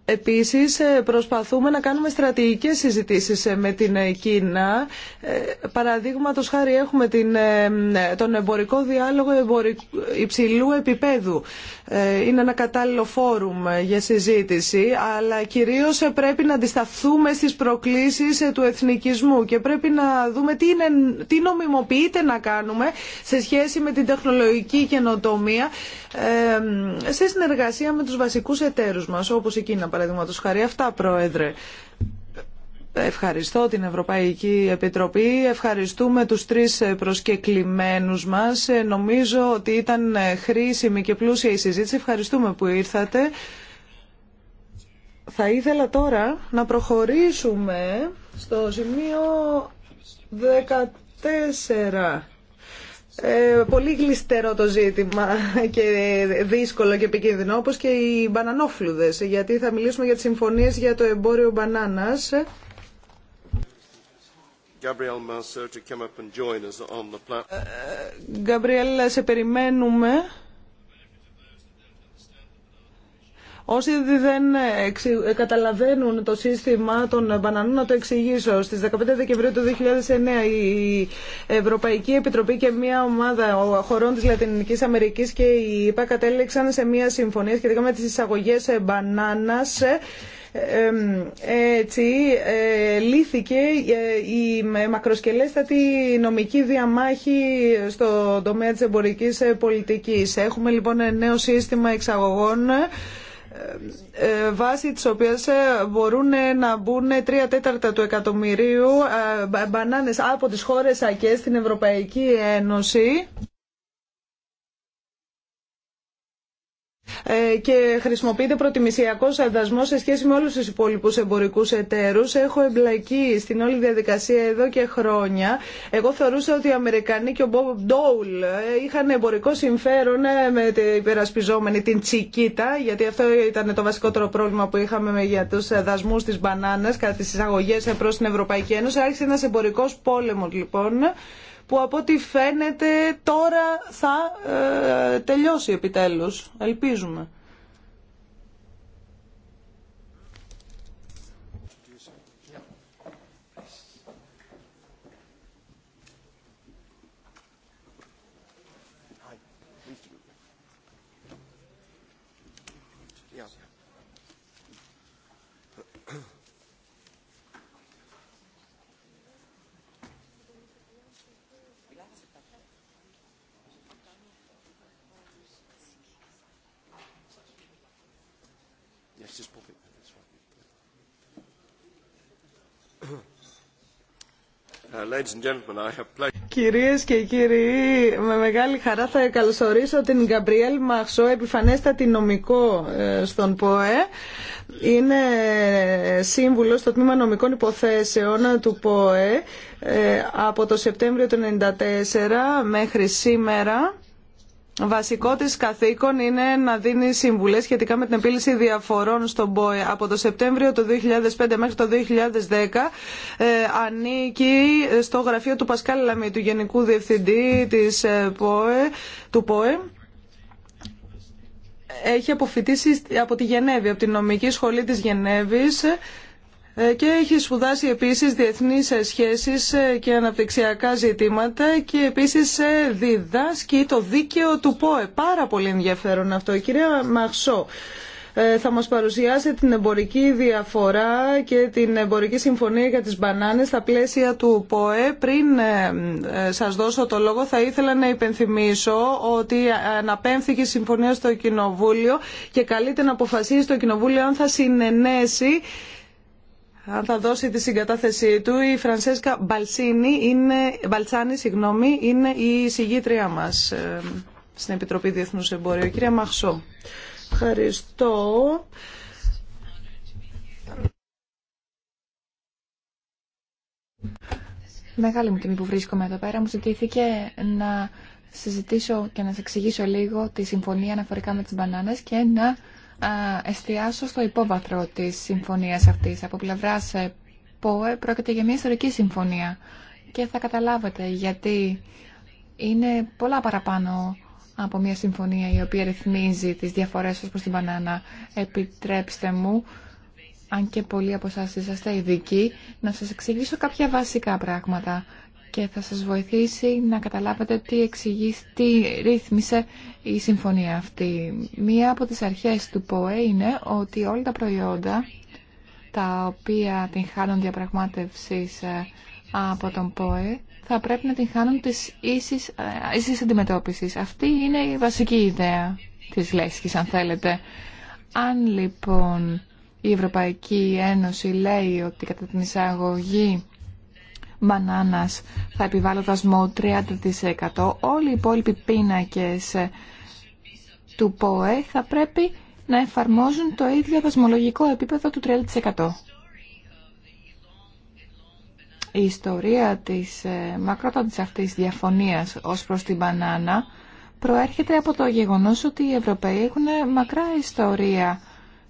Επίσης ε, προσπαθούμε να κάνουμε στρατηγικές συζητήσεις ε, με την ε, Κίνα. Παραδείγματος χάρη έχουμε την, τον εμπορικό διάλογο υψηλού επίπεδου. Είναι ένα κατάλληλο φόρουμ για συζήτηση, αλλά κυρίως πρέπει να αντισταθούμε στις προκλήσεις του εθνικισμού και πρέπει να δούμε τι, είναι, τι νομιμοποιείται να κάνουμε σε σχέση με την τεχνολογική καινοτομία σε συνεργασία με τους βασικούς εταίρους μας, όπως η Κίνα παραδείγματο χάρη. Αυτά, Πρόεδρε. Ευχαριστώ την Ευρωπαϊκή Επιτροπή, ευχαριστούμε τους τρεις προσκεκλημένους μας. Νομίζω ότι ήταν χρήσιμη και πλούσια η συζήτηση. Ευχαριστούμε που ήρθατε. Θα ήθελα τώρα να προχωρήσουμε στο σημείο 14 ε, πολύ γλιστερό το ζήτημα και δύσκολο και επικίνδυνο όπως και οι μπανανόφλουδες γιατί θα μιλήσουμε για τις συμφωνίες για το εμπόριο μπανάνας Γκαμπριέλ, ε, ε, σε περιμένουμε. Όσοι δεν καταλαβαίνουν το σύστημα των μπανανών, να το εξηγήσω. Στις 15 Δεκεμβρίου του 2009 η Ευρωπαϊκή Επιτροπή και μια ομάδα χωρών της Λατινικής Αμερικής και η ΕΠΑ κατέληξαν σε μια συμφωνία σχετικά με τις εισαγωγές μπανάνας έτσι ε, λύθηκε ε, η μακροσκελέστατη νομική διαμάχη στο τομέα της εμπορικής ε, πολιτικής. Έχουμε λοιπόν νέο σύστημα εξαγωγών ε, βάσει τη οποία ε, μπορούν ε, να μπουν 3 τέταρτα του εκατομμυρίου μπανάνες από τις χώρες ΑΚΕ στην Ευρωπαϊκή Ένωση. Ε, και χρησιμοποιείται προτιμησιακό αντασμό σε σχέση με όλου του υπόλοιπου εμπορικού εταίρου. Έχω εμπλακεί στην όλη διαδικασία εδώ και χρόνια. Εγώ θεωρούσα ότι οι Αμερικανοί και ο Μπομπ Ντόουλ ε, είχαν εμπορικό συμφέρον ε, με την υπερασπιζόμενη την Τσικίτα, γιατί αυτό ήταν το βασικότερο πρόβλημα που είχαμε για του δασμού τη μπανάνα κατά τι εισαγωγέ προ την Ευρωπαϊκή Ένωση. Άρχισε ένα εμπορικό πόλεμο λοιπόν που από ό,τι φαίνεται τώρα θα ε, τελειώσει επιτέλους. Ελπίζουμε. Uh, Κυρίες και κύριοι, με μεγάλη χαρά θα καλωσορίσω την Γκαμπριέλ Μαχσό, επιφανέστατη νομικό ε, στον ΠΟΕ. Είναι ε, σύμβουλος στο Τμήμα Νομικών Υποθέσεων του ΠΟΕ ε, από το Σεπτέμβριο του 1994 μέχρι σήμερα. Βασικό τη καθήκον είναι να δίνει συμβουλέ σχετικά με την επίλυση διαφορών στον ΠΟΕ. Από το Σεπτέμβριο του 2005 μέχρι το 2010 ε, ανήκει στο γραφείο του Πασκάλ Λαμή, του Γενικού Διευθυντή της, ε, ΠΟΕ, του ΠΟΕ έχει αποφοιτήσει από τη Γενέβη, από την νομική σχολή της Γενέβης ε, και έχει σπουδάσει επίσης διεθνείς σχέσεις ε, και αναπτυξιακά ζητήματα και επίσης ε, διδάσκει το δίκαιο του ΠΟΕ. Πάρα πολύ ενδιαφέρον αυτό. Η κυρία Μαχσό θα μας παρουσιάσει την εμπορική διαφορά και την εμπορική συμφωνία για τις μπανάνες στα πλαίσια του ΠΟΕ. Πριν σας δώσω το λόγο θα ήθελα να υπενθυμίσω ότι αναπέμφθηκε η συμφωνία στο Κοινοβούλιο και καλείται να αποφασίσει το Κοινοβούλιο αν θα συνενέσει αν θα δώσει τη συγκατάθεσή του, η Φρανσέσκα Μπαλσίνη είναι, Μπαλτσάνη συγγνώμη, είναι η συγγήτριά μας ε, στην Επιτροπή Διεθνούς Εμπορίου. Κυρία Μαχσό, ευχαριστώ. Μεγάλη μου τιμή που βρίσκομαι εδώ πέρα. Μου ζητήθηκε να συζητήσω και να σας εξηγήσω λίγο τη συμφωνία αναφορικά με τις μπανάνες και να εστιάσω στο υπόβαθρο της συμφωνίας αυτής. Από πλευράς ε, ΠΟΕ πρόκειται για μια ιστορική συμφωνία και θα καταλάβετε γιατί είναι πολλά παραπάνω από μια συμφωνία η οποία ρυθμίζει τις διαφορές ως προς την μπανάνα. Επιτρέψτε μου, αν και πολλοί από εσάς είσαστε ειδικοί, να σας εξηγήσω κάποια βασικά πράγματα και θα σας βοηθήσει να καταλάβετε τι εξηγεί, τι ρύθμισε η συμφωνία αυτή. Μία από τις αρχές του ΠΟΕ είναι ότι όλα τα προϊόντα τα οποία την χάνουν διαπραγμάτευσης ε, από τον ΠΟΕ θα πρέπει να την χάνουν της ίσης, ε, ίσης αντιμετώπισης. Αυτή είναι η βασική ιδέα της λέσχης, αν θέλετε. Αν λοιπόν η Ευρωπαϊκή Ένωση λέει ότι κατά την εισαγωγή μπανάνας θα επιβάλλω δασμό 30%. Όλοι οι υπόλοιποι πίνακες ε, του ΠΟΕ θα πρέπει να εφαρμόζουν το ίδιο δασμολογικό επίπεδο του 30%. Η ιστορία της ε, μακρότατης αυτής διαφωνίας ως προς την μπανάνα προέρχεται από το γεγονός ότι οι Ευρωπαίοι έχουν μακρά ιστορία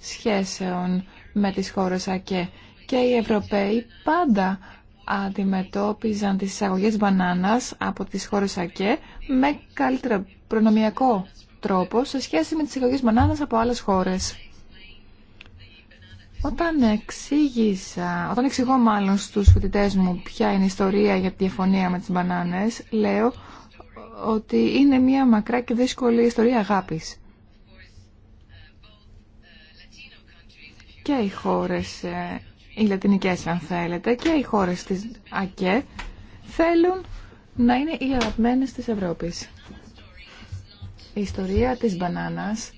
σχέσεων με τις χώρες ΑΚΕ και οι Ευρωπαίοι πάντα αντιμετώπιζαν τις εισαγωγές μπανάνας από τις χώρες ΑΚΕ με καλύτερο προνομιακό τρόπο σε σχέση με τις εισαγωγές μπανάνας από άλλες χώρες. Όταν εξήγησα, όταν εξηγώ μάλλον στους φοιτητέ μου ποια είναι η ιστορία για τη διαφωνία με τις μπανάνες, λέω ότι είναι μια μακρά και δύσκολη ιστορία αγάπης. Και οι χώρες ε, οι λατινικές αν θέλετε, και οι χώρες της ΑΚΕ θέλουν να είναι οι αγαπημένες της Ευρώπης. Η ιστορία της μπανάνας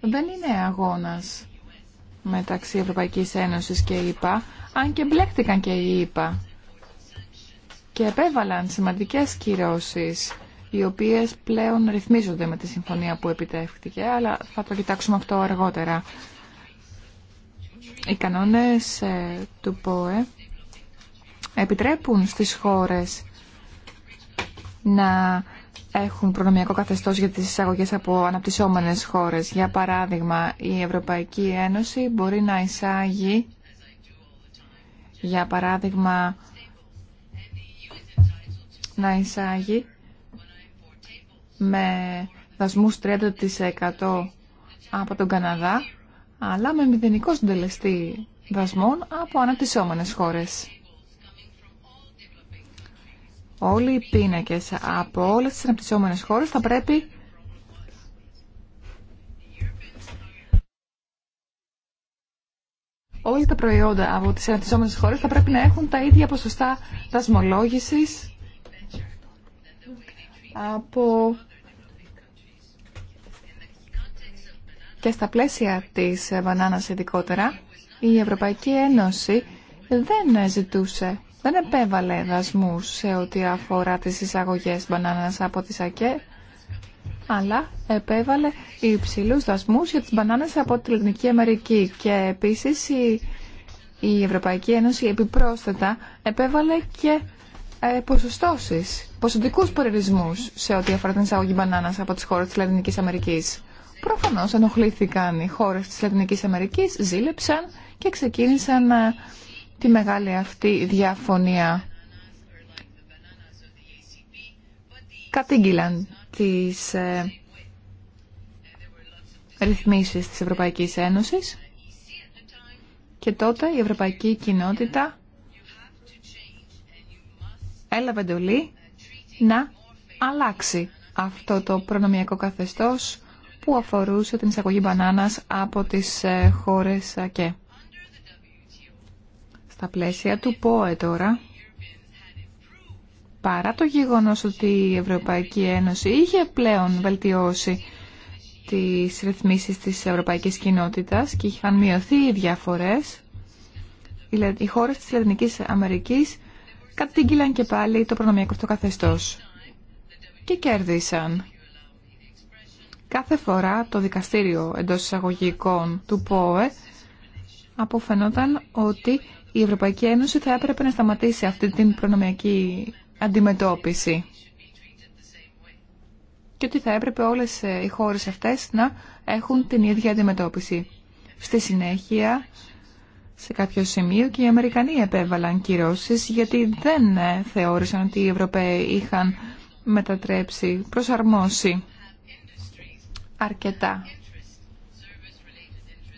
δεν είναι αγώνας μεταξύ Ευρωπαϊκής Ένωσης και ΕΠΑ, αν και μπλέχτηκαν και οι ΕΠΑ και επέβαλαν σημαντικές κυρώσεις οι οποίες πλέον ρυθμίζονται με τη συμφωνία που επιτεύχθηκε, αλλά θα το κοιτάξουμε αυτό αργότερα. Οι κανόνες ε, του ΠΟΕ επιτρέπουν στις χώρες να έχουν προνομιακό καθεστώς για τις εισαγωγές από αναπτυσσόμενες χώρες. Για παράδειγμα, η Ευρωπαϊκή Ένωση μπορεί να εισάγει, για παράδειγμα, να εισάγει με δασμούς 30% από τον Καναδά αλλά με μηδενικό συντελεστή δασμών από αναπτυσσόμενες χώρες. Όλοι οι πίνακες από όλες τις αναπτυσσόμενες χώρες θα πρέπει Όλοι τα προϊόντα από τις αναπτυσσόμενες χώρες θα πρέπει να έχουν τα ίδια ποσοστά δασμολόγησης από Και στα πλαίσια της μπανάνας ειδικότερα, η Ευρωπαϊκή Ένωση δεν ζητούσε, δεν επέβαλε δασμού σε ό,τι αφορά τις εισαγωγές μπανάνας από τη ΣΑΚΕ, αλλά επέβαλε υψηλούς δασμούς για τις μπανάνες από τη Λατινική Αμερική και επίσης η, Ευρωπαϊκή Ένωση επιπρόσθετα επέβαλε και ε, ποσοστώσεις, ποσοτικούς περιορισμούς σε ό,τι αφορά την εισαγωγή μπανάνας από τις χώρες της Λατινικής Αμερικής. Προφανώ ενοχλήθηκαν οι χώρε της Λατινική Αμερική, ζήλεψαν και ξεκίνησαν ε, τη μεγάλη αυτή διαφωνία. Κατήγγυλαν τις ε, ρυθμίσει της Ευρωπαϊκής Ένωσης και τότε η Ευρωπαϊκή Κοινότητα έλαβε εντολή να αλλάξει αυτό το προνομιακό καθεστώς που αφορούσε την εισαγωγή μπανάνας από τις ε, χώρες ΑΚΕ. Στα πλαίσια του ΠΟΕ τώρα, παρά το γεγονός ότι η Ευρωπαϊκή Ένωση είχε πλέον βελτιώσει τις ρυθμίσεις της Ευρωπαϊκής Κοινότητας και είχαν μειωθεί οι διαφορές, οι χώρες της Λατινικής Αμερικής κατήγγυλαν και πάλι το προνομιακό αυτό καθεστώς και κέρδισαν. Κάθε φορά το δικαστήριο εντός εισαγωγικών του ΠΟΕ αποφαινόταν ότι η Ευρωπαϊκή Ένωση θα έπρεπε να σταματήσει αυτή την προνομιακή αντιμετώπιση και ότι θα έπρεπε όλες ε, οι χώρες αυτές να έχουν την ίδια αντιμετώπιση. Στη συνέχεια, σε κάποιο σημείο και οι Αμερικανοί επέβαλαν κυρώσεις γιατί δεν ε, θεώρησαν ότι οι Ευρωπαίοι είχαν μετατρέψει, προσαρμόσει αρκετά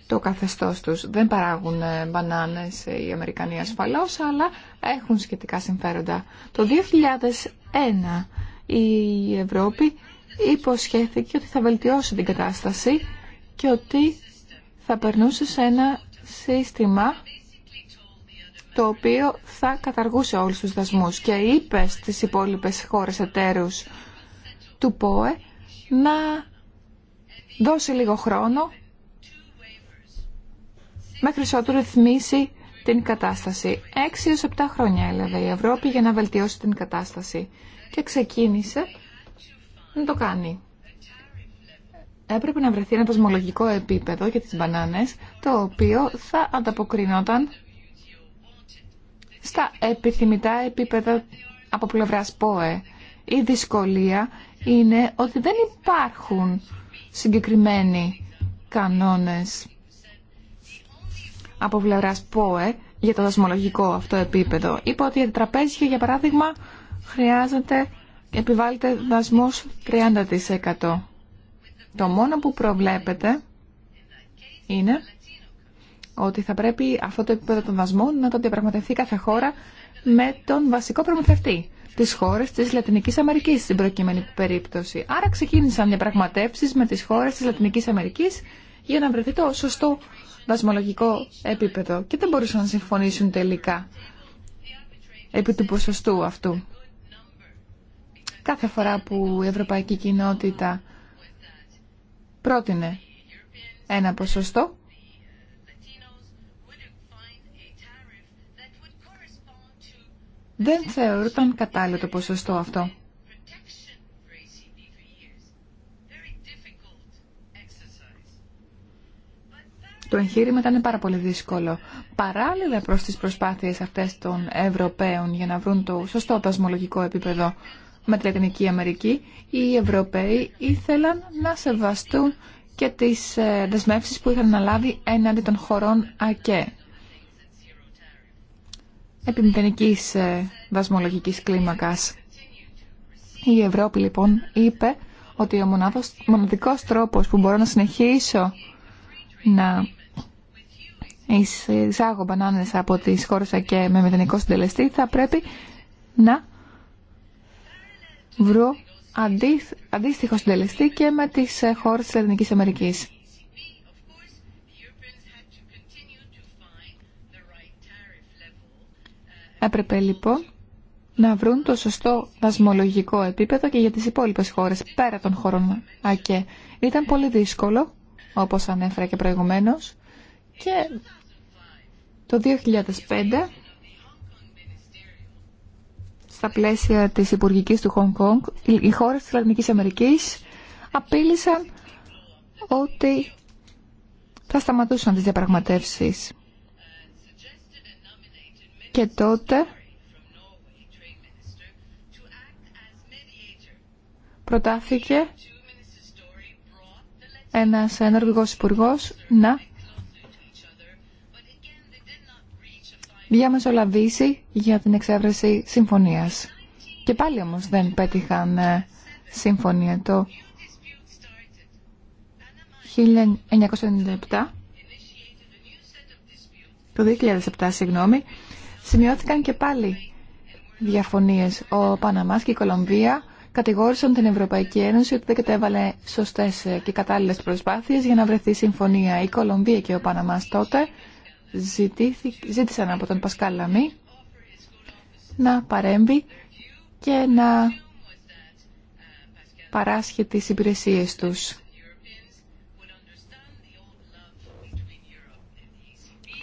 το καθεστώς τους. Δεν παράγουν ε, μπανάνες οι Αμερικανοί ασφαλώς, αλλά έχουν σχετικά συμφέροντα. Το 2001 η Ευρώπη υποσχέθηκε ότι θα βελτιώσει την κατάσταση και ότι θα περνούσε σε ένα σύστημα το οποίο θα καταργούσε όλους τους δασμούς και είπε στις υπόλοιπες χώρες εταίρους του ΠΟΕ να δώσει λίγο χρόνο μέχρι ότου ρυθμίσει την κατάσταση. Έξι έως επτά χρόνια έλαβε η Ευρώπη για να βελτιώσει την κατάσταση και ξεκίνησε να το κάνει. Έπρεπε να βρεθεί ένα δοσμολογικό επίπεδο για τις μπανάνες, το οποίο θα ανταποκρινόταν στα επιθυμητά επίπεδα από πλευράς ΠΟΕ. Η δυσκολία είναι ότι δεν υπάρχουν συγκεκριμένοι κανόνες από ΠΟΕ για το δασμολογικό αυτό επίπεδο. Είπα ότι για τραπέζια, για παράδειγμα, χρειάζεται, επιβάλλεται δασμός 30%. Το μόνο που προβλέπεται είναι ότι θα πρέπει αυτό το επίπεδο των δασμών να το διαπραγματευτεί κάθε χώρα με τον βασικό προμηθευτή τις χώρες της Λατινικής Αμερικής στην προκειμένη περίπτωση. Άρα ξεκίνησαν διαπραγματεύσεις με τις χώρες της Λατινικής Αμερικής για να βρεθεί το σωστό δασμολογικό επίπεδο και δεν μπορούσαν να συμφωνήσουν τελικά επί του ποσοστού αυτού. Κάθε φορά που η Ευρωπαϊκή Κοινότητα πρότεινε ένα ποσοστό, δεν θεωρούνταν κατάλληλο το ποσοστό αυτό. Το εγχείρημα ήταν πάρα πολύ δύσκολο. Παράλληλα προς τις προσπάθειες αυτές των Ευρωπαίων για να βρουν το σωστό τασμολογικό επίπεδο με τη Λατινική Αμερική, οι Ευρωπαίοι ήθελαν να σεβαστούν και τις ε, δεσμεύσεις που είχαν αναλάβει έναντι των χωρών ΑΚΕ επιμηδενικής ε, δασμολογικής κλίμακας. Η Ευρώπη λοιπόν είπε ότι ο μοναδικός, μοναδικός τρόπος που μπορώ να συνεχίσω να εισάγω μπανάνες από τις χώρες και με μηδενικό συντελεστή θα πρέπει να βρω αντίστοιχο συντελεστή και με τις ε, χώρες της Αμερικής. Έπρεπε λοιπόν να βρουν το σωστό δασμολογικό επίπεδο και για τις υπόλοιπες χώρες πέρα των χωρών ΑΚΕ. Ήταν πολύ δύσκολο, όπως ανέφερα και προηγουμένως, και το 2005 στα πλαίσια της Υπουργικής του Χονγκ Κόνγκ οι χώρες της Λατινικής Αμερικής απείλησαν ότι θα σταματούσαν τις διαπραγματεύσεις και τότε προτάθηκε ένας ενεργός υπουργό να διαμεσολαβήσει για την εξέβρεση συμφωνίας. Και πάλι όμως δεν πέτυχαν ε, συμφωνία το 1997, το 2007 συγγνώμη, σημειώθηκαν και πάλι διαφωνίες. Ο Παναμάς και η Κολομβία κατηγόρησαν την Ευρωπαϊκή Ένωση ότι δεν κατέβαλε σωστές και κατάλληλες προσπάθειες για να βρεθεί συμφωνία. Η Κολομβία και ο Παναμάς τότε ζήτησαν από τον Πασκάλ Λαμή να παρέμβει και να παράσχει τις υπηρεσίες τους.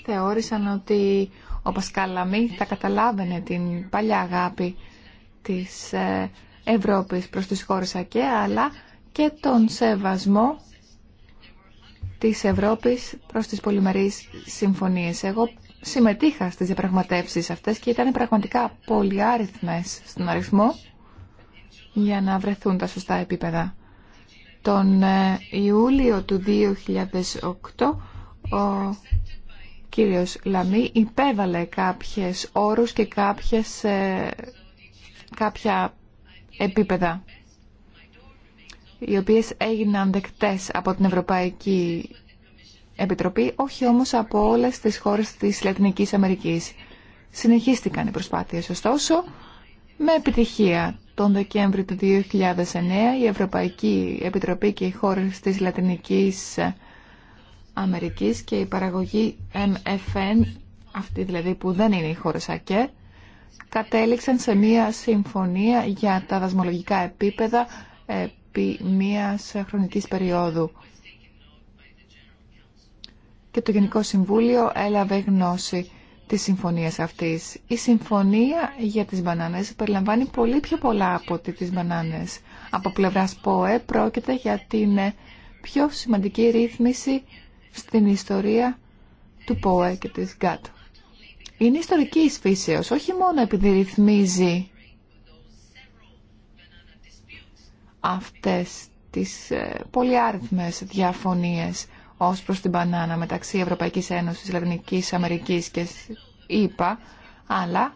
Θεώρησαν ότι ο Πασκάλαμι θα καταλάβαινε την παλιά αγάπη της ε, Ευρώπης προς τις χώρες ΑΚΕ, αλλά και τον σεβασμό της Ευρώπης προς τις πολυμερείς συμφωνίες. Εγώ συμμετείχα στις διαπραγματεύσεις αυτές και ήταν πραγματικά πολυάριθμες στον αριθμό για να βρεθούν τα σωστά επίπεδα. Τον ε, Ιούλιο του 2008 ο κύριος Λαμή υπέβαλε κάποιες όρους και κάποιες, ε, κάποια επίπεδα οι οποίες έγιναν δεκτές από την Ευρωπαϊκή Επιτροπή, όχι όμως από όλες τις χώρες της Λατινικής Αμερικής. Συνεχίστηκαν οι προσπάθειες, ωστόσο, με επιτυχία. Τον Δεκέμβρη του 2009 η Ευρωπαϊκή Επιτροπή και οι χώρες της Λατινικής Αμερικής Αμερικής και η παραγωγή MFN, αυτή δηλαδή που δεν είναι η χώρα ΣΑΚΕ, κατέληξαν σε μία συμφωνία για τα δασμολογικά επίπεδα επί μίας χρονικής περίοδου. Και το Γενικό Συμβούλιο έλαβε γνώση της συμφωνίας αυτής. Η συμφωνία για τις μπανάνες περιλαμβάνει πολύ πιο πολλά από τις μπανάνες. Από πλευράς ΠΟΕ πρόκειται για την πιο σημαντική ρύθμιση στην ιστορία του ΠΟΕ και της ΓΚΑΤ. Είναι ιστορική φύσεως, όχι μόνο επειδή ρυθμίζει αυτές τις ε, πολυάριθμες διαφωνίες ως προς την μπανάνα μεταξύ Ευρωπαϊκής Ένωσης, Λατινικής Αμερικής και ΗΠΑ, αλλά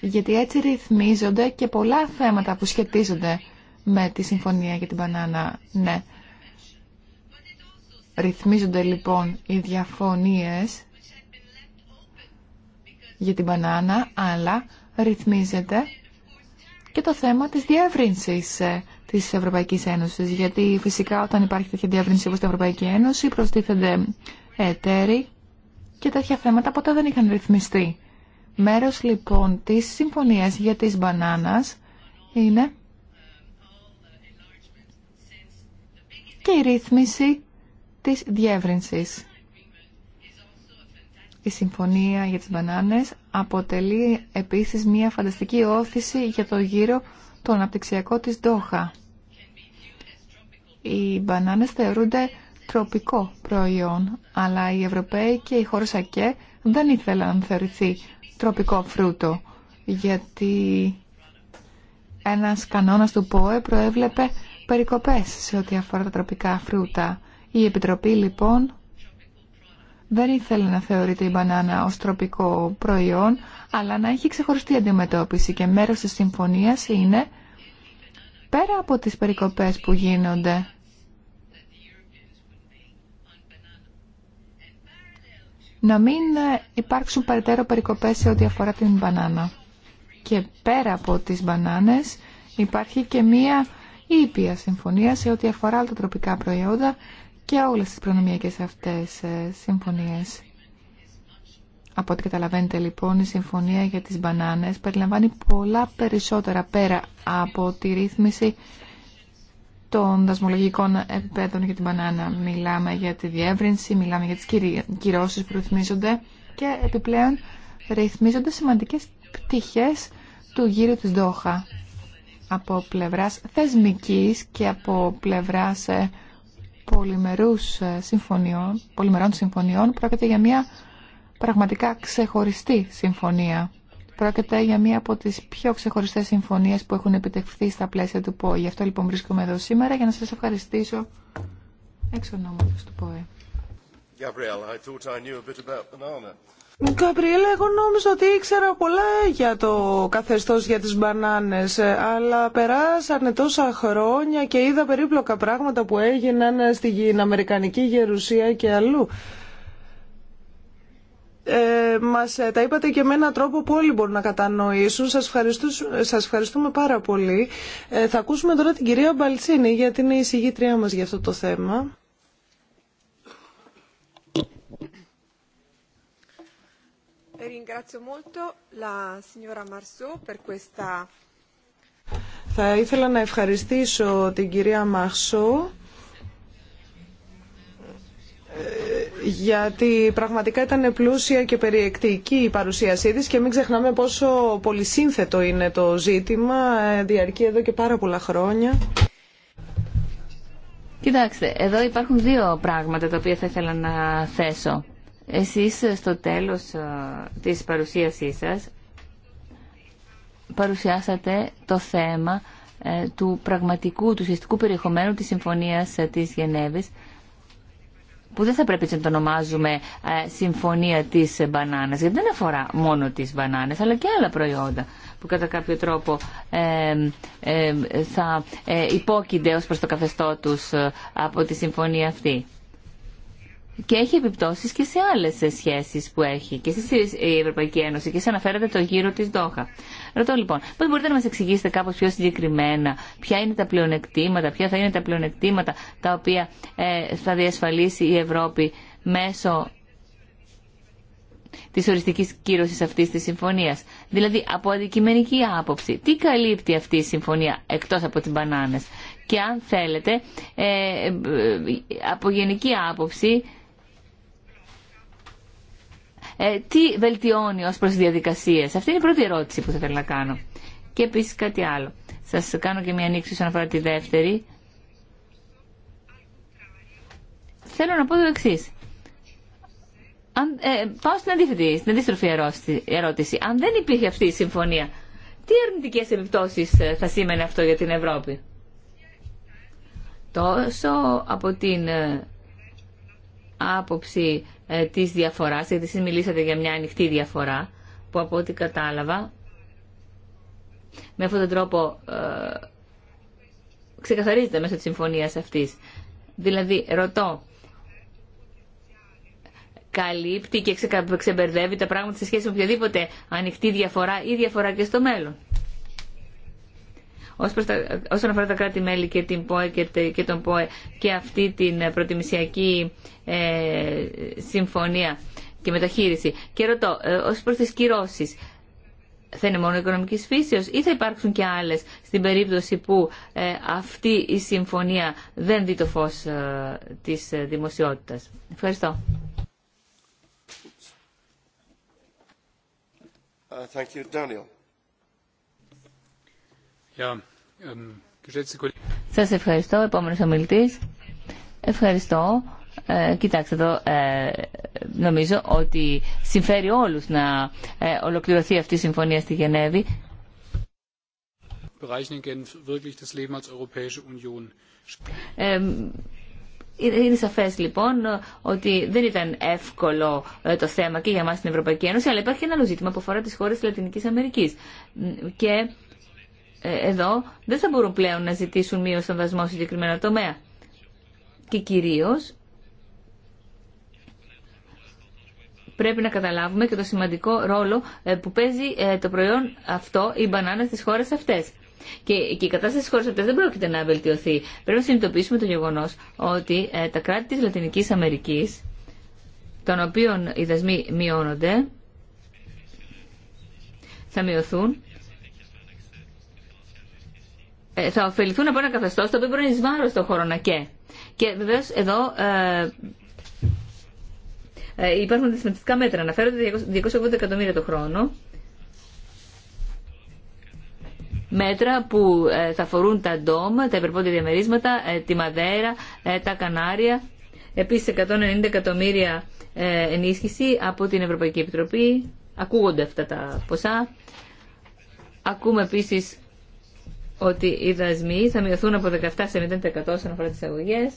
γιατί έτσι ρυθμίζονται και πολλά θέματα που σχετίζονται με τη Συμφωνία για την Μπανάνα. Ναι, Ρυθμίζονται λοιπόν οι διαφωνίες για την μπανάνα, αλλά ρυθμίζεται και το θέμα της διεύρυνσης ε, της Ευρωπαϊκής Ένωσης. Γιατί φυσικά όταν υπάρχει τέτοια διεύρυνση όπως την Ευρωπαϊκή Ένωση προστίθενται εταίροι και τέτοια θέματα ποτέ δεν είχαν ρυθμιστεί. Μέρος λοιπόν της συμφωνίας για τις μπανάνας είναι και η ρύθμιση της διεύρυνσης. Η συμφωνία για τις μπανάνες αποτελεί επίσης μια φανταστική όθηση για το γύρο το αναπτυξιακό της Ντόχα. Οι μπανάνες θεωρούνται τροπικό προϊόν, αλλά οι Ευρωπαίοι και οι χώρες ΑΚΕ δεν ήθελαν να θεωρηθεί τροπικό φρούτο, γιατί ένας κανόνας του ΠΟΕ προέβλεπε περικοπές σε ό,τι αφορά τα τροπικά φρούτα. Η Επιτροπή λοιπόν δεν ήθελε να θεωρείται η μπανάνα ως τροπικό προϊόν, αλλά να έχει ξεχωριστή αντιμετώπιση και μέρος της συμφωνίας είναι, πέρα από τις περικοπές που γίνονται να μην υπάρξουν περαιτέρω περικοπές σε ό,τι αφορά την μπανάνα. Και πέρα από τις μπανάνες υπάρχει και μία ήπια συμφωνία σε ό,τι αφορά τα τροπικά προϊόντα και όλες τις προνομιακές αυτές ε, συμφωνίες. Από ό,τι καταλαβαίνετε λοιπόν η συμφωνία για τις μπανάνες περιλαμβάνει πολλά περισσότερα πέρα από τη ρύθμιση των δασμολογικών επιπέδων για την μπανάνα. Μιλάμε για τη διεύρυνση, μιλάμε για τις κυρώσεις που ρυθμίζονται και επιπλέον ρυθμίζονται σημαντικές πτυχές του γύρου της Δόχα από πλευράς θεσμικής και από πλευράς ε, πολυμερούς ε, συμφωνιών, πολυμερών συμφωνιών πρόκειται για μια πραγματικά ξεχωριστή συμφωνία. Πρόκειται για μία από τις πιο ξεχωριστές συμφωνίες που έχουν επιτευχθεί στα πλαίσια του ΠΟΕ. Γι' αυτό λοιπόν βρίσκομαι εδώ σήμερα για να σας ευχαριστήσω Έξω ονόματος του ΠΟΕ. Gabriel, I thought I knew a bit about Καπριέλα, εγώ νόμιζα ότι ήξερα πολλά για το καθεστώς για τις μπανάνες, αλλά περάσανε τόσα χρόνια και είδα περίπλοκα πράγματα που έγιναν στην Αμερικανική Γερουσία και αλλού. Ε, μας ε, τα είπατε και με έναν τρόπο που όλοι μπορούν να κατανοήσουν. Σας, σας ευχαριστούμε πάρα πολύ. Ε, θα ακούσουμε τώρα την κυρία Μπαλτσίνη, γιατί είναι η συγγήτριά μας για αυτό το θέμα. θα ήθελα να ευχαριστήσω την κυρία Μαρσό ε, γιατί πραγματικά ήταν πλούσια και περιεκτική η παρουσίασή της και μην ξεχνάμε πόσο πολυσύνθετο είναι το ζήτημα, ε, διαρκεί εδώ και πάρα πολλά χρόνια. Κοιτάξτε, εδώ υπάρχουν δύο πράγματα τα οποία θα ήθελα να θέσω. Εσείς ε, στο τέλος ε, της παρουσίασής σας παρουσιάσατε το θέμα ε, του πραγματικού, του συστικού περιεχομένου της Συμφωνίας της Γενέβης που δεν θα πρέπει να το ονομάζουμε Συμφωνία της Μπανάνας γιατί δεν αφορά μόνο τις μπανάνες αλλά και άλλα προϊόντα που κατά κάποιο τρόπο θα ε, υπόκεινται ως προς το καθεστώ τους από τη συμφωνία αυτή και έχει επιπτώσεις και σε άλλες σχέσεις που έχει και στη Ευρωπαϊκή Ένωση και σε αναφέρατε το γύρο της Δόχα. Ρωτώ λοιπόν, πώς μπορείτε να μας εξηγήσετε κάπως πιο συγκεκριμένα ποια είναι τα πλεονεκτήματα, ποια θα είναι τα πλεονεκτήματα τα οποία ε, θα διασφαλίσει η Ευρώπη μέσω τη οριστική κύρωση αυτή τη συμφωνία. Δηλαδή, από αντικειμενική άποψη, τι καλύπτει αυτή η συμφωνία εκτό από τις μπανάνε. Και αν θέλετε, ε, ε, ε από γενική άποψη, ε, τι βελτιώνει ως προς διαδικασίες. Αυτή είναι η πρώτη ερώτηση που θα ήθελα να κάνω. Και επίση κάτι άλλο. Σας κάνω και μια ανοίξη όσον αφορά τη δεύτερη. Θέλω να πω το εξή. ε, πάω στην αντίθετη, στην αντίστροφη ερώτηση. Αν δεν υπήρχε αυτή η συμφωνία, τι αρνητικέ επιπτώσει ε, θα σήμαινε αυτό για την Ευρώπη. Τόσο από την ε, άποψη ε, της διαφοράς, γιατί εσείς μιλήσατε για μια ανοιχτή διαφορά, που από ό,τι κατάλαβα, με αυτόν τον τρόπο ε, ξεκαθαρίζεται μέσω της συμφωνίας αυτής. Δηλαδή, ρωτώ, καλύπτει και ξεμπερδεύει τα πράγματα σε σχέση με οποιαδήποτε ανοιχτή διαφορά ή διαφορά και στο μέλλον. Όσον αφορά τα κράτη-μέλη και, την ΠΟΕ και τον ΠΟΕ και αυτή την προτιμησιακή ε, συμφωνία και μεταχείριση. Και ρωτώ, ε, ως προς τις κυρώσεις, θα είναι μόνο οικονομικής φύσεως ή θα υπάρξουν και άλλες στην περίπτωση που ε, αυτή η συμφωνία δεν δει το φως της δημοσιότητας. Ευχαριστώ. Uh, thank you, Ähm, Σας ευχαριστώ, επόμενος ομιλητής. Ευχαριστώ. Ε, κοιτάξτε εδώ, ε, νομίζω ότι συμφέρει όλους να ε, ολοκληρωθεί αυτή η συμφωνία στη Γενέβη. Είναι σαφέ λοιπόν ότι δεν ήταν εύκολο ε, το θέμα και για μας στην Ευρωπαϊκή Ένωση, αλλά υπάρχει ένα άλλο ζήτημα που αφορά τι χώρε τη Λατινική Αμερική. Και ε, εδώ δεν θα μπορούν πλέον να ζητήσουν μείωση στον βασμό σε συγκεκριμένο τομέα. Και κυρίως πρέπει να καταλάβουμε και το σημαντικό ρόλο ε, που παίζει ε, το προϊόν αυτό, η μπανάνα στις χώρες αυτές. Και, και η κατάσταση στις χώρες αυτές δεν πρόκειται να βελτιωθεί. Πρέπει να συνειδητοποιήσουμε το γεγονός ότι τα κράτη της Λατινικής Αμερικής, των οποίων οι δασμοί μειώνονται, θα μειωθούν ε, θα ωφεληθούν από ένα καθεστώ το οποίο μπορεί να είναι στο χρόνο να και. Και βεβαίω εδώ ε, ε, υπάρχουν δυσμετρικά μέτρα. Αναφέρονται 280 εκατομμύρια το χρόνο. Μέτρα που ε, θα αφορούν τα ντόμα, τα υπερπόντια διαμερίσματα, ε, τη Μαδέρα, τα Κανάρια. Επίσης 190 εκατομμύρια ενίσχυση από την Ευρωπαϊκή Επιτροπή. Ακούγονται αυτά τα ποσά. Ακούμε επίσης ότι οι δασμοί θα μειωθούν από 17% σε 0% όσον αφορά τις αγωγές.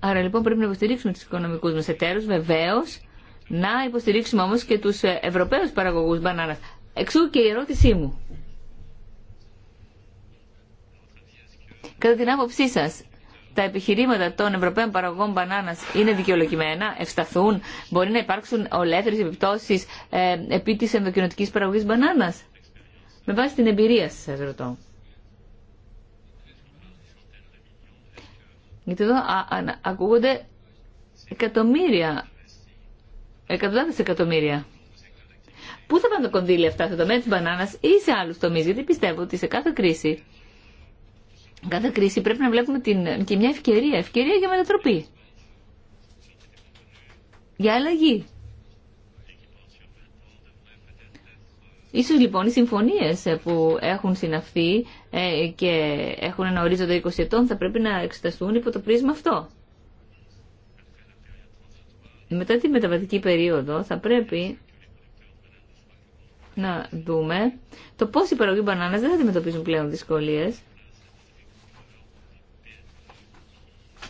Άρα λοιπόν πρέπει να υποστηρίξουμε τους οικονομικούς μας εταίρους, βεβαίως, να υποστηρίξουμε όμως και τους ε, Ευρωπαίους παραγωγούς μπανάνας. Εξού και η ερώτησή μου. Κατά την άποψή σας, τα επιχειρήματα των Ευρωπαίων παραγωγών μπανάνα είναι δικαιολογημένα, ευσταθούν, μπορεί να υπάρξουν ολέθρε επιπτώσει ε, επί τη ενδοκινοτική παραγωγή μπανάνα. Με βάση την εμπειρία σα, ρωτώ. Γιατί εδώ α, α, ακούγονται εκατομμύρια, εκατοντάδες εκατομμύρια. Πού θα πάνε τα κονδύλια αυτά, στο τομέα τη μπανάνα ή σε άλλου τομεί, γιατί πιστεύω ότι σε κάθε κρίση κάθε κρίση πρέπει να βλέπουμε την, και μια ευκαιρία, ευκαιρία για μετατροπή. Για αλλαγή. Ίσως λοιπόν οι συμφωνίες ε, που έχουν συναυθεί ε, και έχουν ένα ορίζοντα 20 ετών θα πρέπει να εξεταστούν υπό το πρίσμα αυτό. Μετά τη μεταβατική περίοδο θα πρέπει να δούμε το πώς οι παραγωγοί μπανάνας δεν θα αντιμετωπίζουν πλέον δυσκολίες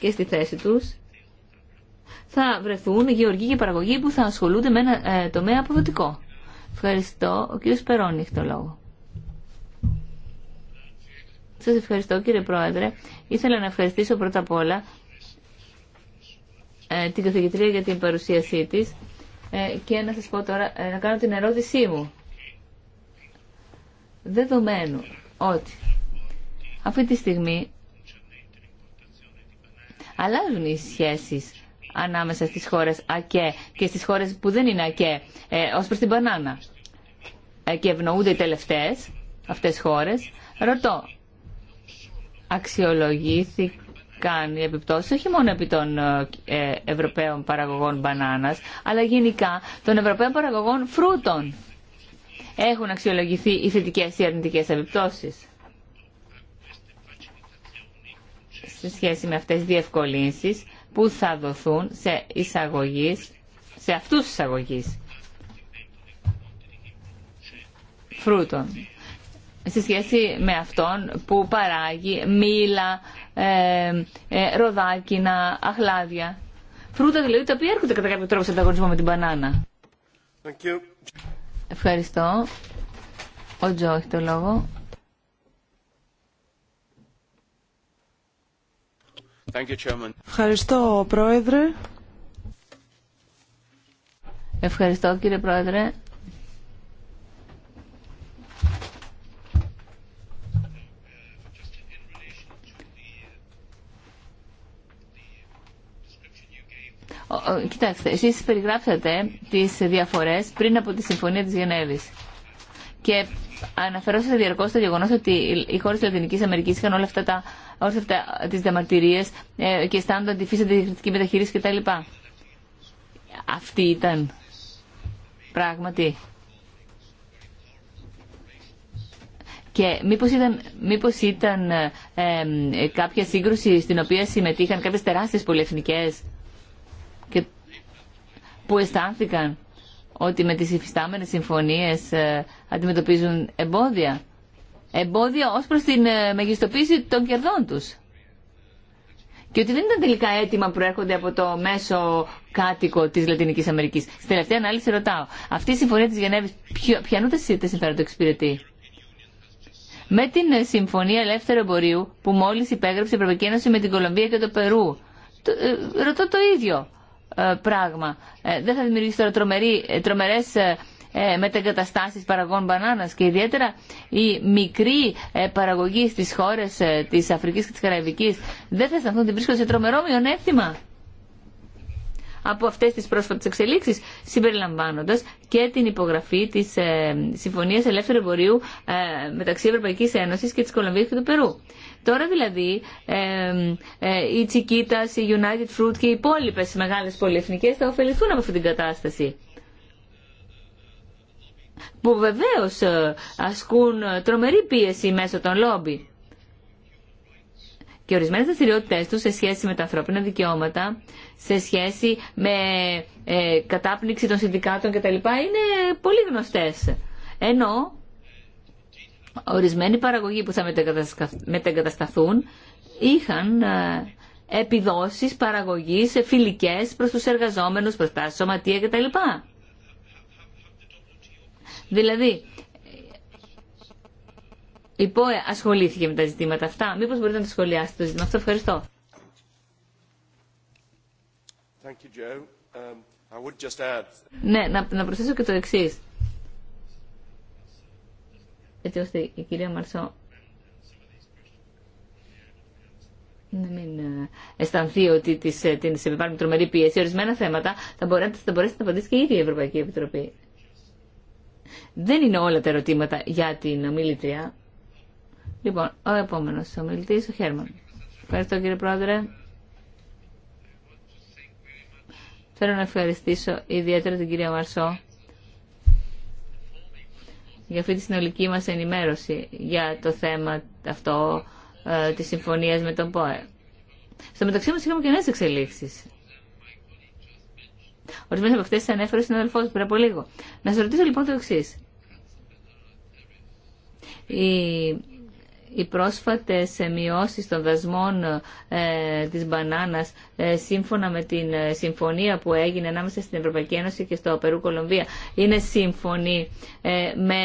και στη θέση τους θα βρεθούν γεωργοί και παραγωγοί που θα ασχολούνται με ένα ε, τομέα αποδοτικό. Ευχαριστώ. Ο κύριος Περόνιχ, το λόγο. Σας ευχαριστώ κύριε Πρόεδρε. Ήθελα να ευχαριστήσω πρώτα απ' όλα ε, την καθηγητρία για την παρουσίασή της ε, και να σας πω τώρα, να κάνω την ερώτησή μου. Δεδομένου ότι αυτή τη στιγμή αλλάζουν οι σχέσει ανάμεσα στις χώρες ΑΚΕ και στις χώρες που δεν είναι ΑΚΕ ε, ως προς την μπανάνα ε, και ευνοούνται οι τελευταίες αυτές χώρες. Ρωτώ, αξιολογήθηκαν οι επιπτώσεις όχι μόνο επί των ε, ε, Ευρωπαίων παραγωγών μπανάνας αλλά γενικά των Ευρωπαίων παραγωγών φρούτων. Έχουν αξιολογηθεί οι θετικές ή αρνητικές επιπτώσεις. σε σχέση με αυτές τις διευκολύνσεις που θα δοθούν σε εισαγωγείς, σε αυτούς τους εισαγωγείς φρούτων σε σχέση με αυτόν που παράγει μήλα, ε, ε ροδάκινα, αχλάδια. Φρούτα δηλαδή τα οποία έρχονται κατά κάποιο τρόπο σε ανταγωνισμό με την μπανάνα. Ευχαριστώ. Ο Τζο έχει το λόγο. Ευχαριστώ, Πρόεδρε. Ευχαριστώ, κύριε Πρόεδρε. Κοιτάξτε, εσείς περιγράψατε τις διαφορές πριν από τη Συμφωνία της Γενέβης. Και αναφερόσατε διαρκώς το γεγονός ότι οι χώρες της Λατινικής Αμερικής είχαν όλα αυτά τα όλε αυτέ τι διαμαρτυρίε ε, και αισθάνονται η διακριτική μεταχείριση κτλ. Αυτή ήταν πράγματι. Και μήπως ήταν, μήπως ήταν κάποια σύγκρουση στην οποία συμμετείχαν κάποιες τεράστιες πολυεθνικές και που αισθάνθηκαν ότι με τις υφιστάμενες συμφωνίες ε, αντιμετωπίζουν εμπόδια εμπόδια ως προς την ε, μεγιστοποίηση των κερδών τους. Και ότι δεν ήταν τελικά έτοιμα που προέρχονται από το μέσο κάτοικο τη Λατινική Αμερική. Στην τελευταία ανάλυση ρωτάω, αυτή η συμφωνία τη Γενέβη ποιανού τα συμφέροντα εξυπηρετεί. Με την ε, Συμφωνία Ελεύθερου Εμπορίου που μόλι υπέγραψε η Ευρωπαϊκή Ένωση με την Κολομβία και το Περού. Το, ε, ρωτώ το ίδιο πράγμα. δεν θα δημιουργήσει τώρα τρομερέ ε, μετεγκαταστάσεις παραγών μπανάνας και ιδιαίτερα η μικρή ε, παραγωγή στις χώρες ε, της Αφρικής και της Καραϊβικής δεν θα αισθανθούν ότι βρίσκονται σε τρομερό μειονέκτημα από αυτές τις πρόσφατες εξελίξεις, συμπεριλαμβάνοντας και την υπογραφή της ε, Συμφωνίας Ελεύθερου Εμπορίου ε, μεταξύ Ευρωπαϊκής Ένωσης και της Κολομβίας και του Περού. Τώρα δηλαδή ε, η Τσικίτα, η United Fruit και οι υπόλοιπε μεγάλες πολυεθνικές θα ωφεληθούν από αυτή την κατάσταση που βεβαίως ε, ασκούν ε, τρομερή πίεση μέσω των λόμπι. Και ορισμένες δραστηριότητε τους σε σχέση με τα ανθρώπινα δικαιώματα, σε σχέση με ε, κατάπνιξη των συνδικάτων κτλ. είναι πολύ γνωστές. Ενώ ορισμένοι παραγωγοί που θα μετεγκατασταθούν είχαν ε, επιδόσεις παραγωγής ε, φιλικές προς τους εργαζόμενους, προς τα σωματεία κτλ. Δηλαδή, η ΠΟΕ ασχολήθηκε με τα ζητήματα αυτά. Μήπως μπορείτε να το σχολιάσετε το ζήτημα αυτό. Ευχαριστώ. Um, ναι, να, προσθέσω και το εξή. Έτσι ώστε η κυρία Μαρσό να μην ε, αισθανθεί ότι της, ε, την επιβάλλουν τρομερή πίεση. Ορισμένα θέματα θα, μπορέσετε, θα μπορέσετε να απαντήσει και η ίδια η Ευρωπαϊκή Επιτροπή. Δεν είναι όλα τα ερωτήματα για την ομιλητρία. Λοιπόν, ο επόμενο ομιλητή, ο Χέρμαν. Ευχαριστώ κύριε Πρόεδρε. Θέλω να ευχαριστήσω ιδιαίτερα την κυρία Μαρσό για αυτή τη συνολική μας ενημέρωση για το θέμα αυτό ε, της συμφωνίας με τον ΠΟΕ. Στο μεταξύ μας είχαμε και νέες εξελίξεις. Ορισμένε από αυτέ τι ανέφερε ο συναδελφό πριν από λίγο. Να σα ρωτήσω λοιπόν το εξή οι πρόσφατες μειώσεις των δασμών ε, της μπανάνας ε, σύμφωνα με την ε, συμφωνία που έγινε ανάμεσα στην Ευρωπαϊκή Ένωση και στο Περού Κολομβία είναι σύμφωνη ε, με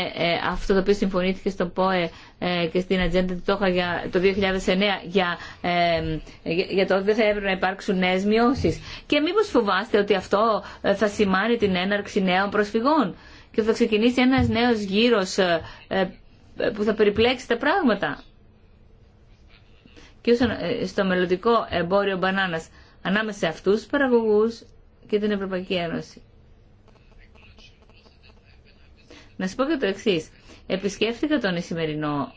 αυτό το οποίο συμφωνήθηκε στο ΠΟΕ και στην ατζέντα του ΤΟΧΑ για το 2009 για, για, το ότι δεν θα έπρεπε να υπάρξουν νέες μειώσεις. Και μήπως φοβάστε ότι αυτό θα σημάνει την έναρξη νέων προσφυγών και θα ξεκινήσει ένας νέος γύρος που θα περιπλέξει τα πράγματα. Και ε, στο μελλοντικό εμπόριο μπανάνας ανάμεσα σε αυτούς τους παραγωγούς και την Ευρωπαϊκή Ένωση. Να σου πω και το εξή. Επισκέφθηκα τον Ισημερινό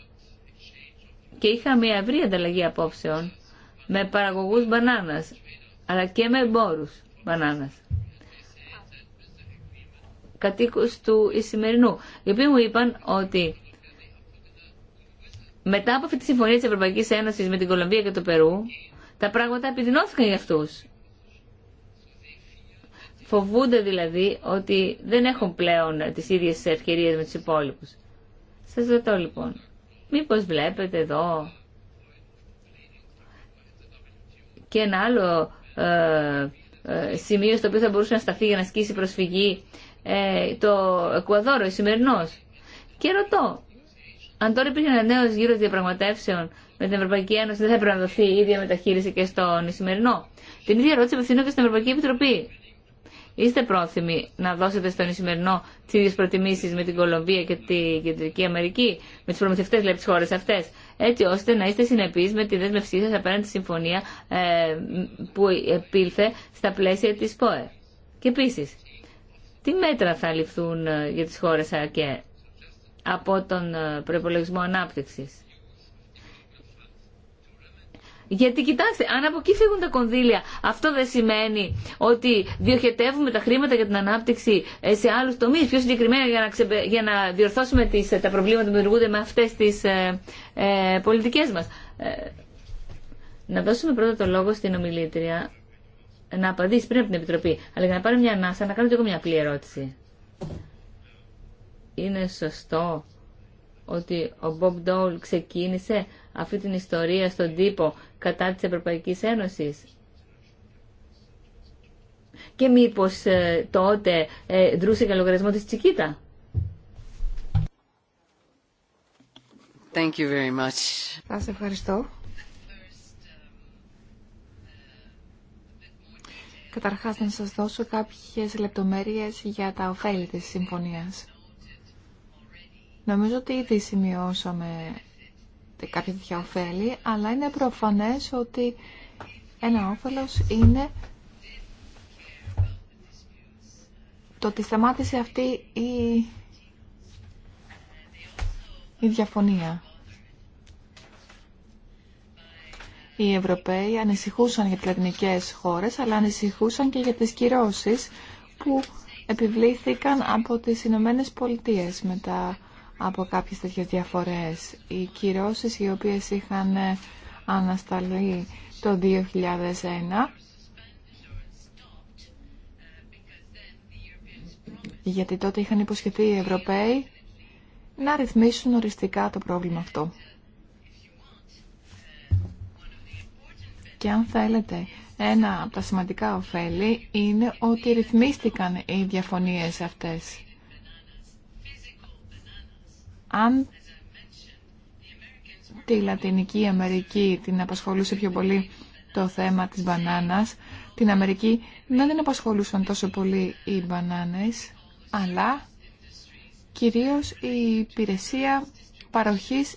και είχα μια ευρύ ανταλλαγή απόψεων με παραγωγούς μπανάνας, αλλά και με εμπόρους μπανάνας. Κατοίκους του Ισημερινού, οι οποίοι μου είπαν ότι μετά από αυτή τη συμφωνία τη Ευρωπαϊκή Ένωση με την Κολομβία και το Περού, τα πράγματα επιδεινώθηκαν για αυτούς. Φοβούνται δηλαδή ότι δεν έχουν πλέον τις ίδιες ευκαιρίε με του υπόλοιπου. Σας ρωτώ λοιπόν, μήπως βλέπετε εδώ και ένα άλλο ε, ε, σημείο στο οποίο θα μπορούσε να σταθεί για να ασκήσει προσφυγή ε, το Εκουαδόρο, η σημερινό. Και ρωτώ, αν τώρα υπήρχε ένα νέο γύρο διαπραγματεύσεων με την Ευρωπαϊκή Ένωση, δεν θα έπρεπε να δοθεί η ίδια μεταχείριση και στον Ισημερινό. Την ίδια ερώτηση απευθύνω και στην Ευρωπαϊκή Επιτροπή. Είστε πρόθυμοι να δώσετε στον Ισημερινό τι ίδιε προτιμήσει με την Κολομβία και την Κεντρική Αμερική, με τι προμηθευτέ δηλαδή τι χώρε αυτέ, έτσι ώστε να είστε συνεπεί με τη δέσμευσή σα απέναντι στη συμφωνία ε, που επήλθε στα πλαίσια τη ΠΟΕ. Και επίση, τι μέτρα θα ληφθούν ε, για τι χώρε ΑΚΕ από τον ε, προπολογισμό ανάπτυξη. Γιατί κοιτάξτε, αν από εκεί φύγουν τα κονδύλια, αυτό δεν σημαίνει ότι διοχετεύουμε τα χρήματα για την ανάπτυξη ε, σε άλλου τομεί, πιο συγκεκριμένα για να, για να διορθώσουμε τις, ε, τα προβλήματα που δημιουργούνται με αυτέ τι ε, ε, πολιτικέ μα. να δώσουμε πρώτα το λόγο στην ομιλήτρια να απαντήσει πριν από την Επιτροπή. Αλλά για να πάρει μια ανάσα, να κάνω και εγώ μια απλή ερώτηση είναι σωστό ότι ο Μπομπ Ντόλ ξεκίνησε αυτή την ιστορία στον τύπο κατά της Ευρωπαϊκής Ένωσης. Και μήπως ε, τότε ε, δρούσε για λογαριασμό της Τσικίτα. Thank you very much. Σας ευχαριστώ. Καταρχάς να σας δώσω κάποιες λεπτομέρειες για τα ωφέλη της συμφωνίας. Νομίζω ότι ήδη σημειώσαμε κάποια τέτοια ωφέλη, αλλά είναι προφανές ότι ένα όφελος είναι το ότι σταμάτησε αυτή η, η διαφωνία. Οι Ευρωπαίοι ανησυχούσαν για τις λατινικές χώρες, αλλά ανησυχούσαν και για τις κυρώσεις που επιβλήθηκαν από τις Ηνωμένε Πολιτείες μετά από κάποιες τέτοιες διαφορές. Οι κυρώσεις οι οποίες είχαν ε, ανασταλεί το 2001 γιατί τότε είχαν υποσχεθεί οι Ευρωπαίοι να ρυθμίσουν οριστικά το πρόβλημα αυτό. Και αν θέλετε, ένα από τα σημαντικά ωφέλη είναι ότι ρυθμίστηκαν οι διαφωνίες αυτές. Αν τη Λατινική Αμερική την απασχολούσε πιο πολύ το θέμα της μπανάνας, την Αμερική δεν την απασχολούσαν τόσο πολύ οι μπανάνες, αλλά κυρίως η υπηρεσία παροχής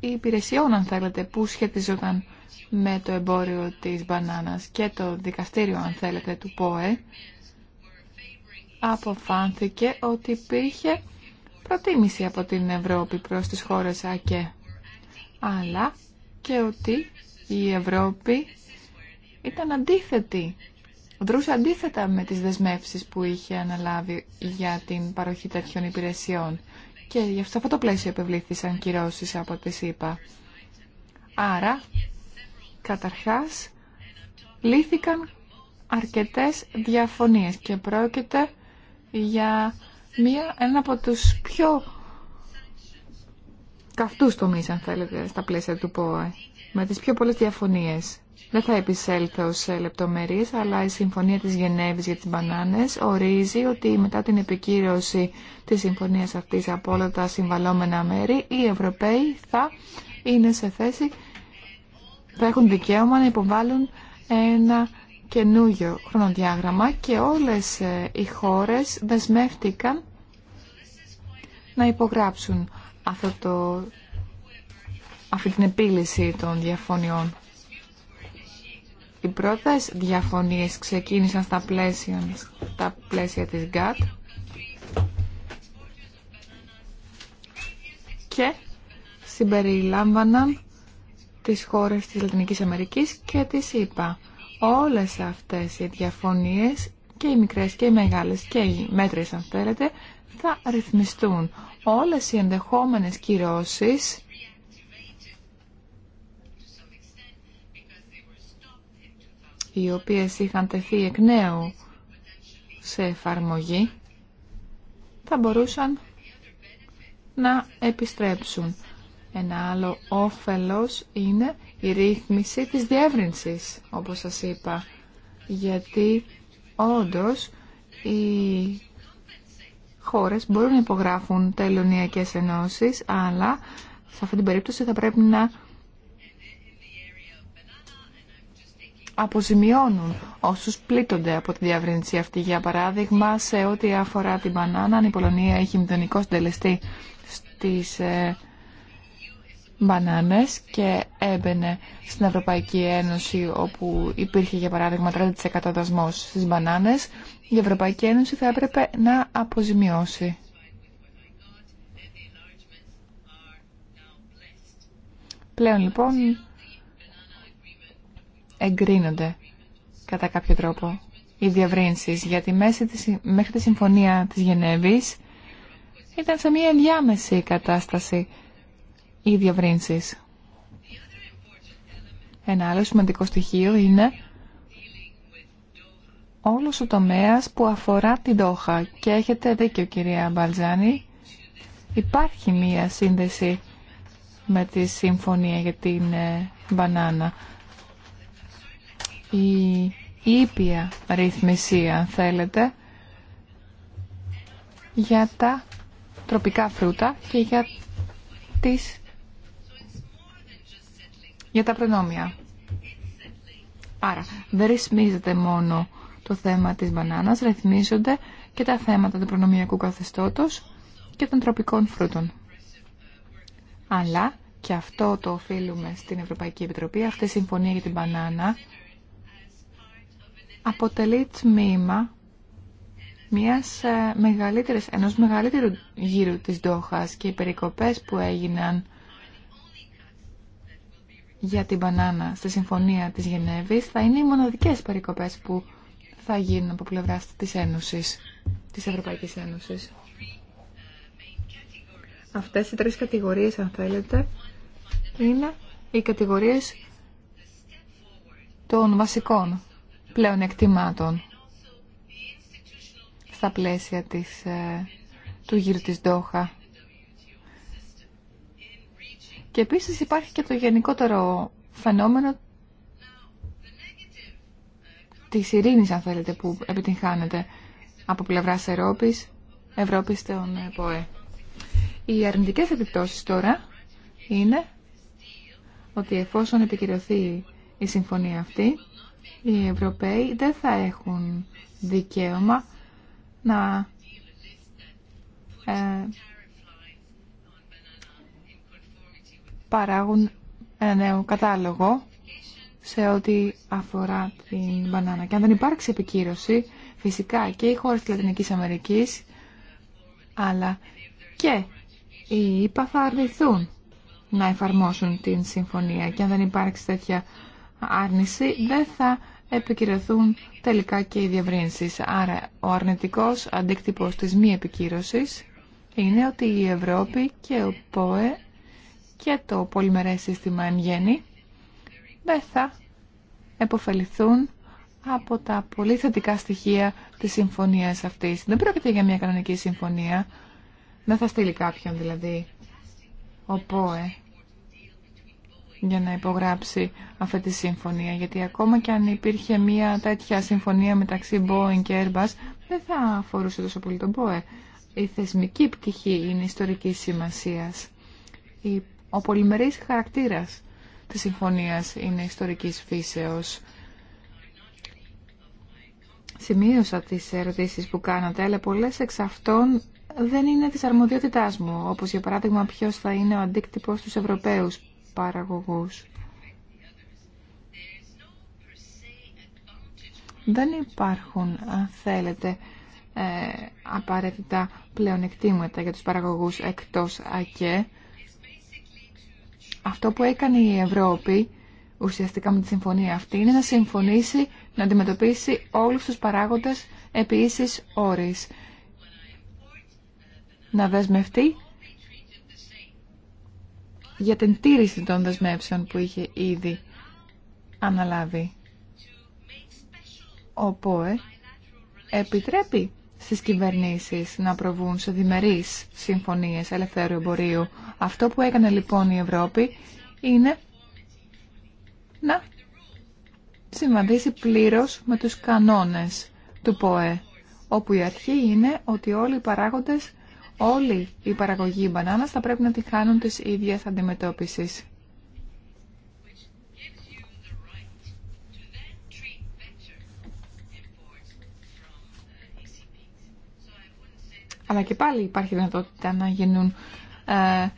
η υπηρεσιών, αν θέλετε, που σχετιζόταν με το εμπόριο της μπανάνας και το δικαστήριο, αν θέλετε, του ΠΟΕ, αποφάνθηκε ότι υπήρχε προτίμηση από την Ευρώπη προς τις χώρες ΑΚΕ, αλλά και ότι η Ευρώπη ήταν αντίθετη, δρούσε αντίθετα με τις δεσμεύσεις που είχε αναλάβει για την παροχή τέτοιων υπηρεσιών και γι' αυτό το πλαίσιο επευλήθησαν κυρώσεις από τη ΣΥΠΑ. Άρα, καταρχάς, λύθηκαν αρκετές διαφωνίες και πρόκειται για μία, ένα από τους πιο καυτούς τομείς, αν θέλετε, στα πλαίσια του ΠΟΕ, με τις πιο πολλές διαφωνίες. Δεν θα επισέλθω σε λεπτομέρειες, αλλά η Συμφωνία της Γενέβης για τις μπανάνες ορίζει ότι μετά την επικύρωση της συμφωνίας αυτής από όλα τα συμβαλόμενα μέρη, οι Ευρωπαίοι θα είναι σε θέση, θα έχουν δικαίωμα να υποβάλουν ένα καινούριο χρονοδιάγραμμα και όλες ε, οι χώρες δεσμεύτηκαν να υπογράψουν αυτό το, αυτή την επίλυση των διαφωνιών. Οι πρώτες διαφωνίες ξεκίνησαν στα πλαίσια, τα πλαίσια της ΓΚΑΤ και συμπεριλάμβαναν τις χώρες της Λατινικής Αμερικής και της ΗΠΑ. Όλες αυτές οι διαφωνίες και οι μικρές και οι μεγάλες και οι μέτρες αν θέλετε θα ρυθμιστούν. Όλες οι ενδεχόμενες κυρώσεις οι οποίες είχαν τεθεί εκ νέου σε εφαρμογή θα μπορούσαν να επιστρέψουν. Ένα άλλο όφελος είναι η ρύθμιση της διεύρυνσης, όπως σας είπα, γιατί όντως η χώρες μπορούν να υπογράφουν τελωνιακές ενώσεις, αλλά σε αυτή την περίπτωση θα πρέπει να αποζημιώνουν όσους πλήττονται από τη διαβρύνση αυτή. Για παράδειγμα, σε ό,τι αφορά την μπανάνα, αν η Πολωνία έχει μηδενικό συντελεστή στις ε, μπανάνες και έμπαινε στην Ευρωπαϊκή Ένωση όπου υπήρχε για παράδειγμα 30% δασμός στις μπανάνες η Ευρωπαϊκή Ένωση θα έπρεπε να αποζημιώσει. Πλέον λοιπόν εγκρίνονται κατά κάποιο τρόπο οι διαβρύνσεις γιατί μέσα της, μέχρι τη συμφωνία της Γενέβης ήταν σε μια ενδιάμεση κατάσταση οι διαβρύνσεις. Ένα άλλο σημαντικό στοιχείο είναι Όλο ο τομέας που αφορά την Δόχα και έχετε δίκιο κυρία Μπαλζάνη υπάρχει μία σύνδεση με τη συμφωνία για την ε, μπανάνα η ήπια ρυθμισία αν θέλετε για τα τροπικά φρούτα και για τις για τα προνόμια. Άρα δεν ρυθμίζεται μόνο το θέμα της μπανάνας, ρυθμίζονται και τα θέματα του προνομιακού καθεστώτος και των τροπικών φρούτων. Αλλά και αυτό το οφείλουμε στην Ευρωπαϊκή Επιτροπή, αυτή η συμφωνία για την μπανάνα αποτελεί τμήμα μιας ε, μεγαλύτερης, ενός μεγαλύτερου γύρου της Ντόχας και οι περικοπές που έγιναν για την μπανάνα στη Συμφωνία της Γενέβης θα είναι οι μοναδικές περικοπές που θα γίνουν από πλευρά της Ένωσης, της Ευρωπαϊκής Ένωσης. Αυτές οι τρεις κατηγορίες, αν θέλετε, είναι οι κατηγορίες των βασικών πλέον εκτιμάτων στα πλαίσια της, ε, του γύρου της Ντόχα. Και επίσης υπάρχει και το γενικότερο φαινόμενο τη ειρήνη, αν θέλετε, που επιτυγχάνεται από πλευράς Ευρώπη Ευρώπη των ε, ΠΟΕ. Οι αρνητικέ επιπτώσει τώρα είναι ότι εφόσον επικυρωθεί η συμφωνία αυτή, οι Ευρωπαίοι δεν θα έχουν δικαίωμα να ε, παράγουν ένα νέο κατάλογο σε ό,τι αφορά την μπανάνα. Και αν δεν υπάρξει επικύρωση, φυσικά και οι χώρες της Λατινικής Αμερικής, αλλά και οι ΙΠΑ θα αρνηθούν να εφαρμόσουν την συμφωνία. Και αν δεν υπάρξει τέτοια άρνηση, δεν θα επικυρωθούν τελικά και οι διαβρύνσεις. Άρα, ο αρνητικός αντίκτυπος της μη επικύρωσης είναι ότι η Ευρώπη και ο ΠΟΕ και το πολυμερές σύστημα εν δεν θα επωφεληθούν από τα πολύ θετικά στοιχεία της συμφωνίας αυτής. Δεν πρόκειται για μια κανονική συμφωνία. Δεν θα στείλει κάποιον δηλαδή ο ΠΟΕ για να υπογράψει αυτή τη συμφωνία. Γιατί ακόμα και αν υπήρχε μια τέτοια συμφωνία μεταξύ Boeing και Airbus, δεν θα αφορούσε τόσο πολύ τον ΠΟΕ. Η θεσμική πτυχή είναι ιστορική σημασίας. Ο πολυμερής χαρακτήρας της συμφωνίας είναι ιστορικής φύσεως. Σημείωσα τις ερωτήσεις που κάνατε, αλλά πολλές εξ αυτών δεν είναι της αρμοδιότητάς μου, όπως για παράδειγμα ποιος θα είναι ο αντίκτυπος στους Ευρωπαίους παραγωγούς. Δεν υπάρχουν, αν θέλετε, ε, απαραίτητα πλεονεκτήματα για τους παραγωγούς εκτός ΑΚΕ. Αυτό που έκανε η Ευρώπη ουσιαστικά με τη συμφωνία αυτή είναι να συμφωνήσει να αντιμετωπίσει όλους τους παράγοντες επί ίσης όρης. Να δεσμευτεί για την τήρηση των δεσμεύσεων που είχε ήδη αναλάβει. οπότε επιτρέπει στις κυβερνήσεις να προβούν σε διμερείς συμφωνίες ελευθέρου εμπορίου. Αυτό που έκανε λοιπόν η Ευρώπη είναι να συμβαδίσει πλήρως με τους κανόνες του ΠΟΕ, όπου η αρχή είναι ότι όλοι οι παράγοντες, όλοι οι παραγωγοί μπανάνας θα πρέπει να τη χάνουν της ίδιας αντιμετώπισης. αλλά και πάλι υπάρχει δυνατότητα να γίνουν ε,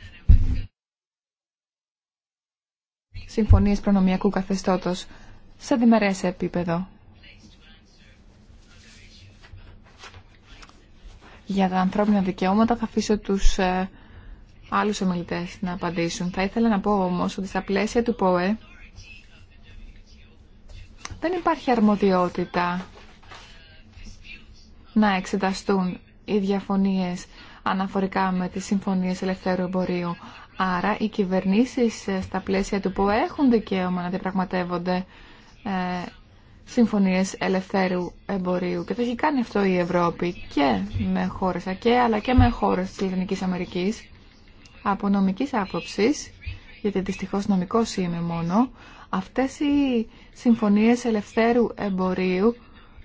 συμφωνίες προνομιακού καθεστώτος σε διμερές επίπεδο. Για τα ανθρώπινα δικαιώματα θα αφήσω τους ε, άλλους ομιλητές να απαντήσουν. Θα ήθελα να πω όμως ότι στα πλαίσια του ΠΟΕ δεν υπάρχει αρμοδιότητα να εξεταστούν οι διαφωνίες αναφορικά με τις συμφωνίες ελευθέρου εμπορίου. Άρα οι κυβερνήσεις ε, στα πλαίσια του που έχουν δικαίωμα να διαπραγματεύονται ε, συμφωνίες ελευθέρου εμπορίου και το έχει κάνει αυτό η Ευρώπη και με χώρες ΑΚΕ αλλά και με χώρες της Λατινικής Αμερικής από νομικής άποψης γιατί δυστυχώ νομικό είμαι μόνο αυτές οι συμφωνίες ελευθέρου εμπορίου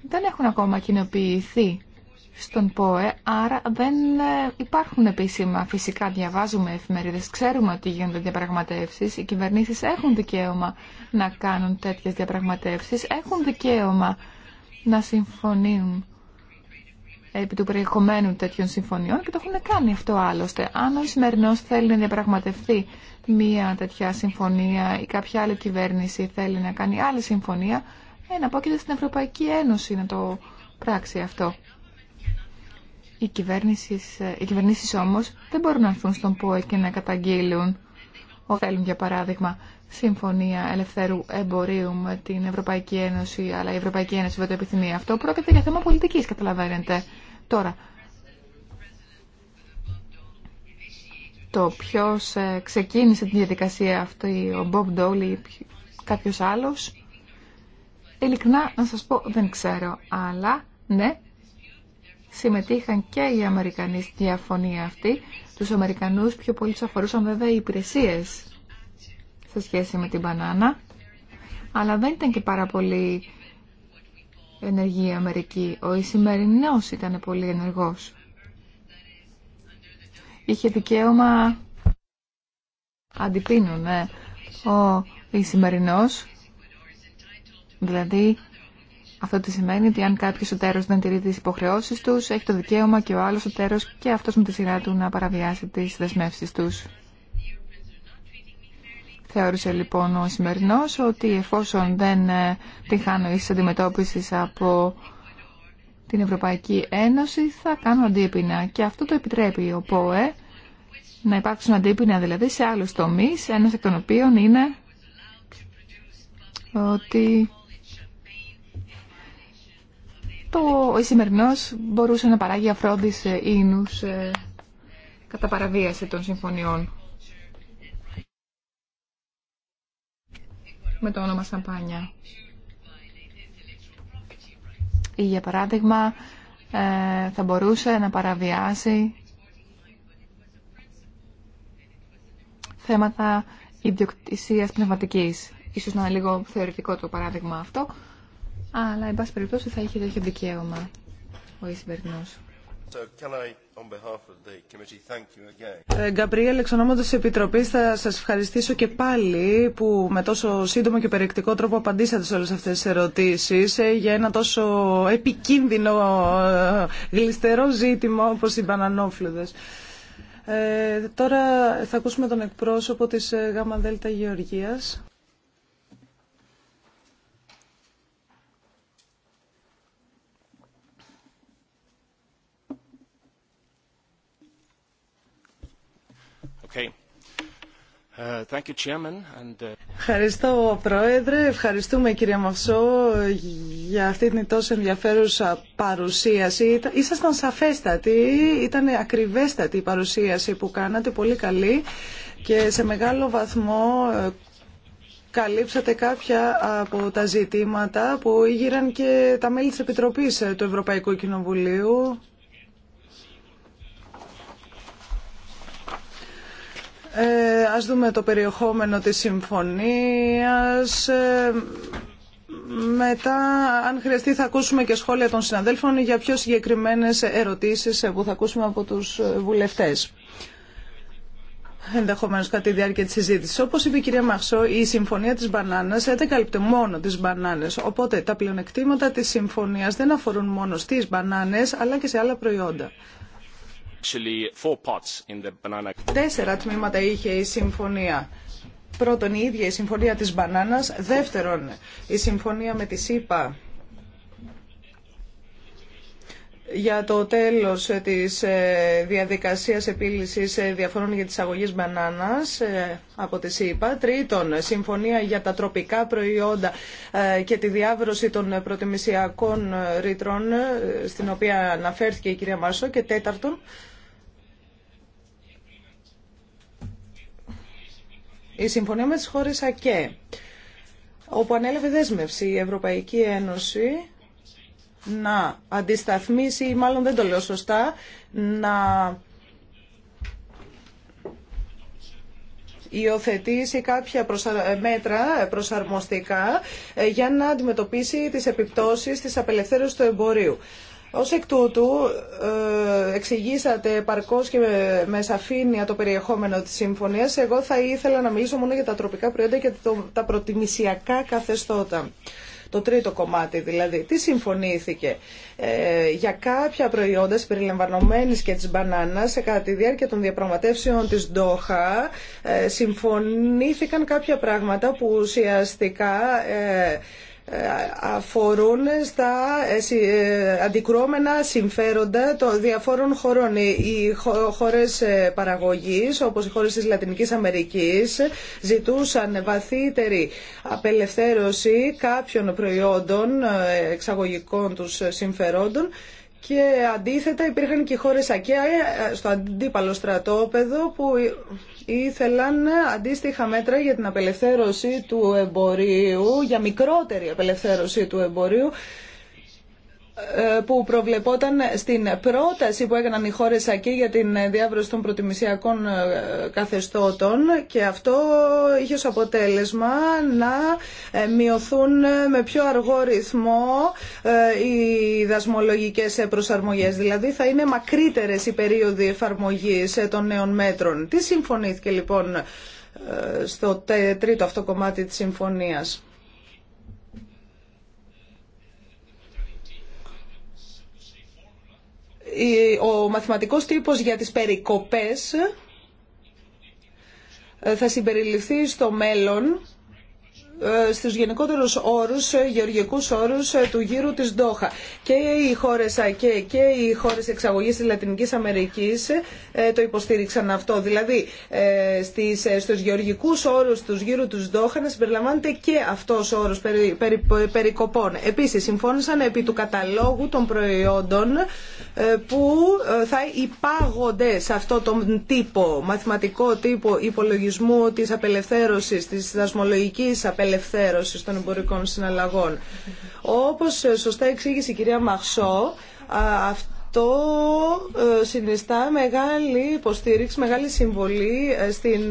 δεν έχουν ακόμα κοινοποιηθεί στον ΠΟΕ, άρα δεν ε, υπάρχουν επίσημα. Φυσικά διαβάζουμε εφημερίδες, ξέρουμε ότι γίνονται διαπραγματεύσει. οι κυβερνήσει έχουν δικαίωμα να κάνουν τέτοιες διαπραγματεύσεις, έχουν δικαίωμα να συμφωνούν επί του περιεχομένου τέτοιων συμφωνιών και το έχουν κάνει αυτό άλλωστε. Αν ο σημερινό θέλει να διαπραγματευτεί μία τέτοια συμφωνία ή κάποια άλλη κυβέρνηση θέλει να κάνει άλλη συμφωνία, ε, να στην Ευρωπαϊκή Ένωση να το πράξει αυτό. Οι κυβέρνησεις, ε, οι κυβερνήσεις όμως δεν μπορούν να έρθουν στον ΠΟΕ και να καταγγείλουν θέλουν για παράδειγμα συμφωνία ελευθέρου εμπορίου με την Ευρωπαϊκή Ένωση αλλά η Ευρωπαϊκή Ένωση δεν το επιθυμεί αυτό πρόκειται για θέμα πολιτικής καταλαβαίνετε τώρα το ποιο ε, ξεκίνησε τη διαδικασία αυτή ο Μπομπ Ντόλ ή κάποιος άλλος ειλικρινά να σας πω δεν ξέρω αλλά ναι συμμετείχαν και οι Αμερικανοί στη διαφωνία αυτή. Τους Αμερικανούς πιο πολύ τους αφορούσαν βέβαια οι υπηρεσίες σε σχέση με την μπανάνα, αλλά δεν ήταν και πάρα πολύ ενεργή η Αμερική. Ο Ισημερινός ήταν πολύ ενεργός. Είχε δικαίωμα αντιπίνων, ε. ο Ισημερινός, δηλαδή αυτό τι σημαίνει ότι αν κάποιο οτέρος δεν τηρεί τι υποχρεώσει του, έχει το δικαίωμα και ο άλλο οτέρος και αυτό με τη σειρά του να παραβιάσει τι δεσμεύσει του. Θεώρησε λοιπόν ο σημερινό ότι εφόσον δεν ε, την χάνω αντιμετώπιση από την Ευρωπαϊκή Ένωση, θα κάνω αντίπεινα. Και αυτό το επιτρέπει ο ΠΟΕ να υπάρξουν αντίπεινα δηλαδή σε άλλου τομεί, ένας εκ των οποίων είναι ότι το, ο μπορούσε να παράγει αφρόντις ε, ίνους ε, κατά παραβίαση των συμφωνιών. Με το όνομα Σαμπάνια. Ή για παράδειγμα ε, θα μπορούσε να παραβιάσει θέματα ιδιοκτησίας πνευματικής. Ίσως να είναι λίγο θεωρητικό το παράδειγμα αυτό, αλλά εν πάση περιπτώσει θα είχε τέτοιο δικαίωμα ο Ισημερινό. Ε, Γκαμπριέλ, εξ ονόματο τη Επιτροπή, θα σα ευχαριστήσω και πάλι που με τόσο σύντομο και περιεκτικό τρόπο απαντήσατε σε όλε αυτέ τι ερωτήσει ε, για ένα τόσο επικίνδυνο ε, γλιστερό ζήτημα όπω οι μπανανόφλουδε. Ε, τώρα θα ακούσουμε τον εκπρόσωπο της ΓΔ Γεωργίας. Uh, uh, Ευχαριστώ, Πρόεδρε. Ευχαριστούμε, κύριε Μαυσό, για αυτή την τόσο ενδιαφέρουσα παρουσίαση. Ήσασταν σαφέστατοι, ήταν ακριβέστατη η παρουσίαση που κάνατε, πολύ καλή και σε μεγάλο βαθμό ε, καλύψατε κάποια από τα ζητήματα που ήγηραν και τα μέλη της Επιτροπής ε, του Ευρωπαϊκού Κοινοβουλίου Ε, ας δούμε το περιεχόμενο της συμφωνίας. Ε, μετά, αν χρειαστεί, θα ακούσουμε και σχόλια των συναδέλφων για πιο συγκεκριμένες ερωτήσεις ε, που θα ακούσουμε από τους βουλευτές. Ενδεχομένω κατά τη διάρκεια τη συζήτηση. Όπω είπε η κυρία Μαχσό, η συμφωνία τη μπανάνα δεν καλύπτει μόνο τι μπανάνε. Οπότε τα πλεονεκτήματα τη συμφωνία δεν αφορούν μόνο στι μπανάνε, αλλά και σε άλλα προϊόντα. Τέσσερα τμήματα είχε η συμφωνία. Πρώτον, η ίδια η συμφωνία της μπανάνας. Δεύτερον, η συμφωνία με τη ΣΥΠΑ για το τέλος της ε, διαδικασίας επίλυσης ε, διαφορών για τις αγωγές μπανάνας ε, από τη ΣΥΠΑ. Τρίτον, συμφωνία για τα τροπικά προϊόντα και τη διάβρωση των προτιμησιακών ρήτρων, στην οποία αναφέρθηκε η κυρία Μάρσο. Και τέταρτον, Η συμφωνία με τις χώρες ΑΚΕ, όπου ανέλαβε δέσμευση η Ευρωπαϊκή Ένωση να αντισταθμίσει, μάλλον δεν το λέω σωστά, να υιοθετήσει κάποια μέτρα προσαρμοστικά ε, για να αντιμετωπίσει τις επιπτώσεις της απελευθέρωσης του εμπορίου. Ως εκ τούτου ε, εξηγήσατε παρκώς και με σαφήνεια το περιεχόμενο της συμφωνίας. Εγώ θα ήθελα να μιλήσω μόνο για τα τροπικά προϊόντα και τα προτιμησιακά καθεστώτα. Το τρίτο κομμάτι δηλαδή. Τι συμφωνήθηκε ε, για κάποια προϊόντα συμπεριλαμβανομένη και της μπανάνας κατά τη διάρκεια των διαπραγματεύσεων της Ντόχα ε, συμφωνήθηκαν κάποια πράγματα που ουσιαστικά αφορούν στα ε, ε, αντικρουόμενα συμφέροντα των διαφόρων χωρών. Οι χώρες ε, παραγωγής, όπως οι χώρες της Λατινικής Αμερικής, ζητούσαν βαθύτερη απελευθέρωση κάποιων προϊόντων εξαγωγικών τους συμφερόντων και αντίθετα υπήρχαν και χώρες ΑΚΕΑ ε, στο αντίπαλο στρατόπεδο που ήθελαν αντίστοιχα μέτρα για την απελευθέρωση του εμπορίου, για μικρότερη απελευθέρωση του εμπορίου ε, που προβλεπόταν στην πρόταση που έκαναν οι χώρε εκεί για την διάβρωση των προτιμησιακών ε, καθεστώτων και αυτό είχε ως αποτέλεσμα να ε, μειωθούν με πιο αργό ρυθμό οι δασμολογικές προσαρμογές. Δηλαδή θα είναι μακρύτερες οι περίοδοι εφαρμογής των νέων μέτρων. Τι συμφωνήθηκε λοιπόν στο τρίτο αυτό κομμάτι της συμφωνίας. ο μαθηματικός τύπος για τις περικοπές ε, θα συμπεριληφθεί στο μέλλον ε, στους γενικότερους όρους, ε, γεωργικούς όρους ε, του γύρου της Ντόχα. Και οι χώρες ΑΚΕ και οι χώρες εξαγωγής της Λατινικής Αμερικής το υποστήριξαν αυτό. Δηλαδή στις, στους γεωργικούς όρους του γύρου της Ντόχα να συμπεριλαμβάνεται και αυτός ο όρος περι, περικοπών. Επίσης συμφώνησαν επί του καταλόγου των προϊόντων που θα υπάγονται σε αυτό τον τύπο, μαθηματικό τύπο υπολογισμού της απελευθέρωσης, της δασμολογικής απελευθέρωσης απελευθέρωσης των εμπορικών συναλλαγών. Όπως σωστά εξήγησε η κυρία Μαχσό, αυτό ε, συνιστά μεγάλη υποστήριξη, μεγάλη συμβολή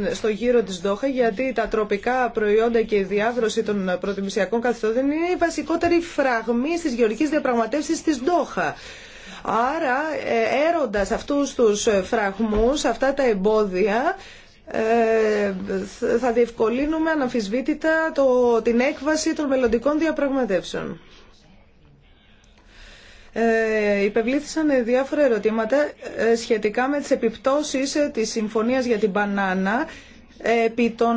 ε, στο γύρο της Δόχα γιατί τα τροπικά προϊόντα και η διάβρωση των προτιμησιακών καθιστώτων είναι η βασικότερη φραγμή στις γεωργικές διαπραγματεύσεις της Δόχα. Άρα ε, έροντας αυτούς τους φραγμούς, αυτά τα εμπόδια, ε, θα διευκολύνουμε αναμφισβήτητα το, την έκβαση των μελλοντικών διαπραγματεύσεων. Ε, υπευλήθησαν διάφορα ερωτήματα ε, σχετικά με τις επιπτώσεις ε, της Συμφωνίας για την Μπανάνα επί των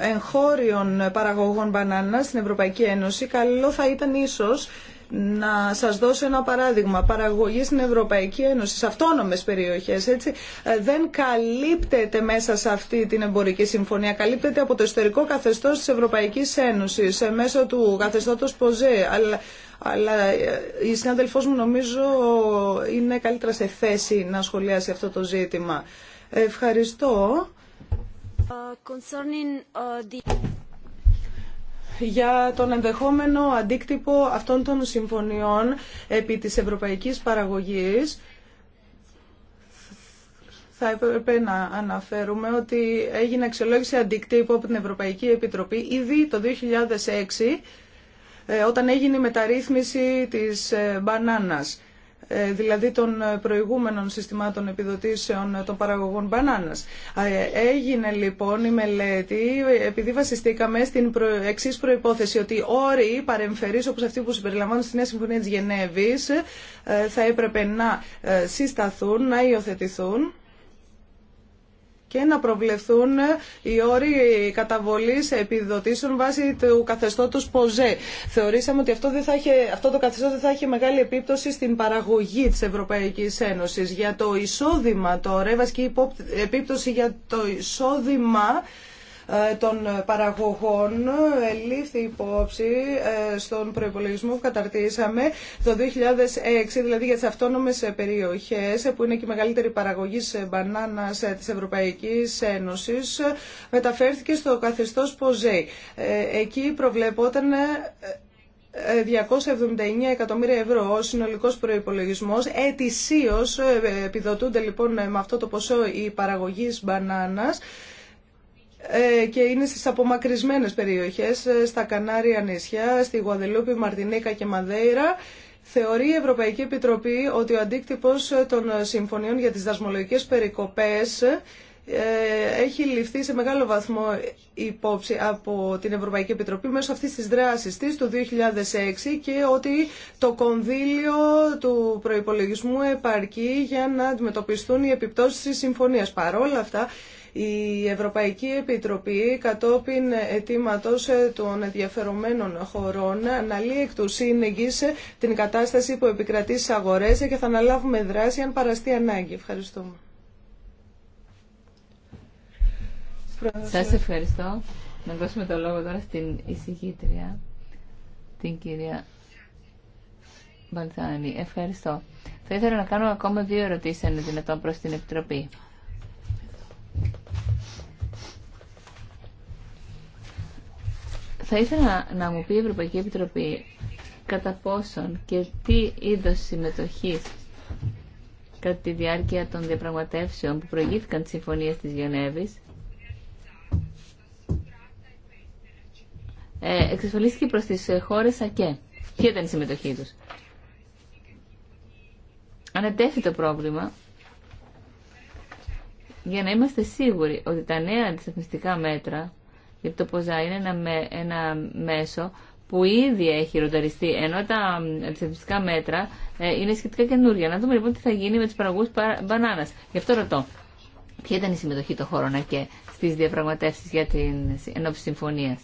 εγχώριων παραγωγών μπανάνα στην Ευρωπαϊκή Ένωση. Καλό θα ήταν ίσως να σας δώσω ένα παράδειγμα. Παραγωγή στην Ευρωπαϊκή Ένωση, σε αυτόνομες περιοχές, έτσι, ε, δεν καλύπτεται μέσα σε αυτή την εμπορική συμφωνία. Καλύπτεται από το εσωτερικό καθεστώς της Ευρωπαϊκής Ένωσης, ε, μέσω του καθεστώτος ΠΟΖΕ. Αλλά, αλλά ε, η συνάδελφός μου νομίζω είναι καλύτερα σε θέση να σχολιάσει αυτό το ζήτημα. Ευχαριστώ. concerning, the για τον ενδεχόμενο αντίκτυπο αυτών των συμφωνιών επί της ευρωπαϊκής παραγωγής θα έπρεπε να αναφέρουμε ότι έγινε αξιολόγηση αντικτύπου από την Ευρωπαϊκή Επιτροπή ήδη το 2006 ε, όταν έγινε η μεταρρύθμιση της ε, μπανάνας. Ε, δηλαδή των προηγούμενων συστημάτων επιδοτήσεων των παραγωγών μπανάνας. Ε, έγινε λοιπόν η μελέτη επειδή βασιστήκαμε στην προ... εξή προϋπόθεση ότι όροι παρεμφερείς όπως αυτοί που συμπεριλαμβάνουν στη Νέα Συμφωνία της Γενέβης ε, θα έπρεπε να συσταθούν, να υιοθετηθούν και να προβλεφθούν οι όροι καταβολή επιδοτήσεων βάσει του καθεστώτος ΠΟΖΕ. Θεωρήσαμε ότι αυτό, δεν θα αυτό το καθεστώ δεν θα έχει μεγάλη επίπτωση στην παραγωγή της Ευρωπαϊκής Ένωσης. Για το εισόδημα και η επίπτωση για το εισόδημα ε, των παραγωγών ε, λήφθη υπόψη ε, στον προπολογισμό που καταρτήσαμε το 2006, δηλαδή για τις αυτόνομες περιοχές που είναι και η μεγαλύτερη παραγωγή μπανάνας της Ευρωπαϊκής Ένωσης μεταφέρθηκε στο καθεστώς ποζέ. Εκεί προβλεπόταν 279 εκατομμύρια ευρώ ο συνολικός προϋπολογισμός. Ετησίως επιδοτούνται λοιπόν με αυτό το ποσό οι παραγωγής μπανάνας ε, και είναι στις απομακρυσμένες περιοχές, ε, στα Κανάρια νησιά, στη Γουαδελούπη, Μαρτινίκα και Μαδέιρα. Θεωρεί η Ευρωπαϊκή Επιτροπή ότι ο αντίκτυπος των συμφωνιών για τις δασμολογικές περικοπές ε, έχει ληφθεί σε μεγάλο βαθμό υπόψη από την Ευρωπαϊκή Επιτροπή μέσω αυτής της δράσης της του 2006 και ότι το κονδύλιο του προϋπολογισμού επαρκεί για να αντιμετωπιστούν οι επιπτώσεις της συμφωνίας. Παρόλα αυτά, η Ευρωπαϊκή Επιτροπή κατόπιν αιτήματος ε, των ενδιαφερομένων χωρών αναλύει εκ του ε, την κατάσταση που επικρατεί στις αγορές ε, και θα αναλάβουμε δράση αν παραστεί ανάγκη. Ευχαριστούμε. Σας ευχαριστώ. Να δώσουμε το λόγο τώρα στην εισηγήτρια, την κυρία Μπαλθάνη. Ευχαριστώ. Θα ήθελα να κάνω ακόμα δύο ερωτήσεις, αν δυνατόν, προς την Επιτροπή. Θα ήθελα να μου πει η Ευρωπαϊκή Επιτροπή κατά πόσον και τι είδο συμμετοχή κατά τη διάρκεια των διαπραγματεύσεων που προηγήθηκαν τη συμφωνία της Γενέβης ε, εξασφαλίστηκε προς τις χώρες ΑΚΕ. Ποια ήταν η συμμετοχή τους. Ανατέθη το πρόβλημα για να είμαστε σίγουροι ότι τα νέα αντισταθμιστικά μέτρα, γιατί το ΠΟΖΑ είναι ένα, με, ένα μέσο που ήδη έχει ρονταριστεί, ενώ τα αντισταθμιστικά μέτρα ε, είναι σχετικά καινούργια. Να δούμε λοιπόν τι θα γίνει με του παραγωγού μπανάνα. Γι' αυτό ρωτώ, ποια ήταν η συμμετοχή των χωρών και στι διαπραγματεύσει για την ενόψη συμφωνία.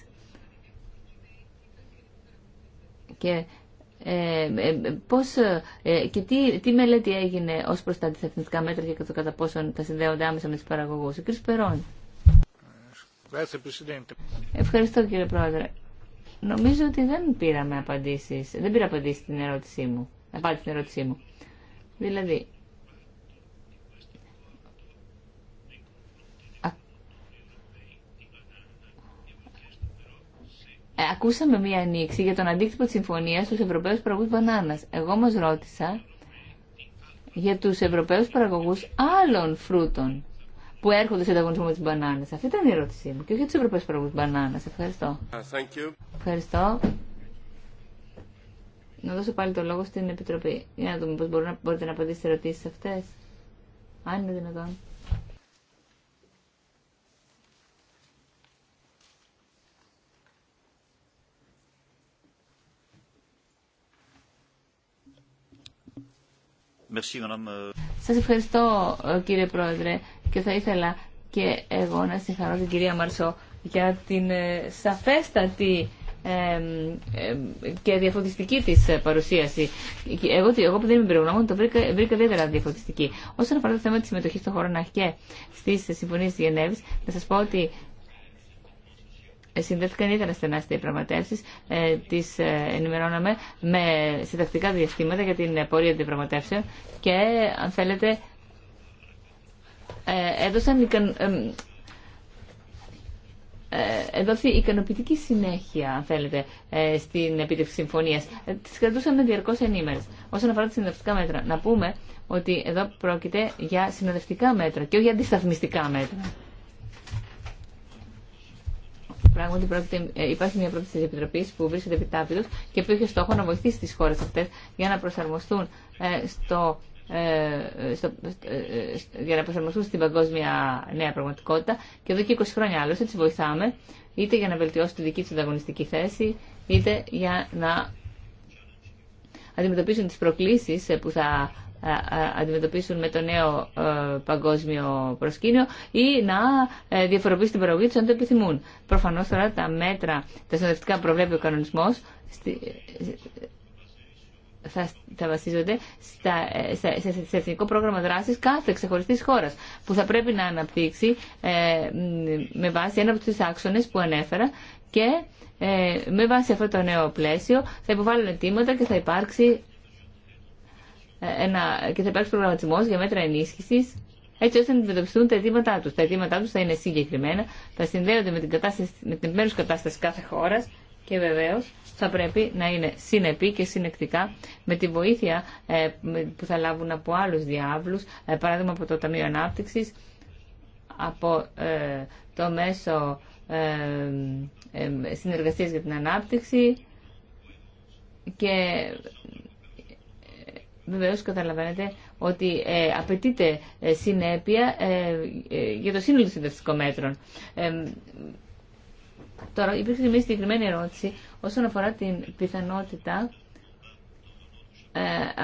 Και ε, ε, πώς, ε, και τι, τι μελέτη έγινε ως προς τα αντιθεθνικά μέτρα και κατά πόσο τα συνδέονται άμεσα με τις παραγωγούς. Ο κ. Ευχαριστώ κύριε Πρόεδρε. Νομίζω ότι δεν πήραμε απαντήσεις, δεν πήρα απαντήσεις στην ερώτησή μου. Απάντηση στην ερώτησή μου. Δηλαδή, Ε, ακούσαμε μία ανοίξη για τον αντίκτυπο τη Συμφωνία στου Ευρωπαίου παραγωγού Μπανάνα. Εγώ όμω ρώτησα για του Ευρωπαίου παραγωγού άλλων φρούτων που έρχονται σε ανταγωνισμό με τι μπάνανε. Αυτή ήταν η ερώτησή μου και όχι για του Ευρωπαίου παραγωγού Μπανάνα. Ευχαριστώ. Uh, thank Ευχαριστώ. Να δώσω πάλι το λόγο στην Επιτροπή για να δούμε πώ μπορείτε να απαντήσετε σε ερωτήσεις αυτές. Αν είναι δυνατόν. Euh. Σας ευχαριστώ ε, κύριε Πρόεδρε και θα ήθελα και εγώ να συγχαρώ την κυρία Μαρσό για την ε, σαφέστατη και διαφωτιστική τη ε, παρουσίαση. Εγώ, εγώ που δεν είμαι περιγνώμων το βρήκα, ιδιαίτερα διαφωτιστική. Όσον αφορά το θέμα τη συμμετοχή των χωρών και στι συμφωνίε τη Γενέβη, να σα πω ότι συνδέθηκαν, ήταν στενά στι διαπραγματεύσει. Ε, Τι ε, ενημερώναμε με, συντακτικά διαστήματα για την ε, πορεία των διαπραγματεύσεων και, αν θέλετε, ε, έδωσαν ικαν, ικανοποιητική συνέχεια, αν θέλετε, στην επίτευξη συμφωνία. Τι κρατούσαμε διαρκώ ενήμερε. Όσον αφορά τα συνοδευτικά μέτρα, να πούμε ότι εδώ πρόκειται για συνοδευτικά μέτρα και όχι για αντισταθμιστικά μέτρα. Πράγματι, ε, υπάρχει μια πρόταση τη Επιτροπή που βρίσκεται επιτάπητο και που έχει στόχο να βοηθήσει τι χώρε αυτέ για να προσαρμοστούν ε, στο ε, για να προσαρμοστούν στην παγκόσμια νέα πραγματικότητα και εδώ και 20 χρόνια άλλωστε τις βοηθάμε είτε για να βελτιώσουν τη δική τους ανταγωνιστική θέση είτε για να αντιμετωπίσουν τις προκλήσεις που θα αντιμετωπίσουν με το νέο ε, παγκόσμιο προσκήνιο ή να ε, διαφοροποιήσουν την παραγωγή του αν το επιθυμούν. Προφανώ τώρα τα μέτρα, τα συνοδευτικά προβλέπει ο κανονισμό ε, θα, βασίζονται σε εθνικό πρόγραμμα δράση κάθε ξεχωριστή χώρα που θα πρέπει να αναπτύξει με βάση ένα από του άξονε που ανέφερα και με βάση αυτό το νέο πλαίσιο θα υποβάλουν αιτήματα και θα υπάρξει ε, ένα, και θα υπάρξει προγραμματισμό για μέτρα ενίσχυση έτσι ώστε να αντιμετωπιστούν τα αιτήματά του. Τα αιτήματά του θα είναι συγκεκριμένα, θα συνδέονται με την, κατάσταση, με την κατάσταση κάθε χώρα και βεβαίω θα πρέπει να είναι συνεπή και συνεκτικά με τη βοήθεια ε, που θα λάβουν από άλλου διάβλου, ε, παράδειγμα από το Ταμείο Ανάπτυξη, από το μέσο συνεργασίας για την ανάπτυξη και βεβαίως καταλαβαίνετε ότι ε, απαιτείται ε, συνέπεια ε, για το σύνολο των συνταξιστικών μέτρων. Τώρα υπήρχε μια συγκεκριμένη ερώτηση όσον αφορά την πιθανότητα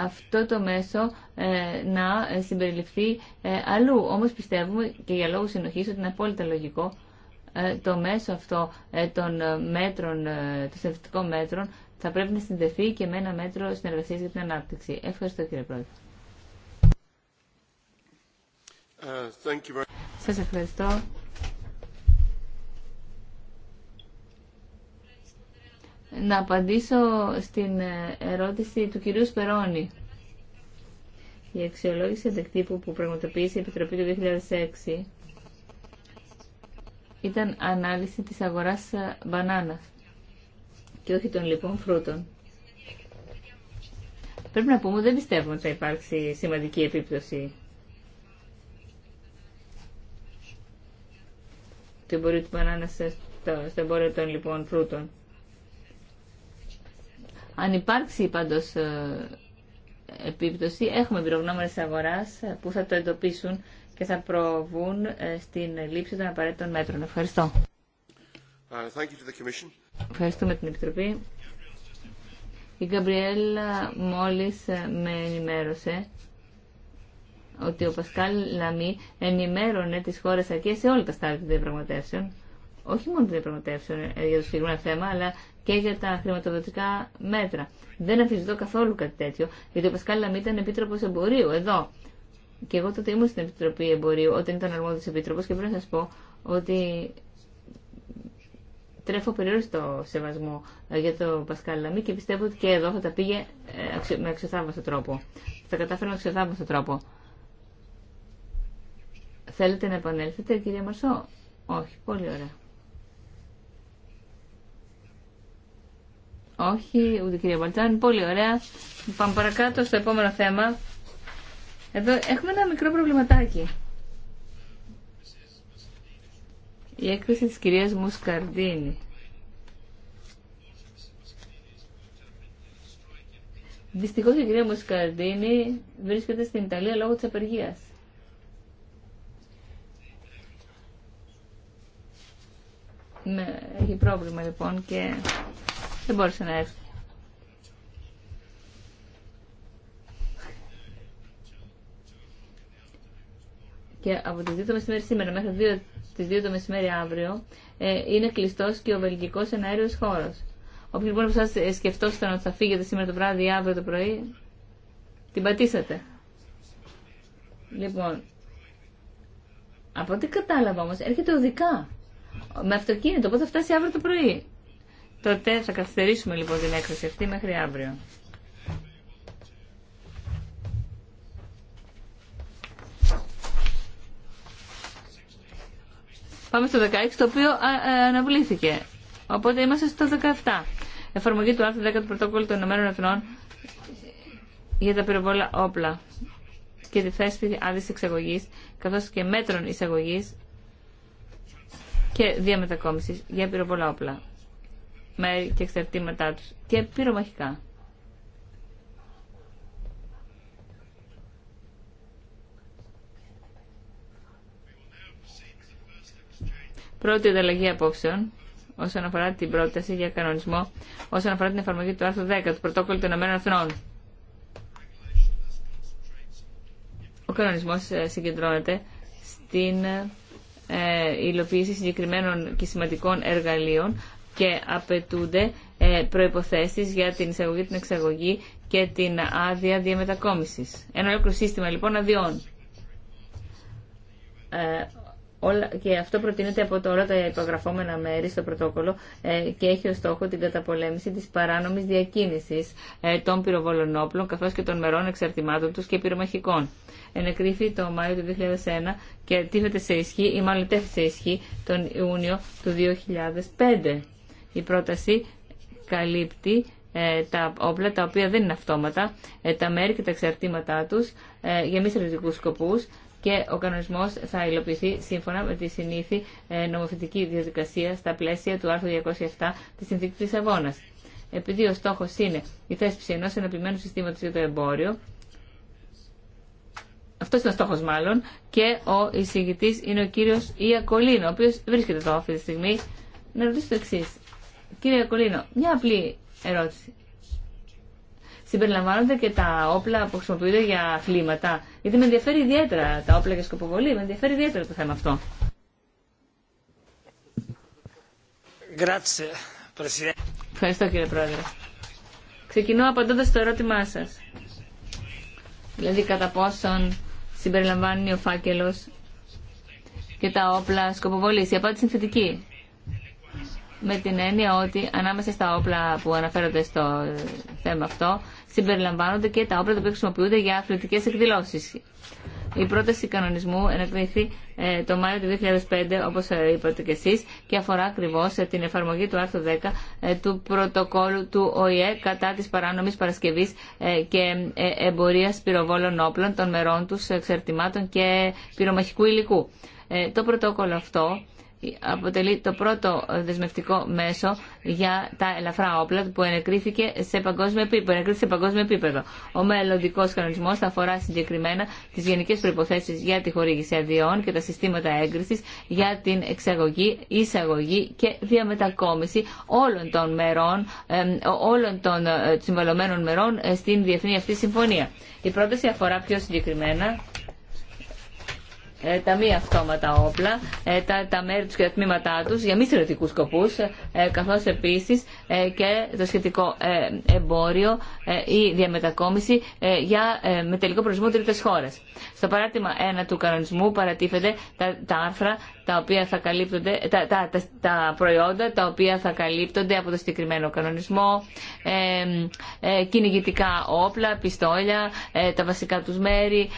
αυτό το μέσο να συμπεριληφθεί αλλού. Όμως πιστεύουμε και για λόγους συνοχής ότι είναι απόλυτα λογικό το μέσο αυτό των μέτρων, των μέτρων θα πρέπει να συνδεθεί και με ένα μέτρο συνεργασία για την ανάπτυξη. Ευχαριστώ κύριε Πρόεδρε. Uh, Σας ευχαριστώ. Να απαντήσω στην ερώτηση του κυρίου Σπερώνη. Η αξιολόγηση αντεκτύπου που πραγματοποίησε η Επιτροπή του 2006 ήταν ανάλυση της αγοράς μπανάνας και όχι των λοιπών φρούτων. Πρέπει να πούμε ότι δεν πιστεύουμε ότι θα υπάρξει σημαντική επίπτωση του εμπορίου του μπανάνα στο, στο εμπόριο των λοιπών φρούτων. Αν υπάρξει πάντως ε, επίπτωση, έχουμε πυρογνώμενες αγοράς ε, που θα το εντοπίσουν και θα προβούν ε, στην λήψη των απαραίτητων μέτρων. Ευχαριστώ. Uh, thank Ευχαριστούμε την Επιτροπή. Η Γκαμπριέλα μόλις με ενημέρωσε ότι ο Πασκάλ Λαμή ενημέρωνε τις χώρες αρχές σε όλα τα στάδια των διαπραγματεύσεων, όχι μόνο των διαπραγματεύσεων ε, για το συγκεκριμένο θέμα, αλλά και για τα χρηματοδοτικά μέτρα. Δεν αμφισβητώ καθόλου κάτι τέτοιο, γιατί ο Πασκάλ Λαμή ήταν επίτροπο εμπορίου εδώ. Και εγώ τότε ήμουν στην Επιτροπή Εμπορίου, όταν ήταν αρμόδιο επίτροπο, και πρέπει να σα πω ότι τρέφω περιόριστο σεβασμό ε, για τον Πασκάλ Λαμή και πιστεύω ότι και εδώ θα τα πήγε ε, με αξιοθαύμαστο τρόπο. Θα κατάφερε με αξιοθαύμαστο τρόπο. Θέλετε να επανέλθετε, κυρία μασό; Όχι, πολύ ωραία. Όχι, ούτε κυρία Μπαλτζάν. Πολύ ωραία. Πάμε παρακάτω στο επόμενο θέμα. Εδώ έχουμε ένα μικρό προβληματάκι. Η έκθεση της κυρίας Μουσκαρδίνη. Δυστυχώς η κυρία Μουσκαρδίνη βρίσκεται στην Ιταλία λόγω της απεργίας. Με, ναι, έχει πρόβλημα λοιπόν και δεν μπόρεσε να έρθει. Και από τις δύο το μεσημέρι σήμερα μέχρι στι 2 το μεσημέρι αύριο ε, είναι κλειστός και ο βελγικός εναέριος χώρος. οπότε λοιπόν από σας ε, σκεφτόσατε ότι θα φύγετε σήμερα το βράδυ ή αύριο το πρωί, την πατήσατε. Λοιπόν, από ό,τι κατάλαβα όμω, έρχεται οδικά, με αυτοκίνητο, οπότε θα φτάσει αύριο το πρωί. Τότε θα καθυστερήσουμε λοιπόν την έκθεση αυτή μέχρι αύριο. Πάμε στο 16 το οποίο ε, αναβλήθηκε. Οπότε είμαστε στο 17. Εφαρμογή του άρθρου 10 του Πρωτοκόλλου των Ηνωμένων Εθνών για τα πυροβόλα όπλα και τη θέση άδειας εξαγωγής καθώς και μέτρων εισαγωγής και διαμετακόμισης για πυροβόλα όπλα μέρη και εξαρτήματά τους και πυρομαχικά. Πρώτη ανταλλαγή απόψεων όσον αφορά την πρόταση για κανονισμό, όσον αφορά την εφαρμογή του άρθρου 10 του Πρωτόκολλου των Ηνωμένων Ο κανονισμό ε, συγκεντρώνεται στην ε, υλοποίηση συγκεκριμένων και σημαντικών εργαλείων και απαιτούνται ε, προϋποθέσεις για την εισαγωγή, την εξαγωγή και την άδεια διαμετακόμιση. Ένα ολόκληρο σύστημα λοιπόν αδειών. Ε, και αυτό προτείνεται από τώρα τα υπογραφόμενα μέρη στο πρωτόκολλο ε, και έχει ως στόχο την καταπολέμηση της παράνομης διακίνησης ε, των πυροβολών όπλων καθώς και των μερών εξαρτημάτων τους και πυρομαχικών. Ενεκρίθη το Μάιο του 2001 και τίθεται σε ισχύ ή μάλλον τέθηκε σε ισχύ τον Ιούνιο του 2005. Η πρόταση καλύπτει ε, τα όπλα τα οποία δεν είναι αυτόματα, τα μέρη και τα εξαρτήματά τους για μη στρατιωτικούς σκοπούς και ο κανονισμό θα υλοποιηθεί σύμφωνα με τη συνήθη ε, νομοθετική διαδικασία στα πλαίσια του άρθρου 207 της Συνθήκης τη Αβώνα. Επειδή ο στόχος είναι η θέσπιση ενό ενωπημένου συστήματος για το εμπόριο, αυτό είναι ο στόχο μάλλον, και ο εισηγητή είναι ο κύριο Ιακολίνο, ο οποίο βρίσκεται εδώ αυτή τη στιγμή. Να ρωτήσω το εξή. Κύριε Ιακολίνο, μια απλή ερώτηση συμπεριλαμβάνονται και τα όπλα που χρησιμοποιούνται για αθλήματα. Γιατί με ενδιαφέρει ιδιαίτερα τα όπλα για σκοποβολή, με ενδιαφέρει ιδιαίτερα το θέμα αυτό. Ευχαριστώ κύριε Πρόεδρε. Ξεκινώ απαντώντας στο ερώτημά σας. Δηλαδή κατά πόσον συμπεριλαμβάνει ο φάκελος και τα όπλα σκοποβολής. Η απάντηση είναι θετική. Με την έννοια ότι ανάμεσα στα όπλα που αναφέρονται στο θέμα αυτό συμπεριλαμβάνονται και τα όπλα τα χρησιμοποιούνται για αθλητικές εκδηλώσει. Η πρόταση κανονισμού ενεκρίθη ε, το Μάιο του 2005, όπως ε, είπατε και εσείς, και αφορά ακριβώς ε, την εφαρμογή του άρθρου 10 του πρωτοκόλου του ΟΗΕ κατά της παράνομης παρασκευής και εμπορίας πυροβόλων όπλων, των μερών τους, εξαρτημάτων και πυρομαχικού υλικού. Το πρωτόκολλο αυτό αποτελεί το πρώτο δεσμευτικό μέσο για τα ελαφρά όπλα που ενεκρίθηκε σε παγκόσμιο επίπεδο. σε παγκόσμιο επίπεδο. Ο μελλοντικό κανονισμό θα αφορά συγκεκριμένα τι γενικέ προποθέσει για τη χορήγηση αδειών και τα συστήματα έγκριση για την εξαγωγή, εισαγωγή και διαμετακόμιση όλων των μερών, όλων των ε, συμβαλωμένων μερών ε, στην διεθνή αυτή συμφωνία. Η πρόταση αφορά πιο συγκεκριμένα ε, τα μη αυτόματα όπλα, ε, τα, τα μέρη τους και τα τμήματά τους για μη στρατιωτικούς σκοπούς, ε, καθώς επίσης και το σχετικό εμπόριο ή διαμετακόμιση για, με τελικό προορισμό τρίτες χώρες. Στο παράτημα 1 του κανονισμού παρατίθεται τα, τα άρθρα τα οποία θα καλύπτονται, τα, τα, τα, τα προϊόντα τα οποία θα καλύπτονται από το συγκεκριμένο κανονισμό, ε, κυνηγητικά όπλα, πιστόλια, ε, τα βασικά τους μέρη,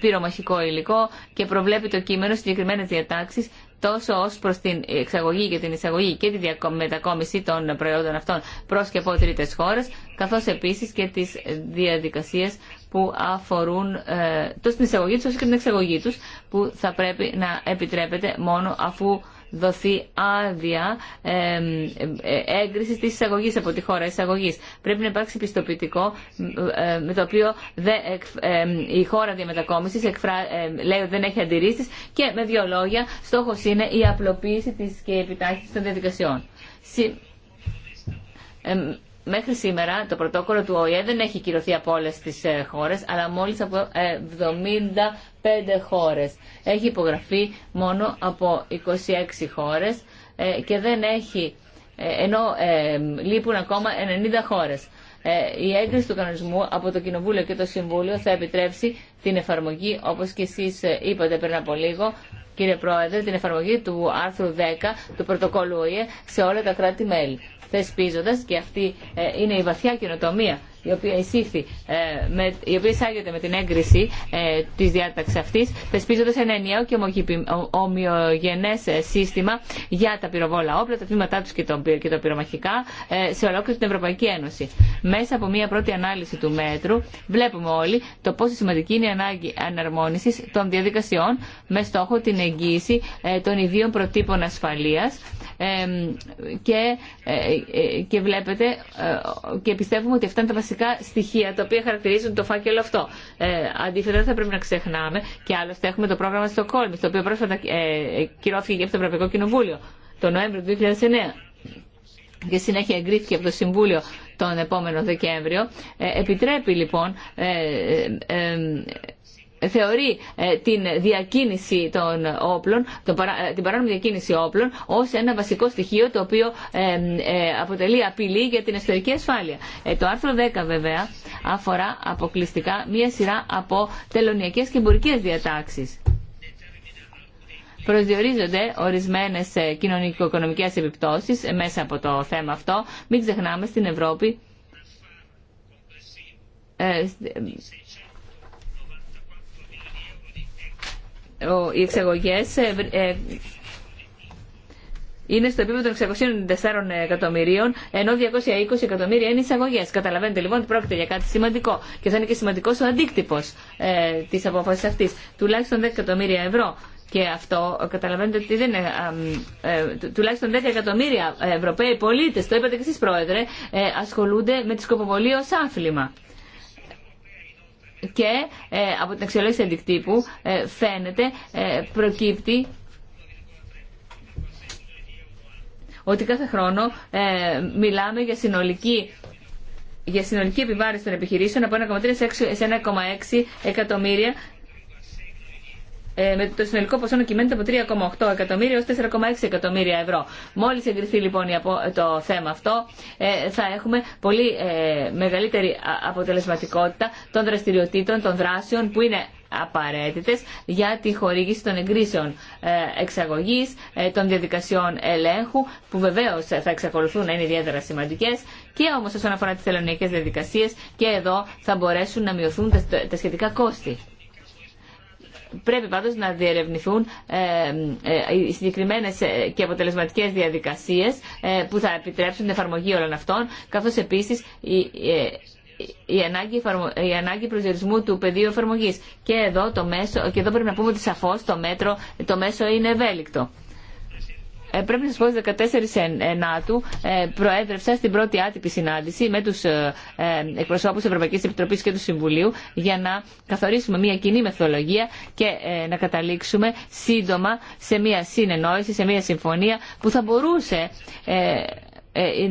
πυρομαχικό υλικό και προβλέπει το κείμενο συγκεκριμένε διατάξεις τόσο ως προς την εξαγωγή και την εισαγωγή και τη μετακόμιση των προϊόντων αυτών προς και από τρίτε χώρες, καθώς επίσης και τις διαδικασίες που αφορούν ε, τόσο την εισαγωγή του όσο και την εξαγωγή τους που θα πρέπει να επιτρέπεται μόνο αφού δοθεί άδεια ε, ε, έγκριση της εισαγωγή από τη χώρα εισαγωγή. Πρέπει να υπάρξει πιστοποιητικό με το οποίο η χώρα διαμετακόμιση λέει ότι δεν έχει αντιρρήσεις και με δύο λόγια στόχο είναι η απλοποίηση της και η επιτάχυνση των διαδικασιών μέχρι σήμερα το πρωτόκολλο του ΟΗΕ δεν έχει κυρωθεί από όλε τι ε, χώρε, αλλά μόλι από 75 ε, χώρε. Έχει υπογραφεί μόνο από 26 χώρε ε, και δεν έχει, ενώ λείπουν ακόμα 90 χώρε. Η έγκριση του κανονισμού από το Κοινοβούλιο και το Συμβούλιο θα επιτρέψει την εφαρμογή, όπως και εσεί είπατε πριν από λίγο, κύριε Πρόεδρε, την εφαρμογή του άρθρου 10 του πρωτοκόλλου ΟΗΕ σε όλα τα κράτη-μέλη θεσπίζοντας, και αυτή ε, είναι η βαθιά καινοτομία η οποία εισήφθη, ε, με, η οποία εισάγεται με την έγκριση ε, της διάταξης αυτής, σε ένα ενιαίο και ομοιογενές ε, σύστημα για τα πυροβόλα όπλα, τα τμήματά τους και, τα πυρομαχικά ε, σε ολόκληρη την Ευρωπαϊκή Ένωση. Μέσα από μια πρώτη ανάλυση του μέτρου βλέπουμε όλοι το πόσο σημαντική είναι η ανάγκη αναρμόνισης των διαδικασιών με στόχο την εγγύηση ε, των ιδίων προτύπων ασφαλείας και, και βλέπετε και πιστεύουμε ότι αυτά είναι τα βασικά βασικά στοιχεία τα οποία χαρακτηρίζουν το φάκελο αυτό. Ε, αντίθετα, θα πρέπει να ξεχνάμε και άλλωστε έχουμε το πρόγραμμα στο Στοκόλμη, το οποίο πρόσφατα ε, κυρώθηκε και από το Ευρωπαϊκό Κοινοβούλιο το Νοέμβριο του 2009 και συνέχεια εγκρίθηκε από το Συμβούλιο τον επόμενο Δεκέμβριο. Ε, επιτρέπει λοιπόν ε, ε, ε θεωρεί ε, την διακίνηση των όπλων, ε, την παράνομη διακίνηση όπλων, ως ένα βασικό στοιχείο το οποίο ε, αποτελεί απειλή για την εσωτερική ασφάλεια. Το άρθρο 10 βέβαια αφορά αποκλειστικά μία σειρά από τελωνιακέ και εμπορικέ διατάξει. διατάξεις. Προσδιορίζονται ορισμένε κοινωνικο-οικονομικέ επιπτώσει μέσα από το θέμα αυτό. Μην ξεχνάμε στην Ευρώπη οι εξαγωγέ ε, ε, είναι στο επίπεδο των 694 εκατομμυρίων, ενώ 220 εκατομμύρια είναι εισαγωγέ. Καταλαβαίνετε λοιπόν ότι πρόκειται για κάτι σημαντικό. Και θα είναι και σημαντικό ο αντίκτυπο ε, τη απόφαση αυτή. Τουλάχιστον 10 εκατομμύρια ευρώ. Και αυτό καταλαβαίνετε ότι δεν είναι. Ε, τουλάχιστον 10 εκατομμύρια Ευρωπαίοι πολίτε, το είπατε και εσεί πρόεδρε, ασχολούνται με τη σκοποβολία ω άφλημα και ε, από την αξιολόγηση αντικτύπου ε, φαίνεται, ε, προκύπτει ότι κάθε χρόνο μιλάμε για συνολική για συνολική επιβάρηση των επιχειρήσεων από 1,3 σε 1,6 εκατομμύρια ε, με το συνολικό ποσό να κυμαίνεται από 3,8 εκατομμύρια ως 4,6 εκατομμύρια ευρώ. Μόλις εγκριθεί λοιπόν το θέμα αυτό, ε, θα έχουμε πολύ ε, μεγαλύτερη αποτελεσματικότητα των δραστηριοτήτων, των δράσεων που είναι απαραίτητες για τη χορήγηση των εγκρίσεων εξαγωγής, των διαδικασιών ελέγχου, που βεβαίως θα εξακολουθούν να είναι ιδιαίτερα σημαντικές και όμως όσον αφορά τις θελωνιακές διαδικασίες και εδώ θα μπορέσουν να μειωθούν τα σχετικά κόστη. Πρέπει πάντως να διερευνηθούν ε, ε, οι συγκεκριμένες ε, και αποτελεσματικές διαδικασίες που θα επιτρέψουν την εφαρμογή όλων αυτών, καθώς επίσης η ανάγκη, η ανάγκη προσδιορισμού του πεδίου εφαρμογή. Και εδώ το μέσο, και εδώ πρέπει να πούμε ότι σαφώ το μέτρο, το μέσο είναι ευέλικτο. Ε, πρέπει να σα πω ότι 14 Ενάτου ε, προέδρευσα στην πρώτη άτυπη συνάντηση με του ε, ε εκπροσώπου τη Ευρωπαϊκή Επιτροπή και του Συμβουλίου για να καθορίσουμε μια κοινή μεθοδολογία και ε, να καταλήξουμε σύντομα σε μια συνεννόηση, σε μια συμφωνία που θα μπορούσε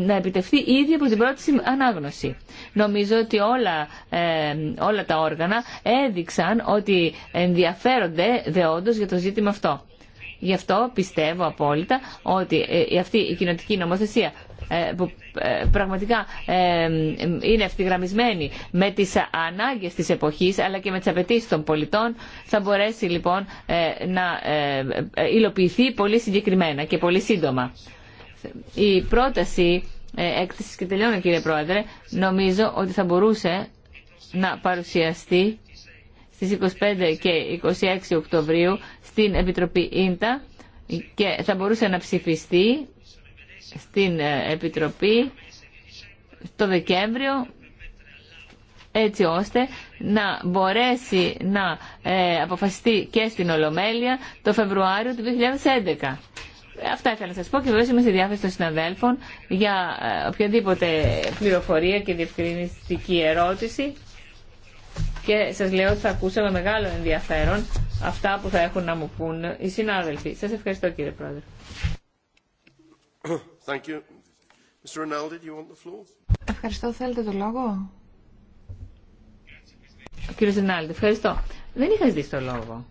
να επιτευχθεί ήδη από την πρώτη ανάγνωση. Νομίζω ότι όλα, όλα τα όργανα έδειξαν ότι ενδιαφέρονται δεόντως για το ζήτημα αυτό. Γι' αυτό πιστεύω απόλυτα ότι ε, αυτή η κοινοτική νομοθεσία ε, που ε, πραγματικά είναι ευθυγραμμισμένη με τις ανάγκες της εποχής αλλά και με τις απαιτήσει των πολιτών θα μπορέσει λοιπόν να υλοποιηθεί πολύ συγκεκριμένα και πολύ σύντομα. Η πρόταση έκθεσης και τελειώνω κύριε Πρόεδρε νομίζω ότι θα μπορούσε να παρουσιαστεί στις 25 και 26 Οκτωβρίου στην Επιτροπή Ίντα και θα μπορούσε να ψηφιστεί στην ε, Επιτροπή το Δεκέμβριο έτσι ώστε να μπορέσει να ε, αποφασιστεί και στην Ολομέλεια το Φεβρουάριο του 2011. Αυτά ήθελα να σας πω και βέβαια είμαι στη διάθεση των συναδέλφων για ε, οποιαδήποτε πληροφορία και διευκρινιστική ερώτηση και σας λέω ότι θα ακούσω με μεγάλο ενδιαφέρον αυτά που θα έχουν να μου πούν οι συνάδελφοι. Σας ευχαριστώ κύριε Πρόεδρε. Ευχαριστώ. Θέλετε το λόγο? Κύριε Ρινάλντι, ευχαριστώ. Δεν είχα ζητήσει το λόγο.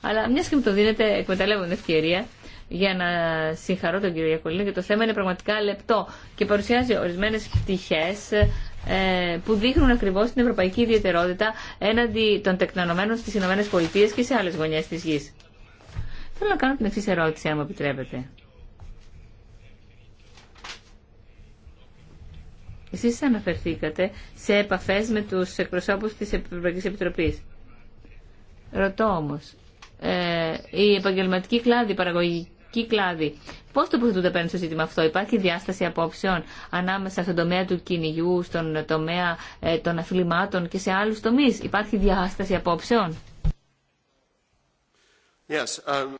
Αλλά μια και μου το δίνετε, εκμεταλλεύω την ευκαιρία για να συγχαρώ τον κύριο Γιακολίνο και το θέμα είναι πραγματικά λεπτό και παρουσιάζει ορισμένε πτυχέ ε, που δείχνουν ακριβώ την ευρωπαϊκή ιδιαιτερότητα έναντι των τεκνονομένων στι ΗΠΑ και σε άλλε γωνιέ τη γη. Θέλω να κάνω την εξή ερώτηση, αν μου επιτρέπετε. Εσείς αναφερθήκατε σε επαφές με τους εκπροσώπους της Ευρωπαϊκής Επιτροπής. Ρωτώ όμως, ε, η επαγγελματική κλάδη παραγωγή Πώς Πώ τοποθετούνται απέναντι στο ζήτημα αυτό, Υπάρχει διάσταση απόψεων ανάμεσα στον τομέα του κυνηγιού, στον τομέα ε, των αθλημάτων και σε άλλου τομεί. Υπάρχει διάσταση απόψεων. Yes, um...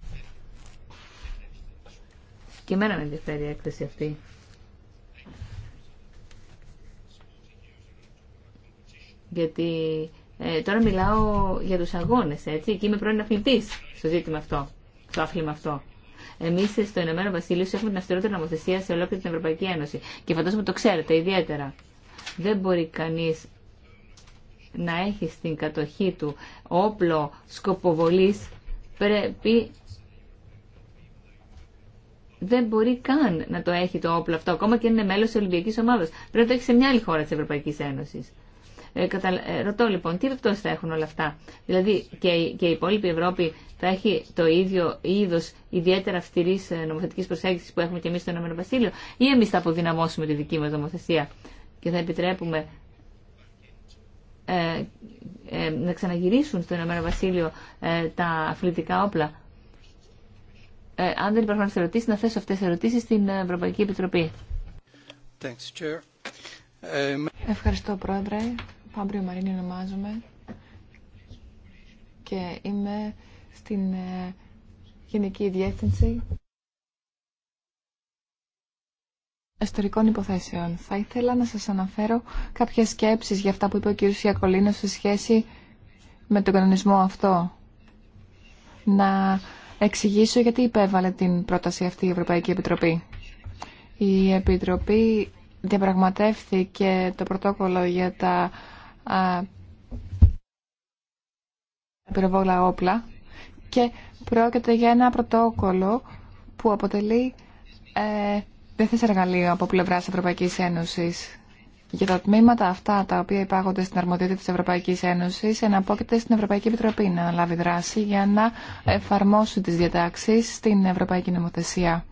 Και εμένα με ενδιαφέρει η έκθεση αυτή. Γιατί ε, τώρα μιλάω για τους αγώνες, έτσι, και είμαι πρώην αθλητής στο ζήτημα αυτό, στο άθλημα αυτό. Εμεί στο Ηνωμένο Βασίλειο έχουμε την αυστηρότερη νομοθεσία σε ολόκληρη την Ευρωπαϊκή Ένωση. Και φαντάζομαι το ξέρετε ιδιαίτερα. Δεν μπορεί κανεί να έχει στην κατοχή του όπλο σκοποβολής πρέπει δεν μπορεί καν να το έχει το όπλο αυτό, ακόμα και αν είναι μέλο τη Ολυμπιακή Ομάδα. Πρέπει να το έχει σε μια άλλη χώρα τη Ευρωπαϊκή Ένωση. Ε, κατα... Ε, ρωτώ λοιπόν, τι επιπτώσει θα έχουν όλα αυτά. Δηλαδή και, και η υπόλοιπη Ευρώπη θα έχει το ίδιο είδο ιδιαίτερα αυστηρή ε, νομοθετική προσέγγιση που έχουμε και εμεί στο Ηνωμένο Βασίλειο, ή εμεί θα αποδυναμώσουμε τη δική μα νομοθεσία και θα επιτρέπουμε ε, ε, να ξαναγυρίσουν στο Ηνωμένο Βασίλειο τα αθλητικά όπλα. αν δεν υπάρχουν ερωτήσει, να θέσω αυτέ τι ερωτήσει στην Ευρωπαϊκή Επιτροπή. Thanks, Ευχαριστώ, Πρόεδρε. Πάμπριο Μαρίνη ονομάζομαι και είμαι στην ε, Γενική Διεύθυνση Εστορικών Υποθέσεων. Θα ήθελα να σας αναφέρω κάποιες σκέψεις για αυτά που είπε ο κ. Σιακολίνος σε σχέση με τον κανονισμό αυτό. Να εξηγήσω γιατί υπέβαλε την πρόταση αυτή η Ευρωπαϊκή Επιτροπή. Η Επιτροπή διαπραγματεύθηκε το πρωτόκολλο για τα πυροβόλα όπλα και πρόκειται για ένα πρωτόκολλο που αποτελεί ε, εργαλείο από πλευράς Ευρωπαϊκής Ένωσης. Για τα τμήματα αυτά τα οποία υπάγονται στην αρμοδιότητα της Ευρωπαϊκής Ένωσης εναπόκειται στην Ευρωπαϊκή Επιτροπή να λάβει δράση για να εφαρμόσουν τις διατάξεις στην Ευρωπαϊκή Νομοθεσία.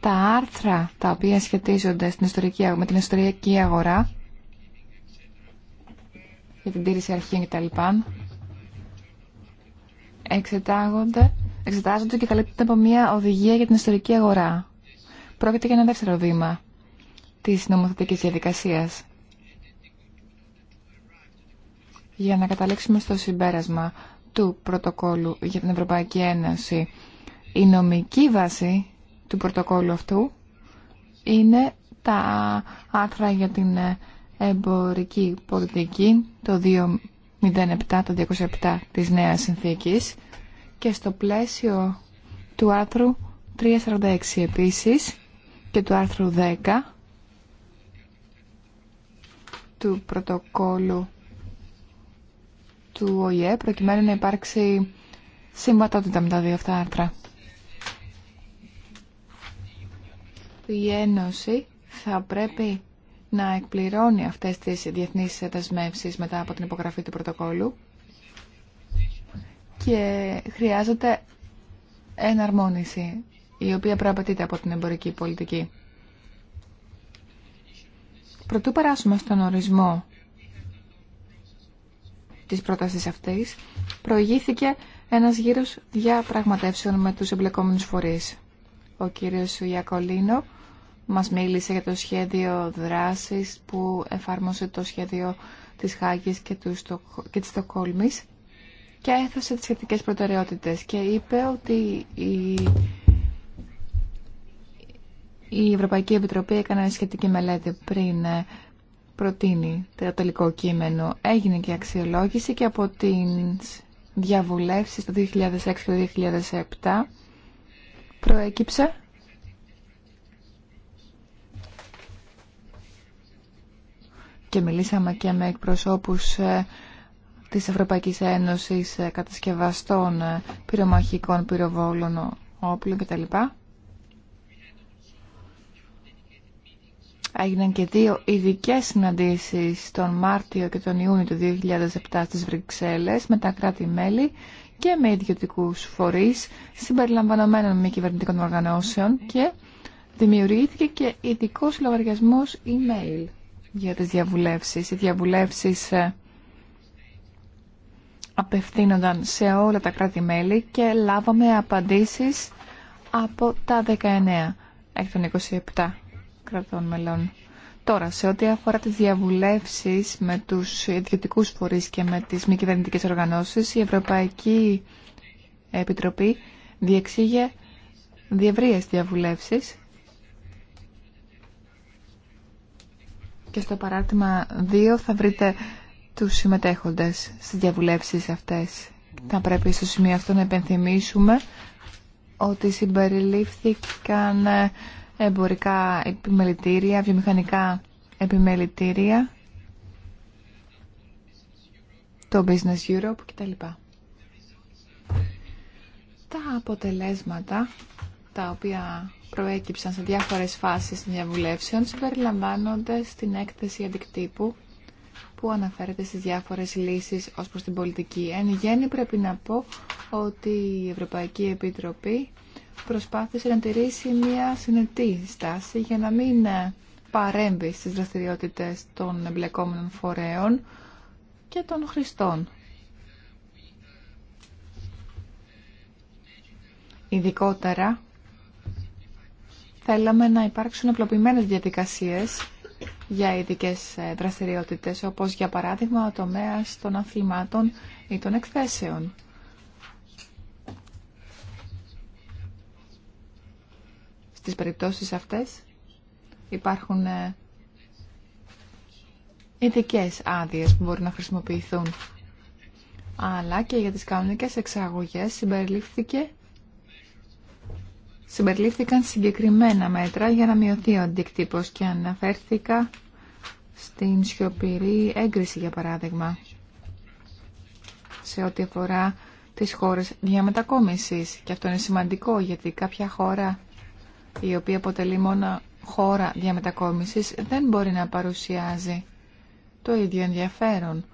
Τα άρθρα τα οποία σχετίζονται ιστορική, με την ιστορική αγορά για την τήρηση αρχείων κτλ. εξετάζονται, εξετάζονται και καλύπτονται από μια οδηγία για την ιστορική αγορά. Πρόκειται για ένα δεύτερο βήμα της νομοθετικής διαδικασίας. Για να καταλήξουμε στο συμπέρασμα του πρωτοκόλου για την Ευρωπαϊκή Ένωση, η νομική βάση του πρωτοκόλου αυτού είναι τα άρθρα για την εμπορική πολιτική το 207, το 207 της νέας συνθήκης και στο πλαίσιο του άρθρου 346 επίσης και του άρθρου 10 του πρωτοκόλου του ΟΗΕ προκειμένου να υπάρξει συμβατότητα με τα δύο αυτά άρθρα. Η Ένωση θα πρέπει να εκπληρώνει αυτές τις διεθνείς δεσμεύσεις μετά από την υπογραφή του πρωτοκόλου και χρειάζεται εναρμόνιση η οποία προαπαιτείται από την εμπορική πολιτική. Προτού περάσουμε στον ορισμό της πρότασης αυτής, προηγήθηκε ένας γύρος διαπραγματεύσεων με τους εμπλεκόμενους φορείς. Ο κύριος Ιακολίνο μας μίλησε για το σχέδιο δράσης που εφάρμοσε το σχέδιο της Χάγης και, του Στοκ... και της Στοκόλμης και έθεσε τις σχετικές προτεραιότητες και είπε ότι η... η Ευρωπαϊκή Επιτροπή έκανε σχετική μελέτη πριν ε, προτείνει το τελικό κείμενο. Έγινε και αξιολόγηση και από την διαβουλεύσεις το 2006 και το 2007 προέκυψε και μιλήσαμε και με εκπροσώπους ε, της Ευρωπαϊκής Ένωσης ε, κατασκευαστών ε, πυρομαχικών πυροβόλων όπλων κτλ. Έγιναν και δύο ειδικέ συναντήσεις τον Μάρτιο και τον Ιούνιο του 2007 στις Βρυξέλλες με τα κράτη-μέλη και με ιδιωτικούς φορείς συμπεριλαμβανομένων μη κυβερνητικών οργανώσεων και δημιουργήθηκε και ειδικό λογαριασμός email για τις διαβουλεύσεις. Οι διαβουλεύσεις ε, απευθύνονταν σε όλα τα κράτη-μέλη και λάβαμε απαντήσεις από τα 19 εκ των 27 κρατών μελών. Τώρα, σε ό,τι αφορά τις διαβουλεύσεις με τους ιδιωτικού φορείς και με τις μη κυβερνητικές οργανώσεις, η Ευρωπαϊκή Επιτροπή διεξήγε διευρείες διαβουλεύσεις και στο παράρτημα 2 θα βρείτε τους συμμετέχοντες στις διαβουλεύσεις αυτές. Θα πρέπει στο σημείο αυτό να επενθυμίσουμε ότι συμπεριλήφθηκαν ε, εμπορικά επιμελητήρια, βιομηχανικά επιμελητήρια, το Business Europe κτλ. Τα αποτελέσματα τα οποία προέκυψαν σε διάφορες φάσεις διαβουλεύσεων συμπεριλαμβάνονται στην έκθεση αντικτύπου που αναφέρεται στις διάφορες λύσεις ως προς την πολιτική. Εν γέννη πρέπει να πω ότι η Ευρωπαϊκή Επιτροπή προσπάθησε να τηρήσει μια συνετή στάση για να μην παρέμβει στις δραστηριότητες των εμπλεκόμενων φορέων και των χρηστών. Ειδικότερα Θέλαμε να υπάρξουν απλοποιημένες διαδικασίες για ειδικέ ε, δραστηριότητες, όπως για παράδειγμα ο τομέας των αθλημάτων ή των εκθέσεων. Στις περιπτώσεις αυτές υπάρχουν ε, ειδικέ άδειε που μπορούν να χρησιμοποιηθούν. Αλλά και για τις κανονικές εξαγωγές συμπεριλήφθηκε συμπεριλήφθηκαν συγκεκριμένα μέτρα για να μειωθεί ο αντίκτυπος και αναφέρθηκα στην σιωπηρή έγκριση, για παράδειγμα, σε ό,τι αφορά τις χώρες διαμετακόμισης. Και αυτό είναι σημαντικό, γιατί κάποια χώρα η οποία αποτελεί μόνο χώρα διαμετακόμισης δεν μπορεί να παρουσιάζει το ίδιο ενδιαφέρον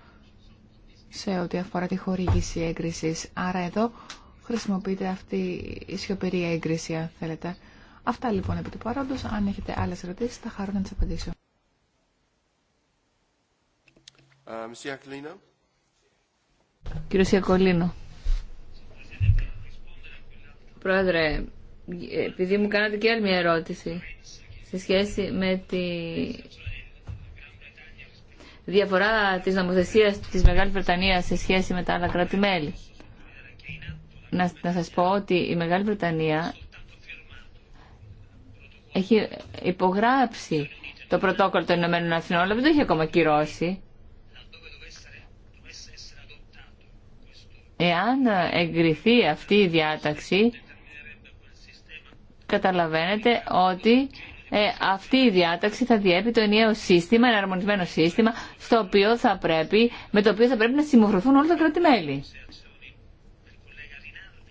σε ό,τι αφορά τη χορήγηση έγκρισης. Άρα εδώ χρησιμοποιείται αυτή η σιωπηρή έγκριση, αν θέλετε. Αυτά λοιπόν επί του παρόντος. Αν έχετε άλλες ερωτήσεις, θα χαρώ να τις απαντήσω. Ε, Κύριε Σιακολίνο. Πρόεδρε, επειδή μου κάνατε και άλλη μια ερώτηση σε σχέση με τη διαφορά της νομοθεσίας της Μεγάλης Βρετανίας σε σχέση με τα άλλα κράτη-μέλη να, να σας πω ότι η Μεγάλη Βρετανία έχει υπογράψει το πρωτόκολλο των Ηνωμένων Αθηνών, αλλά δεν το έχει ακόμα κυρώσει. Εάν εγκριθεί αυτή η διάταξη, καταλαβαίνετε ότι ε, αυτή η διάταξη θα διέπει το ενιαίο σύστημα, ένα αρμονισμένο σύστημα, στο οποίο θα πρέπει, με το οποίο θα πρέπει να συμμορφωθούν όλα τα κράτη-μέλη.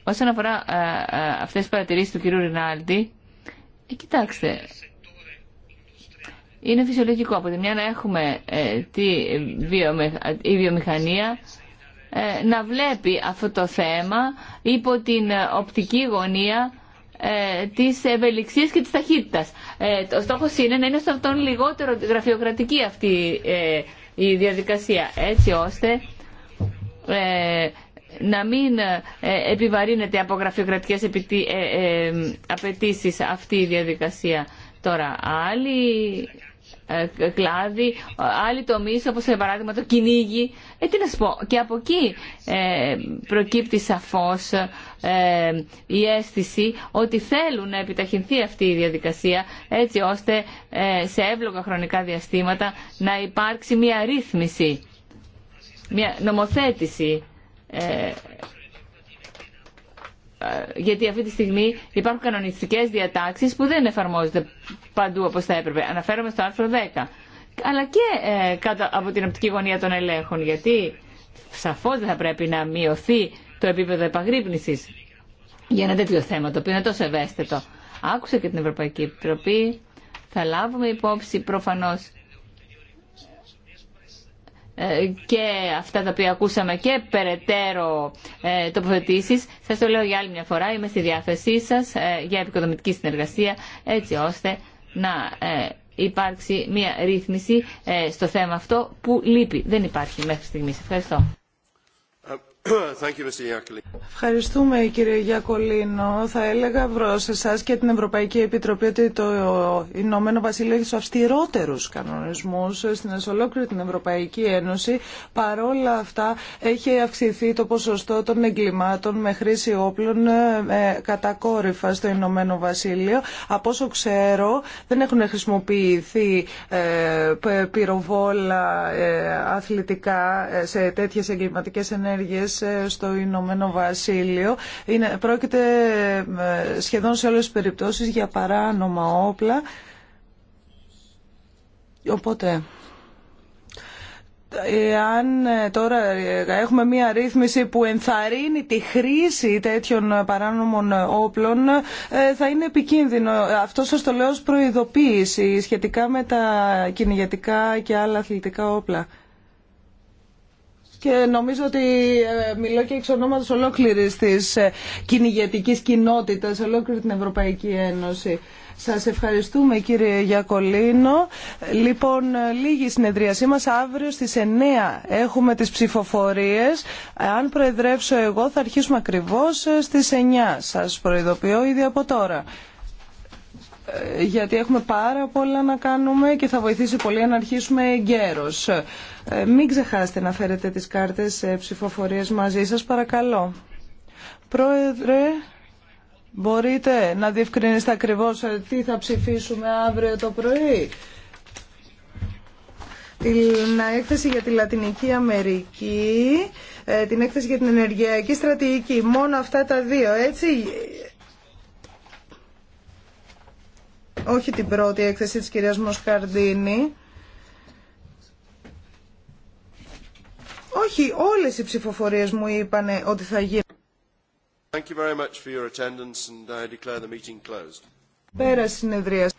Όσον αφορά ε, ε, αυτές τις παρατηρήσεις του κυρίου Ρινάλντι, ε, κοιτάξτε, είναι φυσιολογικό από τη μια να έχουμε τη η βιομηχανία να βλέπει αυτό το θέμα υπό την οπτική γωνία της ευελιξίας και της ταχύτητας. Το στόχος είναι να είναι στον αυτόν λιγότερο γραφειοκρατική αυτή η διαδικασία, έτσι ώστε να μην ε, επιβαρύνεται από γραφειοκρατικέ ε, ε, απαιτήσει αυτή η διαδικασία. Τώρα, άλλοι κλάδοι, άλλοι τομεί, όπω για παράδειγμα το κυνήγι. Ε, και από εκεί προκύπτει σαφώ η αίσθηση ότι θέλουν να επιταχυνθεί αυτή η διαδικασία έτσι ώστε σε εύλογα χρονικά διαστήματα να υπάρξει μια ρύθμιση, μια νομοθέτηση ε, γιατί αυτή τη στιγμή υπάρχουν κανονιστικές διατάξεις που δεν εφαρμόζονται παντού όπως θα έπρεπε. Αναφέρομαι στο άρθρο 10. Αλλά και ε, κάτω από την οπτική γωνία των ελέγχων, γιατί σαφώς δεν θα πρέπει να μειωθεί το επίπεδο επαγρύπνησης για ένα τέτοιο θέμα, το οποίο είναι τόσο ευαίσθητο. Άκουσα και την Ευρωπαϊκή Επιτροπή, θα λάβουμε υπόψη προφανώς ε, και αυτά τα οποία ακούσαμε και περαιτέρω ε, τοποθετήσει. Σα το λέω για άλλη μια φορά. Είμαι στη διάθεσή σα ε, για επικοδομητική συνεργασία έτσι ώστε να υπάρξει μια ρύθμιση στο θέμα αυτό που λείπει. Δεν υπάρχει μέχρι στιγμή. Ευχαριστώ. Ευχαριστούμε κύριε Γιακολίνο. Θα έλεγα προ εσά και την Ευρωπαϊκή Επιτροπή ότι το Ηνωμένο Βασίλειο έχει του αυστηρότερου κανονισμού στην ολόκληρη την Ευρωπαϊκή Ένωση. Παρόλα αυτά έχει αυξηθεί το ποσοστό των εγκλημάτων με χρήση όπλων ε, κατακόρυφα στο Ηνωμένο Βασίλειο. Από όσο ξέρω δεν έχουν χρησιμοποιηθεί ε, πυροβόλα ε, αθλητικά σε τέτοιε εγκληματικέ ενέργειε ε, στο Ηνωμένο Βασίλειο. Είναι, πρόκειται ε, σχεδόν σε όλες τις περιπτώσεις για παράνομα όπλα. Οπότε... Εάν ε, τώρα έχουμε μία ρύθμιση που ενθαρρύνει τη χρήση τέτοιων παράνομων όπλων, θα είναι επικίνδυνο. Αυτό σας το λέω ως προειδοποίηση σχετικά με τα κυνηγετικά και άλλα αθλητικά όπλα και νομίζω ότι ε, μιλώ και εξ ονόματος ολόκληρης της ε, κυνηγετικής κοινότητας, ολόκληρη την Ευρωπαϊκή Ένωση. Σας ευχαριστούμε κύριε Γιακολίνο. Λοιπόν, ε, λίγη συνεδρίασή μας. Αύριο στις 9 έχουμε τις ψηφοφορίες. Αν προεδρεύσω εγώ θα αρχίσουμε ακριβώς στις 9. Σας προειδοποιώ ήδη από τώρα γιατί έχουμε πάρα πολλά να κάνουμε και θα βοηθήσει πολύ να αρχίσουμε εγκαίρως. Ε, μην ξεχάσετε να φέρετε τις κάρτες ψηφοφορίας μαζί σας, παρακαλώ. Πρόεδρε, μπορείτε να διευκρινίσετε ακριβώς ε, τι θα ψηφίσουμε αύριο το πρωί. Την έκθεση για τη Λατινική Αμερική, ε, την έκθεση για την ενεργειακή στρατηγική, μόνο αυτά τα δύο, έτσι. όχι την πρώτη έκθεση της κυρίας Μοσκαρντίνη. Όχι, όλες οι ψηφοφορίες μου είπαν ότι θα γίνουν. Thank you very much for your attendance and I declare the meeting closed. Πέρα συνεδρία.